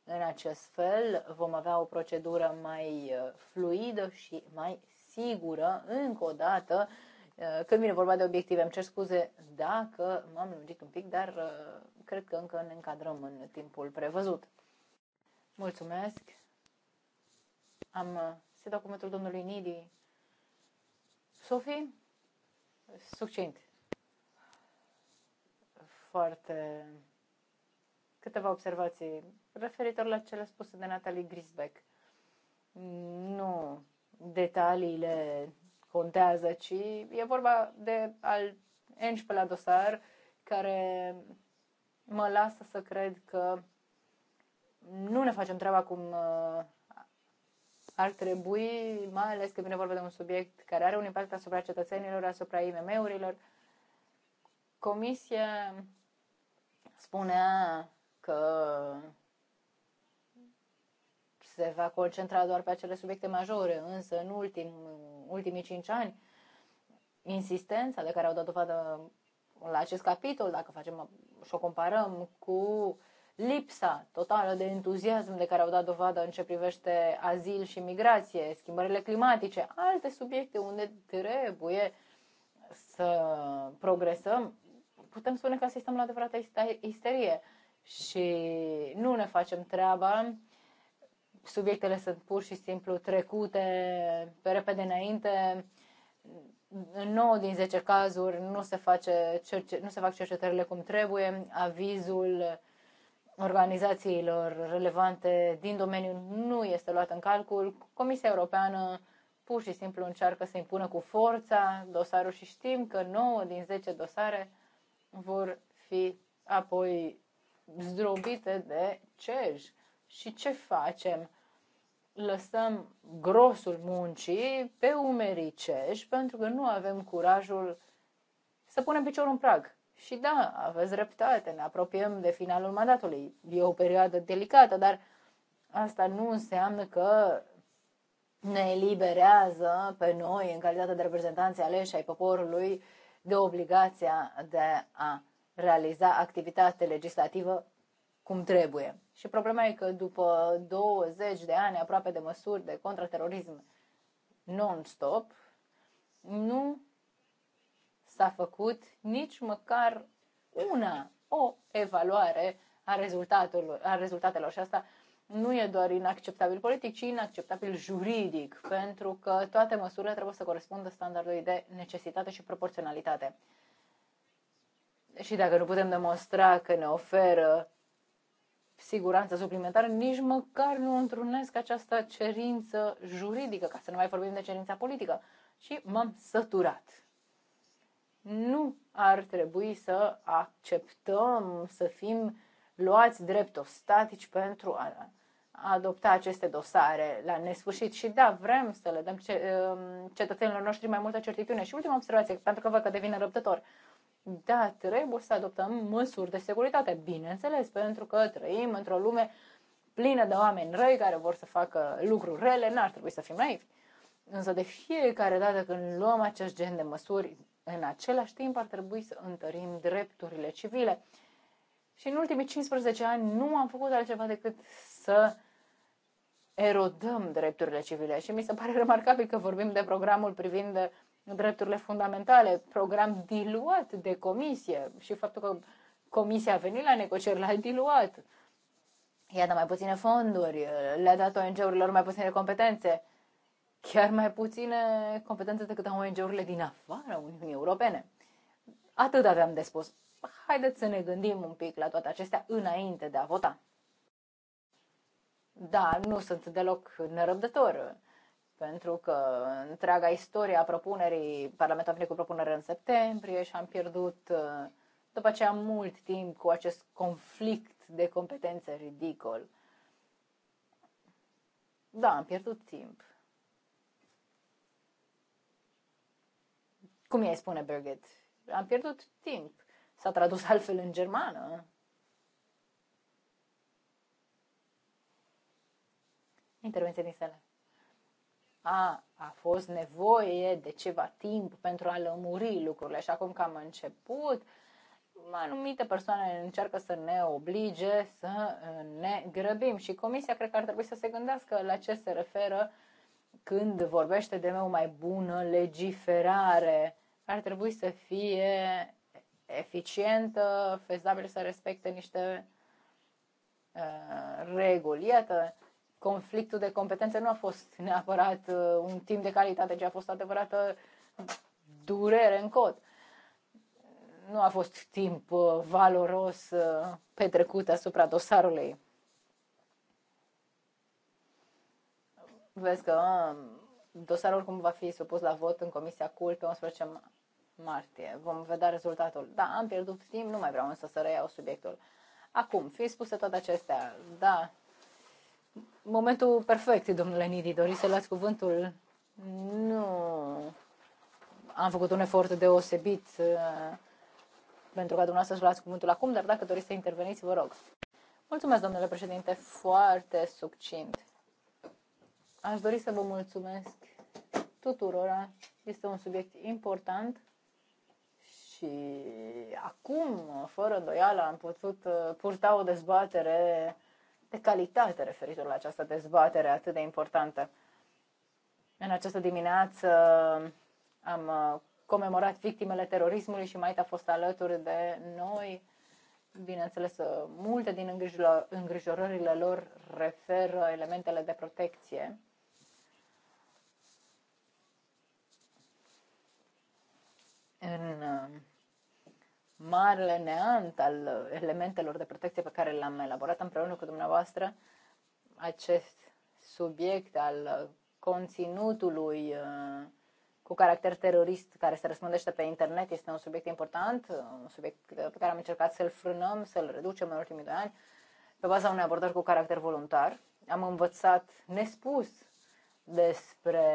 În acest fel vom avea o procedură mai uh, fluidă și mai sigură, încă o dată, uh, când vine vorba de obiective. Îmi cer scuze dacă m-am lungit un pic, dar uh, cred că încă ne încadrăm în timpul prevăzut. Mulțumesc! Am să dau cuvântul domnului Nidi. Sofie? succint. Foarte câteva observații referitor la cele spuse de Natalie Grisbeck. Nu detaliile contează, ci e vorba de al la dosar care mă lasă să cred că nu ne facem treaba cum uh, ar trebui, mai ales când vine vorba de un subiect care are un impact asupra cetățenilor, asupra IMM-urilor, Comisia spunea că se va concentra doar pe acele subiecte majore, însă în ultim, ultimii cinci ani insistența de care au dat dovadă la acest capitol, dacă facem și o comparăm cu lipsa totală de entuziasm de care au dat dovadă în ce privește azil și migrație, schimbările climatice, alte subiecte unde trebuie să progresăm, putem spune că asistăm la adevărată isterie și nu ne facem treaba. Subiectele sunt pur și simplu trecute pe repede înainte. În 9 din 10 cazuri nu se, face cerce- nu se fac cercetările cum trebuie, avizul organizațiilor relevante din domeniu nu este luat în calcul. Comisia Europeană pur și simplu încearcă să impună cu forța dosarul și știm că 9 din 10 dosare vor fi apoi zdrobite de cej. Și ce facem? Lăsăm grosul muncii pe umerii cej pentru că nu avem curajul să punem piciorul în prag. Și da, aveți dreptate, ne apropiem de finalul mandatului. E o perioadă delicată, dar asta nu înseamnă că ne eliberează pe noi, în calitate de reprezentanți aleși ai poporului, de obligația de a realiza activitate legislativă cum trebuie. Și problema e că după 20 de ani aproape de măsuri de contraterorism non-stop, nu s-a făcut nici măcar una, o evaluare a, rezultatului, a rezultatelor și asta nu e doar inacceptabil politic, ci inacceptabil juridic, pentru că toate măsurile trebuie să corespundă standardului de necesitate și proporționalitate. Și dacă nu putem demonstra că ne oferă siguranță suplimentară, nici măcar nu întrunesc această cerință juridică, ca să nu mai vorbim de cerința politică. Și m-am săturat nu ar trebui să acceptăm să fim luați drept ostatici pentru a adopta aceste dosare la nesfârșit și da, vrem să le dăm um, cetățenilor noștri mai multă certitudine. Și ultima observație, pentru că văd că devine răbdător. Da, trebuie să adoptăm măsuri de securitate, bineînțeles, pentru că trăim într-o lume plină de oameni răi care vor să facă lucruri rele, n-ar trebui să fim naivi. Însă de fiecare dată când luăm acest gen de măsuri, în același timp ar trebui să întărim drepturile civile. Și în ultimii 15 ani nu am făcut altceva decât să erodăm drepturile civile. Și mi se pare remarcabil că vorbim de programul privind drepturile fundamentale, program diluat de comisie și faptul că comisia a venit la negocieri, l-a diluat. I-a dat mai puține fonduri, le-a dat ONG-urilor mai puține competențe chiar mai puține competențe decât au ONG-urile din afara Uniunii Europene. Atât aveam de spus. Haideți să ne gândim un pic la toate acestea înainte de a vota. Da, nu sunt deloc nerăbdător, pentru că întreaga istorie a propunerii, Parlamentul a venit cu propunere în septembrie și am pierdut după aceea mult timp cu acest conflict de competențe ridicol. Da, am pierdut timp. Cum i-ai spune, Birgit? Am pierdut timp. S-a tradus altfel în germană. Intervenție din sală. A, a fost nevoie de ceva timp pentru a lămuri lucrurile și acum că am început, anumite persoane încearcă să ne oblige să ne grăbim și comisia cred că ar trebui să se gândească la ce se referă când vorbește de o mai bună legiferare ar trebui să fie eficientă, fezabil să respecte niște uh, reguli. Iată, conflictul de competențe nu a fost neapărat uh, un timp de calitate, ci a fost adevărată durere în cod. Nu a fost timp uh, valoros uh, petrecut asupra dosarului. Vezi că uh, dosarul cum va fi supus la vot în Comisia CUL pe 11 martie. Vom vedea rezultatul. Da, am pierdut timp, nu mai vreau însă să reiau subiectul. Acum, fi spuse toate acestea, da, momentul perfect, domnule Nidi, doriți să luați cuvântul? Nu. Am făcut un efort deosebit uh, pentru ca dumneavoastră să luați cuvântul acum, dar dacă doriți să interveniți, vă rog. Mulțumesc, domnule președinte, foarte succint. Aș dori să vă mulțumesc tuturora. Este un subiect important și acum, fără doială, am putut uh, purta o dezbatere de calitate referitor la această dezbatere atât de importantă. În această dimineață uh, am uh, comemorat victimele terorismului și mai a fost alături de noi. Bineînțeles, multe din îngrijorările lor referă elementele de protecție în uh, marele neant al uh, elementelor de protecție pe care le-am elaborat împreună cu dumneavoastră, acest subiect al uh, conținutului cu caracter terorist care se răspândește pe internet este un subiect important, un subiect pe care am încercat să-l frânăm, să-l reducem în ultimii doi ani, pe baza unei abordări cu caracter voluntar. Am învățat nespus despre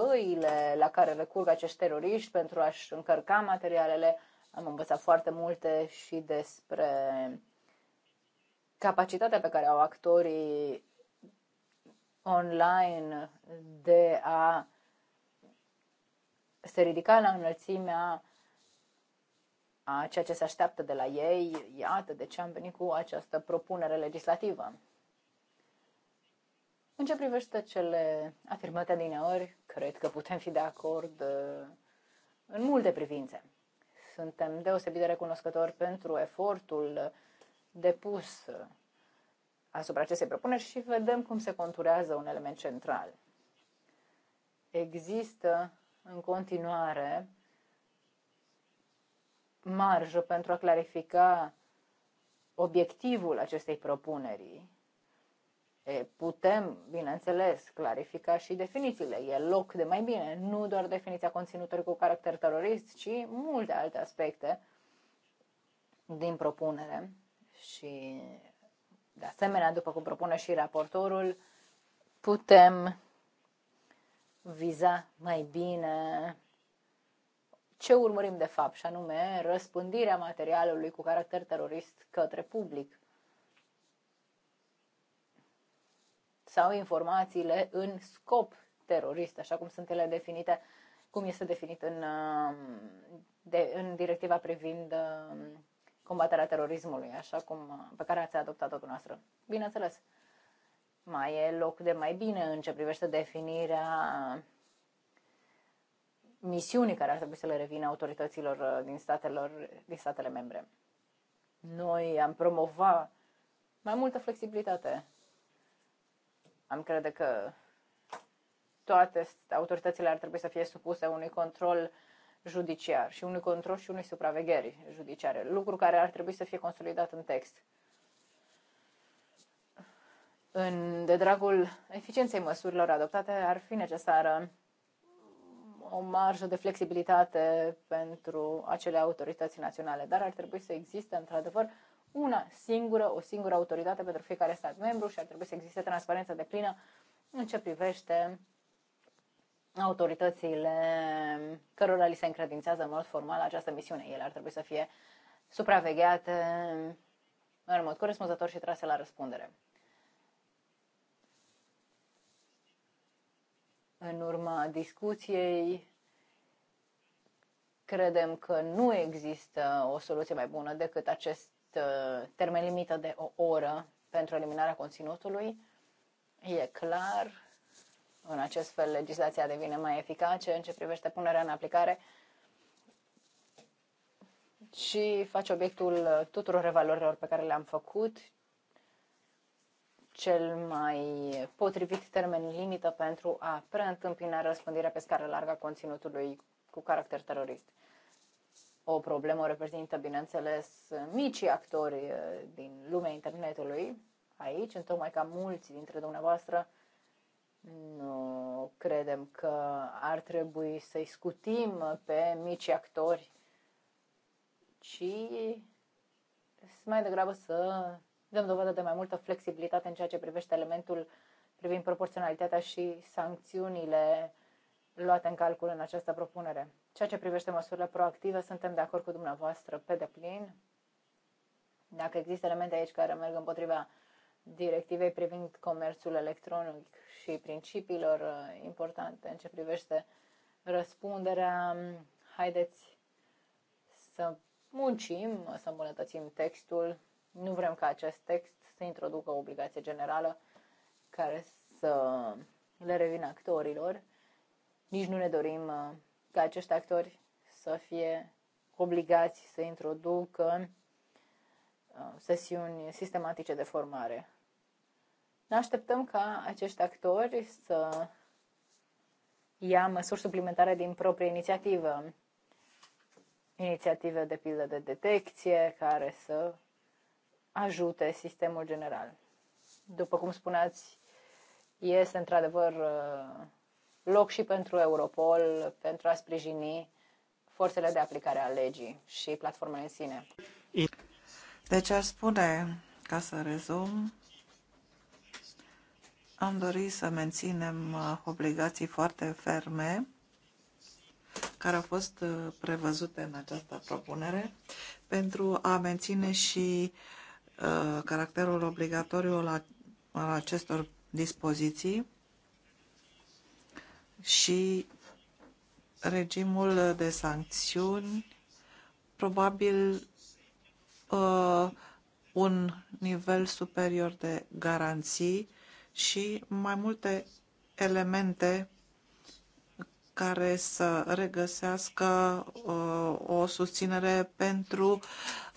căile la care recurg acești teroriști pentru a-și încărca materialele. Am învățat foarte multe și despre capacitatea pe care au actorii online de a se ridica la înălțimea a ceea ce se așteaptă de la ei. Iată de ce am venit cu această propunere legislativă. În ce privește cele afirmate ori, Cred că putem fi de acord uh, în multe privințe. Suntem deosebit de recunoscători pentru efortul depus uh, asupra acestei propuneri și vedem cum se conturează un element central. Există în continuare marjă pentru a clarifica obiectivul acestei propuneri E, putem, bineînțeles, clarifica și definițiile. E loc de mai bine, nu doar definiția conținutului cu caracter terorist, ci multe alte aspecte din propunere. Și, de asemenea, după cum propune și raportorul, putem viza mai bine ce urmărim de fapt, și anume răspândirea materialului cu caracter terorist către public. sau informațiile în scop terorist, așa cum sunt ele definite, cum este definit în, um, de, în directiva privind um, combaterea terorismului, așa cum uh, pe care ați adoptat-o dumneavoastră. Bineînțeles, mai e loc de mai bine în ce privește definirea uh, misiunii care ar trebui să le revină autorităților uh, din, statelor, din statele membre. Noi am promova mai multă flexibilitate am crede că toate autoritățile ar trebui să fie supuse unui control judiciar și unui control și unui supravegheri judiciare, lucru care ar trebui să fie consolidat în text. În, de dragul eficienței măsurilor adoptate, ar fi necesară o marjă de flexibilitate pentru acele autorități naționale, dar ar trebui să existe, într-adevăr, una singură, o singură autoritate pentru fiecare stat membru și ar trebui să existe transparență de plină în ce privește autoritățile cărora li se încredințează în mod formal această misiune. Ele ar trebui să fie supravegheate în mod corespunzător și trase la răspundere. În urma discuției, credem că nu există o soluție mai bună decât acest Uh, termen limită de o oră pentru eliminarea conținutului. E clar, în acest fel legislația devine mai eficace în ce privește punerea în aplicare și face obiectul tuturor revalorilor pe care le-am făcut. Cel mai potrivit termen limită pentru a preîntâmpina răspândirea pe scară largă a conținutului cu caracter terorist. O problemă reprezintă, bineînțeles, micii actori eh, din lumea internetului aici, tocmai ca mulți dintre dumneavoastră nu credem că ar trebui să-i scutim pe mici actori, ci mai degrabă să dăm dovadă de mai multă flexibilitate în ceea ce privește elementul privind proporționalitatea și sancțiunile luate în calcul în această propunere ceea ce privește măsurile proactive, suntem de acord cu dumneavoastră pe deplin. Dacă există elemente aici care merg împotriva directivei privind comerțul electronic și principiilor uh, importante în ce privește răspunderea, um, haideți să muncim, să îmbunătățim textul. Nu vrem ca acest text să introducă o obligație generală care să le revină actorilor. Nici nu ne dorim uh, ca acești actori să fie obligați să introducă uh, sesiuni sistematice de formare. Ne așteptăm ca acești actori să ia măsuri suplimentare din proprie inițiativă. Inițiative de pildă de detecție care să ajute sistemul general. După cum spuneați, este într-adevăr uh, loc și pentru Europol pentru a sprijini forțele de aplicare a legii și platformele în sine. Deci aș spune, ca să rezum, am dorit să menținem uh, obligații foarte ferme care au fost uh, prevăzute în această propunere pentru a menține și uh, caracterul obligatoriu al acestor dispoziții și regimul de sancțiuni, probabil uh, un nivel superior de garanții și mai multe elemente care să regăsească uh, o susținere pentru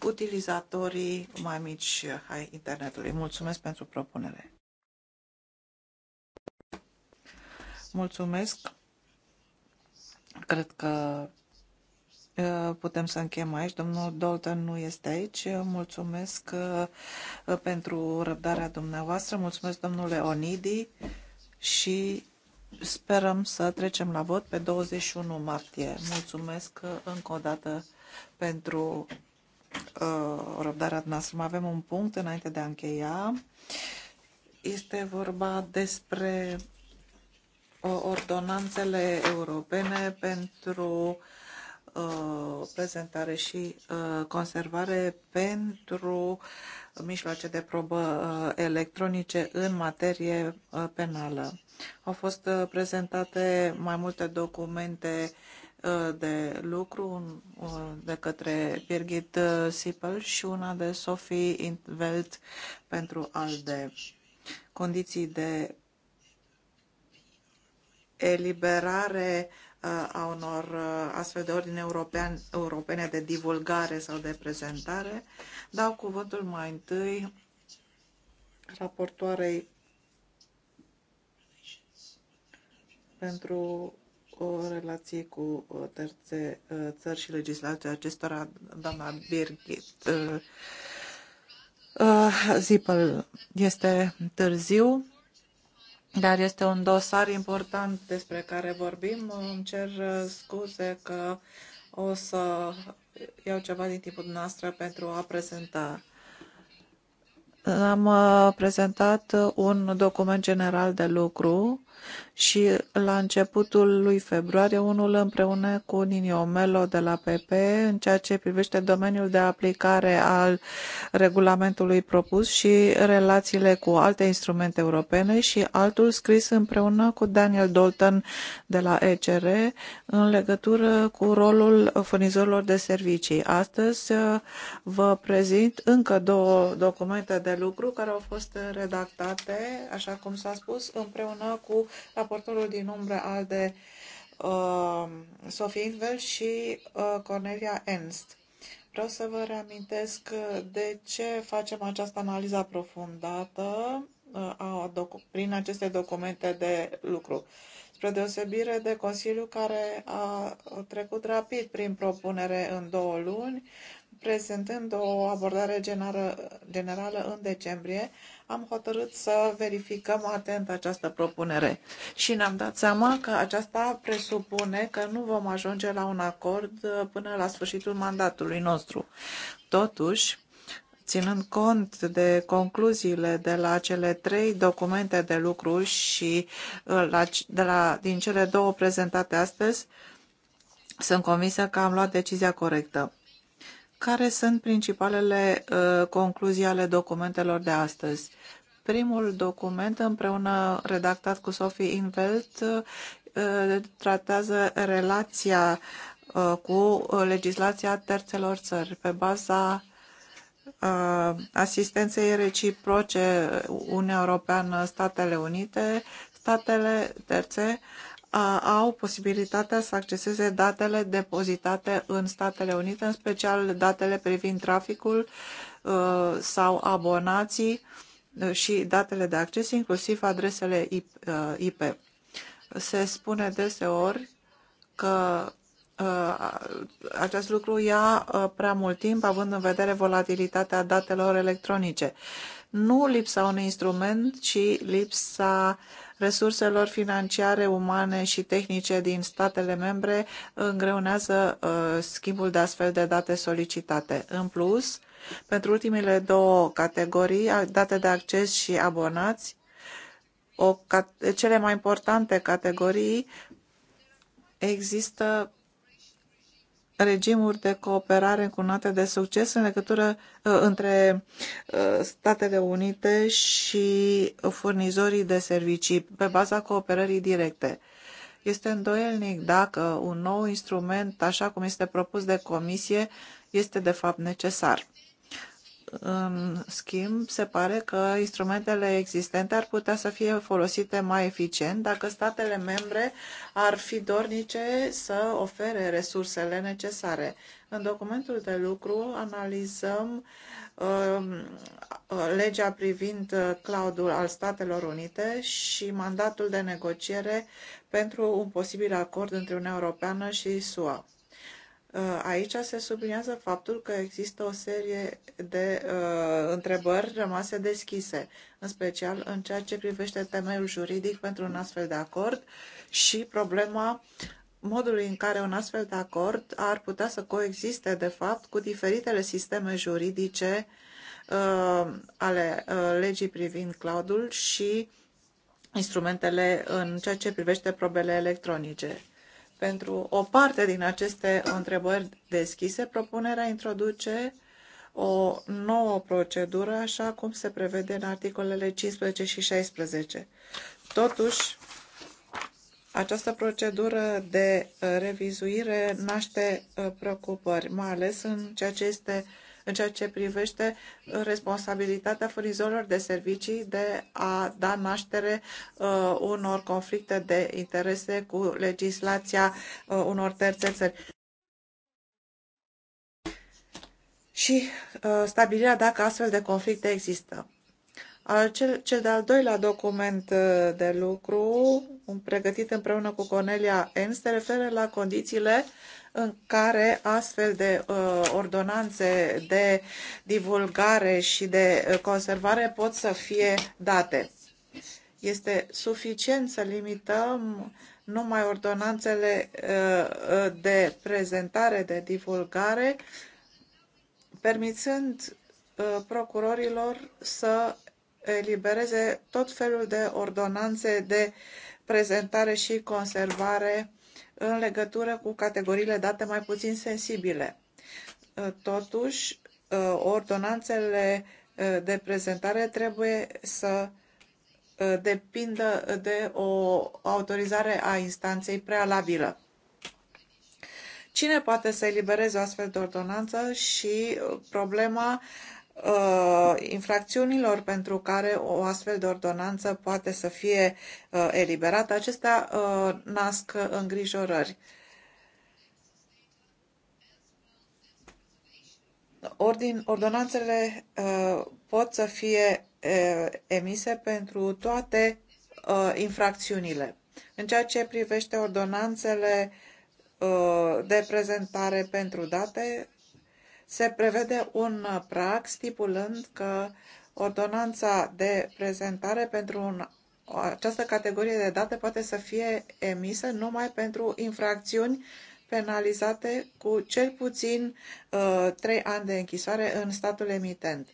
utilizatorii mai mici ai internetului. Mulțumesc pentru propunere. Mulțumesc. Cred că putem să încheiem aici. Domnul Dolton nu este aici. Mulțumesc pentru răbdarea dumneavoastră. Mulțumesc, domnule Onidi. Și sperăm să trecem la vot pe 21 martie. Mulțumesc încă o dată pentru uh, răbdarea noastră. Mai avem un punct înainte de a încheia. Este vorba despre ordonanțele europene pentru uh, prezentare și uh, conservare pentru mijloace de probă uh, electronice în materie penală. Au fost prezentate mai multe documente de lucru de către Birgit Sipel și una de Sophie Intveld pentru ALDE. Condiții de eliberare uh, a unor uh, astfel de ordine european, europene de divulgare sau de prezentare. Dau cuvântul mai întâi raportoarei pentru o relație cu uh, terțe țări și legislația acestora, doamna Birgit Zipel. Este târziu, dar este un dosar important despre care vorbim. Îmi cer uh, scuze că o să iau ceva din timpul noastră pentru a prezenta. Am uh, prezentat un document general de lucru și la începutul lui februarie unul împreună cu Nino Melo de la PP în ceea ce privește domeniul de aplicare al regulamentului propus și relațiile cu alte instrumente europene și altul scris împreună cu Daniel Dalton de la ECR în legătură cu rolul furnizorilor de servicii. Astăzi uh, vă prezint încă două documente de lucru care au fost redactate, așa cum s-a spus, împreună cu raportorul din umbră al de uh, Sophie Invel și uh, Cornelia Ernst. Vreau să vă reamintesc uh, de ce facem această analiză aprofundată uh, a prin aceste documente de lucru. Spre deosebire de Consiliu care a trecut rapid prin propunere în două luni, prezentând o abordare generală în decembrie, am hotărât să verificăm atent această propunere și ne-am dat seama că aceasta presupune că nu vom ajunge la un acord uh, până la sfârșitul mandatului nostru. Totuși, ținând cont de concluziile de la cele trei documente de lucru și uh, de la, din cele două prezentate astăzi, sunt convinsă că am luat decizia corectă. Care sunt principalele uh, concluzii ale documentelor de astăzi? Primul document, împreună redactat cu Sophie Invelt, uh, tratează relația uh, cu legislația terțelor țări pe baza uh, asistenței reciproce Uniunea Europeană-Statele Unite, statele terțe au posibilitatea să acceseze datele depozitate în Statele Unite, în special datele privind traficul uh, sau abonații uh, și datele de acces, inclusiv adresele IP. Uh, Se spune deseori că acest lucru ia prea mult timp, având în vedere volatilitatea datelor electronice. Nu lipsa unui instrument, ci lipsa uh, resurselor financiare, umane și tehnice din statele membre îngreunează uh, schimbul de astfel de date solicitate. În plus, pentru ultimele două categorii, date de acces și abonați, o, cele mai importante categorii există regimuri de cooperare încunate de succes în legătură uh, între uh, Statele Unite și furnizorii de servicii pe baza cooperării directe. Este îndoielnic dacă un nou instrument, așa cum este propus de comisie, este de fapt necesar. În schimb, se pare că instrumentele existente ar putea să fie folosite mai eficient dacă statele membre ar fi dornice să ofere resursele necesare. În documentul de lucru analizăm um, legea privind uh, cloudul al Statelor Unite și mandatul de negociere pentru un posibil acord între Uniunea Europeană și SUA. Uh, aici se subliniază faptul că există o serie de uh, întrebări rămase deschise, în special în ceea ce privește temeiul juridic pentru un astfel de acord și problema modului în care un astfel de acord ar putea să coexiste, de fapt, cu diferitele sisteme juridice uh, ale uh, legii privind cloudul și instrumentele în ceea ce privește probele electronice pentru o parte din aceste întrebări deschise, propunerea introduce o nouă procedură, așa cum se prevede în articolele 15 și 16. Totuși, această procedură de revizuire naște uh, preocupări, mai ales în ceea ce este în ceea ce privește responsabilitatea furnizorilor de servicii de a da naștere uh, unor conflicte de interese cu legislația uh, unor terțe țări. Și uh, stabilirea dacă astfel de conflicte există. Al cel, cel de-al doilea document uh, de lucru, pregătit împreună cu Cornelia N, se referă la condițiile în care astfel de uh, ordonanțe de divulgare și de uh, conservare pot să fie date. Este suficient să limităm numai ordonanțele uh, uh, de prezentare, de divulgare, permițând uh, procurorilor să elibereze tot felul de ordonanțe de prezentare și conservare în legătură cu categoriile date mai puțin sensibile. Uh, totuși, uh, ordonanțele uh, de prezentare trebuie să depindă de o autorizare a instanței prealabilă. Cine poate să elibereze o astfel de ordonanță și problema uh, Uh, infracțiunilor pentru care o astfel de ordonanță poate să fie uh, eliberată, acestea uh, nasc îngrijorări. Ordin, ordonanțele uh, pot să fie uh, emise pentru toate uh, infracțiunile. În ceea ce privește ordonanțele uh, de prezentare pentru date, se prevede un prag stipulând că ordonanța de prezentare pentru un, această categorie de date poate să fie emisă numai pentru infracțiuni penalizate cu cel puțin uh, ani de închisoare în statul emitent.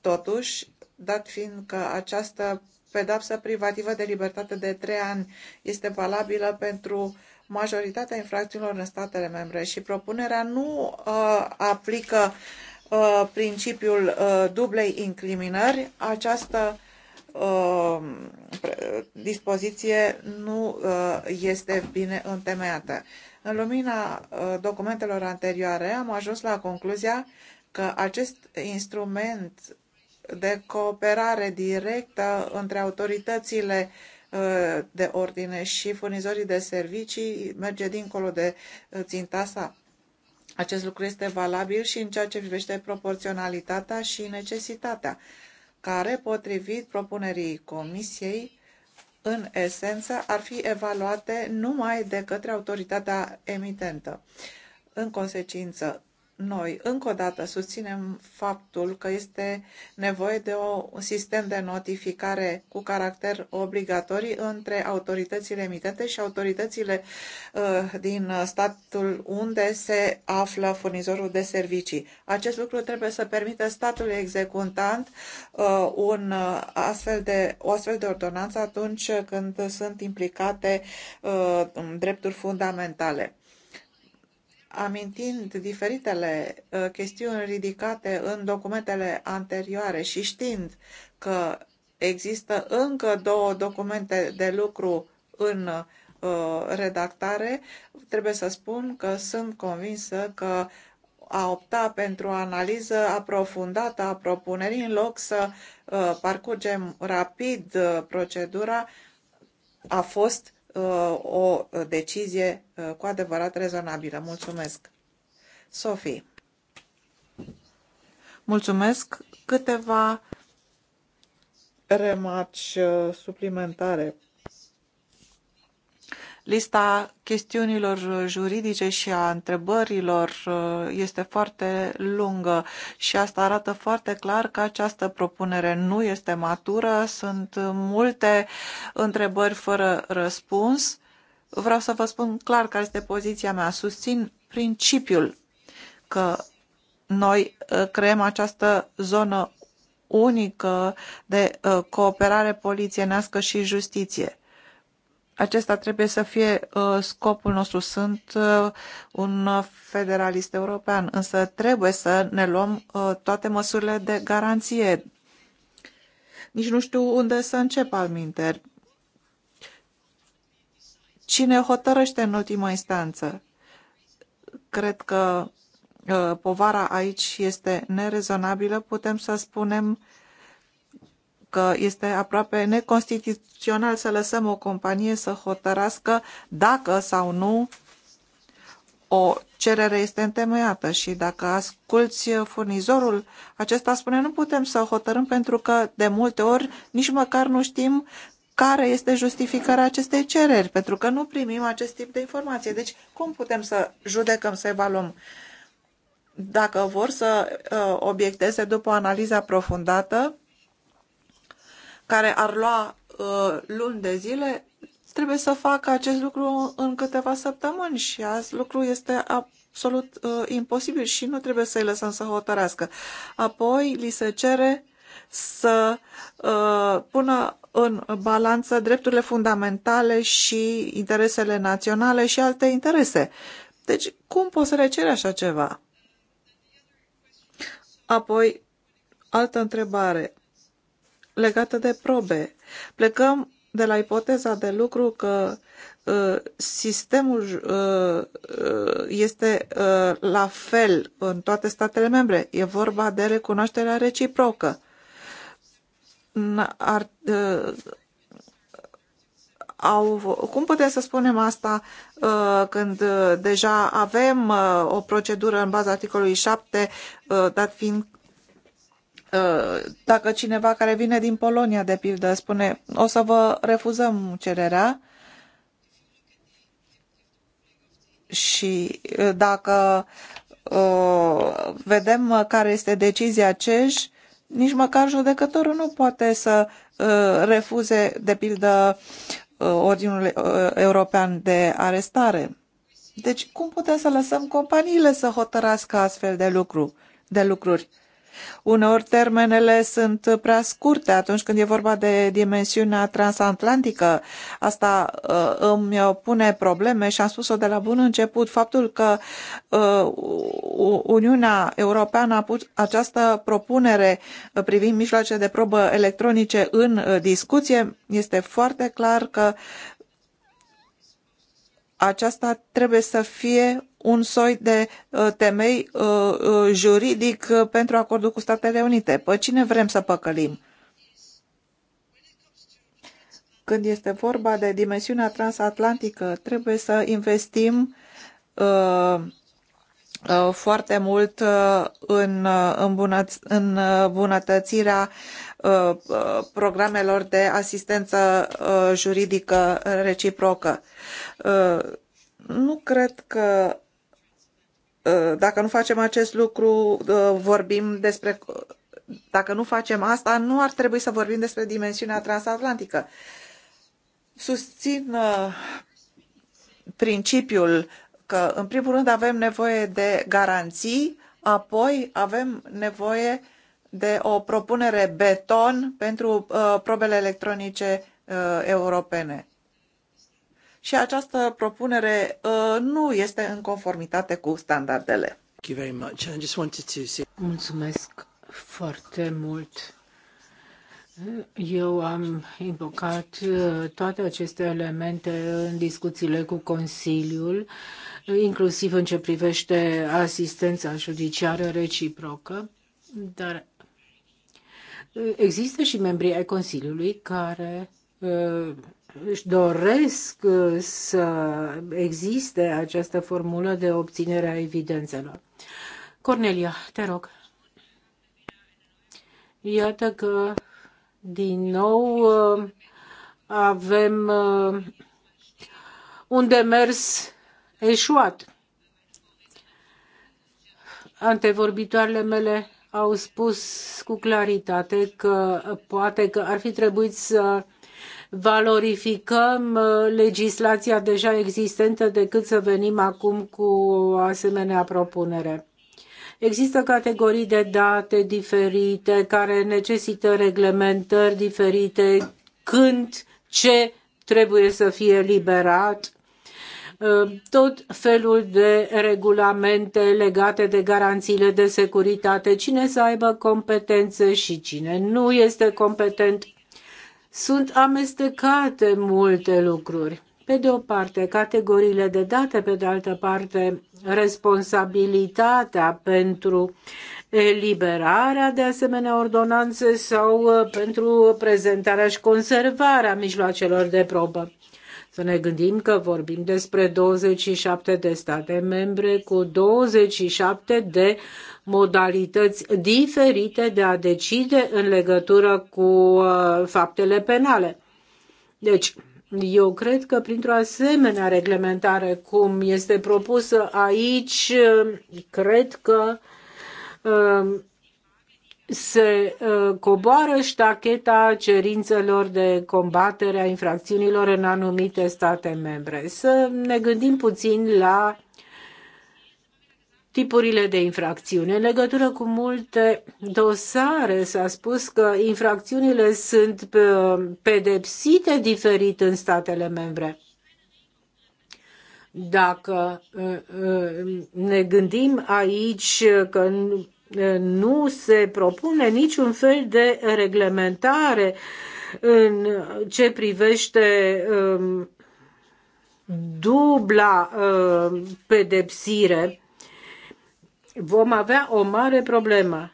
Totuși, dat fiind că această pedapsă privativă de libertate de trei ani este valabilă pentru majoritatea infracțiunilor în statele membre și propunerea nu uh, aplică uh, principiul uh, dublei incriminări, această uh, dispoziție nu uh, este bine întemeiată. În lumina uh, documentelor anterioare am ajuns la concluzia că acest instrument de cooperare directă între autoritățile Uh, de ordine și furnizorii de servicii merge dincolo de uh, ținta sa. Acest lucru este valabil și în ceea ce privește proporționalitatea și necesitatea, care, potrivit propunerii Comisiei, în esență, ar fi evaluate numai de către autoritatea emitentă. În consecință, noi, încă o dată, susținem faptul că este nevoie de o, un sistem de notificare cu caracter obligatoriu între autoritățile emitente și autoritățile uh, din statul unde se află furnizorul de servicii. Acest lucru trebuie să permită statului executant uh, un uh, astfel de, o astfel de ordonanță atunci când sunt implicate uh, drepturi fundamentale amintind diferitele uh, chestiuni ridicate în documentele anterioare și știind că există încă două documente de lucru în uh, redactare, trebuie să spun că sunt convinsă că a opta pentru o analiză aprofundată a propunerii în loc să uh, parcurgem rapid procedura a fost Uh, o decizie uh, cu adevărat rezonabilă. Mulțumesc! Sofie. Mulțumesc! Câteva remarci uh, suplimentare Lista chestiunilor juridice și a întrebărilor uh, este foarte lungă și asta arată foarte clar că această propunere nu este matură. Sunt multe întrebări fără răspuns. Vreau să vă spun clar care este poziția mea. Susțin principiul că noi uh, creăm această zonă unică de uh, cooperare polițienească și justiție. Acesta trebuie să fie uh, scopul nostru. Sunt uh, un federalist european, însă trebuie să ne luăm uh, toate măsurile de garanție. Nici nu știu unde să încep al minter. Cine hotărăște în ultima instanță? Cred că povara aici este nerezonabilă. Putem să spunem că este aproape neconstituțional să lăsăm o companie să hotărască dacă sau nu o cerere este întemeiată și dacă asculți furnizorul, acesta spune nu putem să hotărâm pentru că de multe ori nici măcar nu știm care este justificarea acestei cereri, pentru că nu primim acest tip de informație. Deci cum putem să judecăm, să evaluăm? Dacă vor să uh, obiecteze după o analiză aprofundată, care ar lua uh, luni de zile, trebuie să facă acest lucru în câteva săptămâni și acest lucru este absolut uh, imposibil și nu trebuie să-i lăsăm să hotărească. Apoi li se cere să uh, pună în balanță drepturile fundamentale și interesele naționale și alte interese. Deci, cum poți să le ceri așa ceva? Apoi, altă întrebare legată de probe. Plecăm de la ipoteza de lucru că uh, sistemul uh, uh, este uh, la fel în toate statele membre. E vorba de recunoașterea reciprocă. Ar, uh, au, cum putem să spunem asta uh, când deja avem o procedură în baza articolului 7, dat fiind Uh, dacă cineva care vine din Polonia, de pildă, spune o să vă refuzăm cererea și uh, dacă uh, vedem care este decizia CEJ, nici măcar judecătorul nu poate să refuze, de pildă, Ordinul European de Arestare. Deci, cum putem să lăsăm companiile să hotărască astfel de lucru, de lucruri? Uneori termenele sunt prea scurte atunci când e vorba de dimensiunea transatlantică. Asta uh, îmi pune probleme și am spus-o de la bun început. Faptul că uh, Uniunea Europeană a pus această propunere privind mijloace de probă electronice în uh, discuție este foarte clar că aceasta trebuie să fie un soi de uh, temei uh, uh, juridic pentru acordul cu Statele Unite. Pe cine vrem să păcălim? Când este vorba de dimensiunea transatlantică, trebuie să investim foarte mult în, îmbunăt în îmbunătățirea programelor de asistență juridică reciprocă Uh, nu cred că uh, dacă nu facem acest lucru, uh, vorbim despre. Dacă nu facem asta, nu ar trebui să vorbim despre dimensiunea transatlantică. Susțin principiul că, în primul rând, avem nevoie de garanții, apoi avem nevoie de o propunere beton pentru probele electronice europene și această propunere uh, nu este în conformitate cu standardele. Mulțumesc foarte mult. Eu am invocat uh, toate aceste elemente în discuțiile cu Consiliul, inclusiv în ce privește asistența judiciară reciprocă, dar uh, există și membrii ai Consiliului care își doresc uh, să existe această formulă de obținere a evidențelor. Cornelia, te rog. Iată că din nou uh, avem uh, un demers eșuat. Antevorbitoarele mele au spus cu claritate că poate că ar fi trebuit să valorificăm uh, legislația deja existentă decât să venim acum cu o asemenea propunere. Există categorii de date diferite care necesită reglementări diferite când, ce trebuie să fie liberat uh, tot felul de regulamente legate de garanțiile de securitate, cine să aibă competențe și cine nu este competent sunt amestecate multe lucruri. Pe de o parte, categoriile de date, pe de altă parte, responsabilitatea pentru eliberarea de asemenea ordonanțe sau uh, pentru prezentarea și conservarea mijloacelor de probă. Să ne gândim că vorbim despre 27 de state membre cu 27 de modalități diferite de a decide în legătură cu uh, faptele penale. Deci, eu cred că printr-o asemenea reglementare, cum este propusă aici, uh, cred că uh, se coboară ștacheta cerințelor de combatere a infracțiunilor în anumite state membre. Să ne gândim puțin la tipurile de infracțiuni. În legătură cu multe dosare s-a spus că infracțiunile sunt uh, pedepsite diferit în statele membre. Dacă uh, uh, ne gândim aici că nu se propune niciun fel de reglementare în ce privește um, dubla pedepsire, vom avea o mare problemă.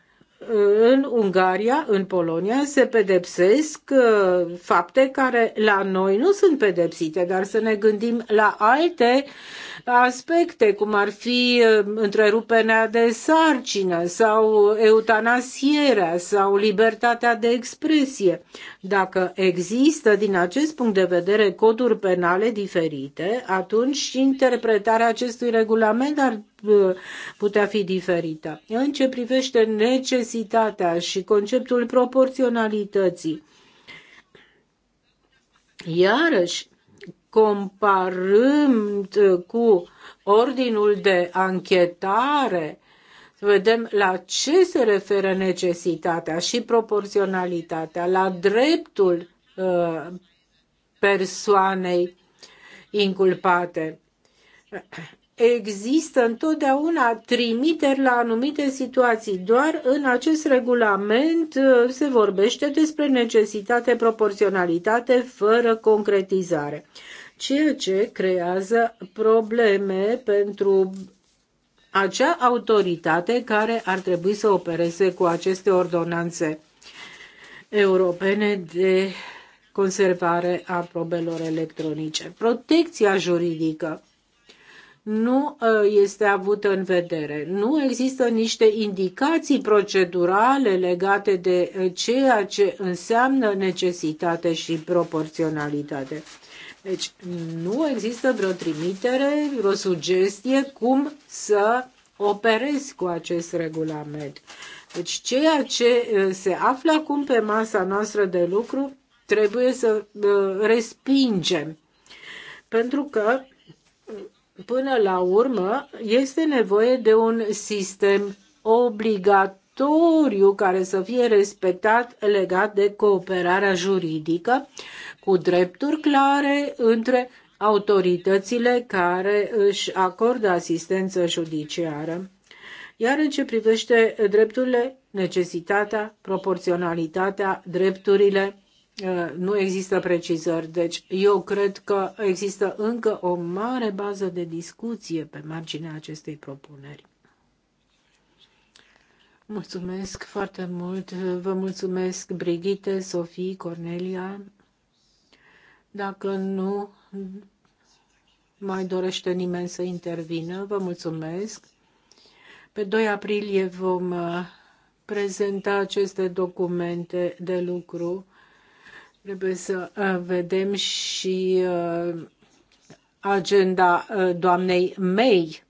În Ungaria, în Polonia, se pedepsesc uh, fapte care la noi nu sunt pedepsite, dar să ne gândim la alte uh, aspecte, cum ar fi uh, întreruperea de sarcină sau eutanasierea sau libertatea de expresie. Dacă există din acest punct de vedere coduri penale diferite, atunci interpretarea acestui regulament ar uh, putea fi diferită. În ce privește necesitatea și conceptul proporționalității, iarăși comparând uh, cu ordinul de anchetare, să vedem la ce se referă necesitatea și proporționalitatea, la dreptul uh, persoanei inculpate. Există întotdeauna trimiteri la anumite situații, doar în acest regulament uh, se vorbește despre necesitate, proporționalitate, fără concretizare ceea ce creează probleme pentru acea autoritate care ar trebui să opereze cu aceste ordonanțe europene de conservare a probelor electronice. Protecția juridică nu ă, este avută în vedere. Nu există niște indicații procedurale legate de ă, ceea ce înseamnă necesitate și proporționalitate. Deci nu există vreo trimitere, vreo sugestie cum să operezi cu acest regulament. Deci ceea ce se află acum pe masa noastră de lucru trebuie să respingem. Pentru că până la urmă este nevoie de un sistem obligatoriu care să fie respectat legat de cooperarea juridică cu drepturi clare între autoritățile care își acordă asistență judiciară. Iar în ce privește drepturile, necesitatea, proporționalitatea, drepturile, uh, nu există precizări. Deci eu cred că există încă o mare bază de discuție pe marginea acestei propuneri. Mulțumesc foarte mult. Vă mulțumesc, Brigitte, Sofie, Cornelia. Dacă nu mai dorește nimeni să intervină, vă mulțumesc. Pe 2 aprilie vom uh, prezenta aceste documente de lucru. Trebuie să uh, vedem și uh, agenda doamnei May.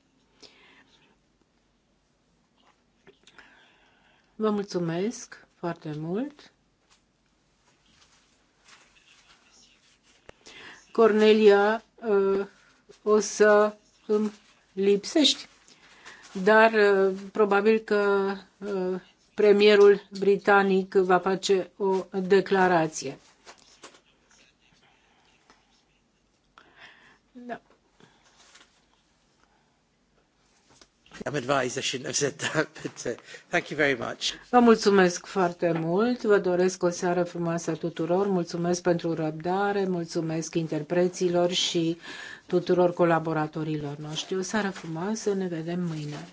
Vă mulțumesc foarte mult. Cornelia, ă, o să îmi lipsești, dar ă, probabil că ă, premierul britanic va face o declarație. Vă mulțumesc foarte mult, vă doresc o seară frumoasă tuturor, mulțumesc pentru răbdare, mulțumesc interpreților și tuturor colaboratorilor noștri. O seară frumoasă, ne vedem mâine.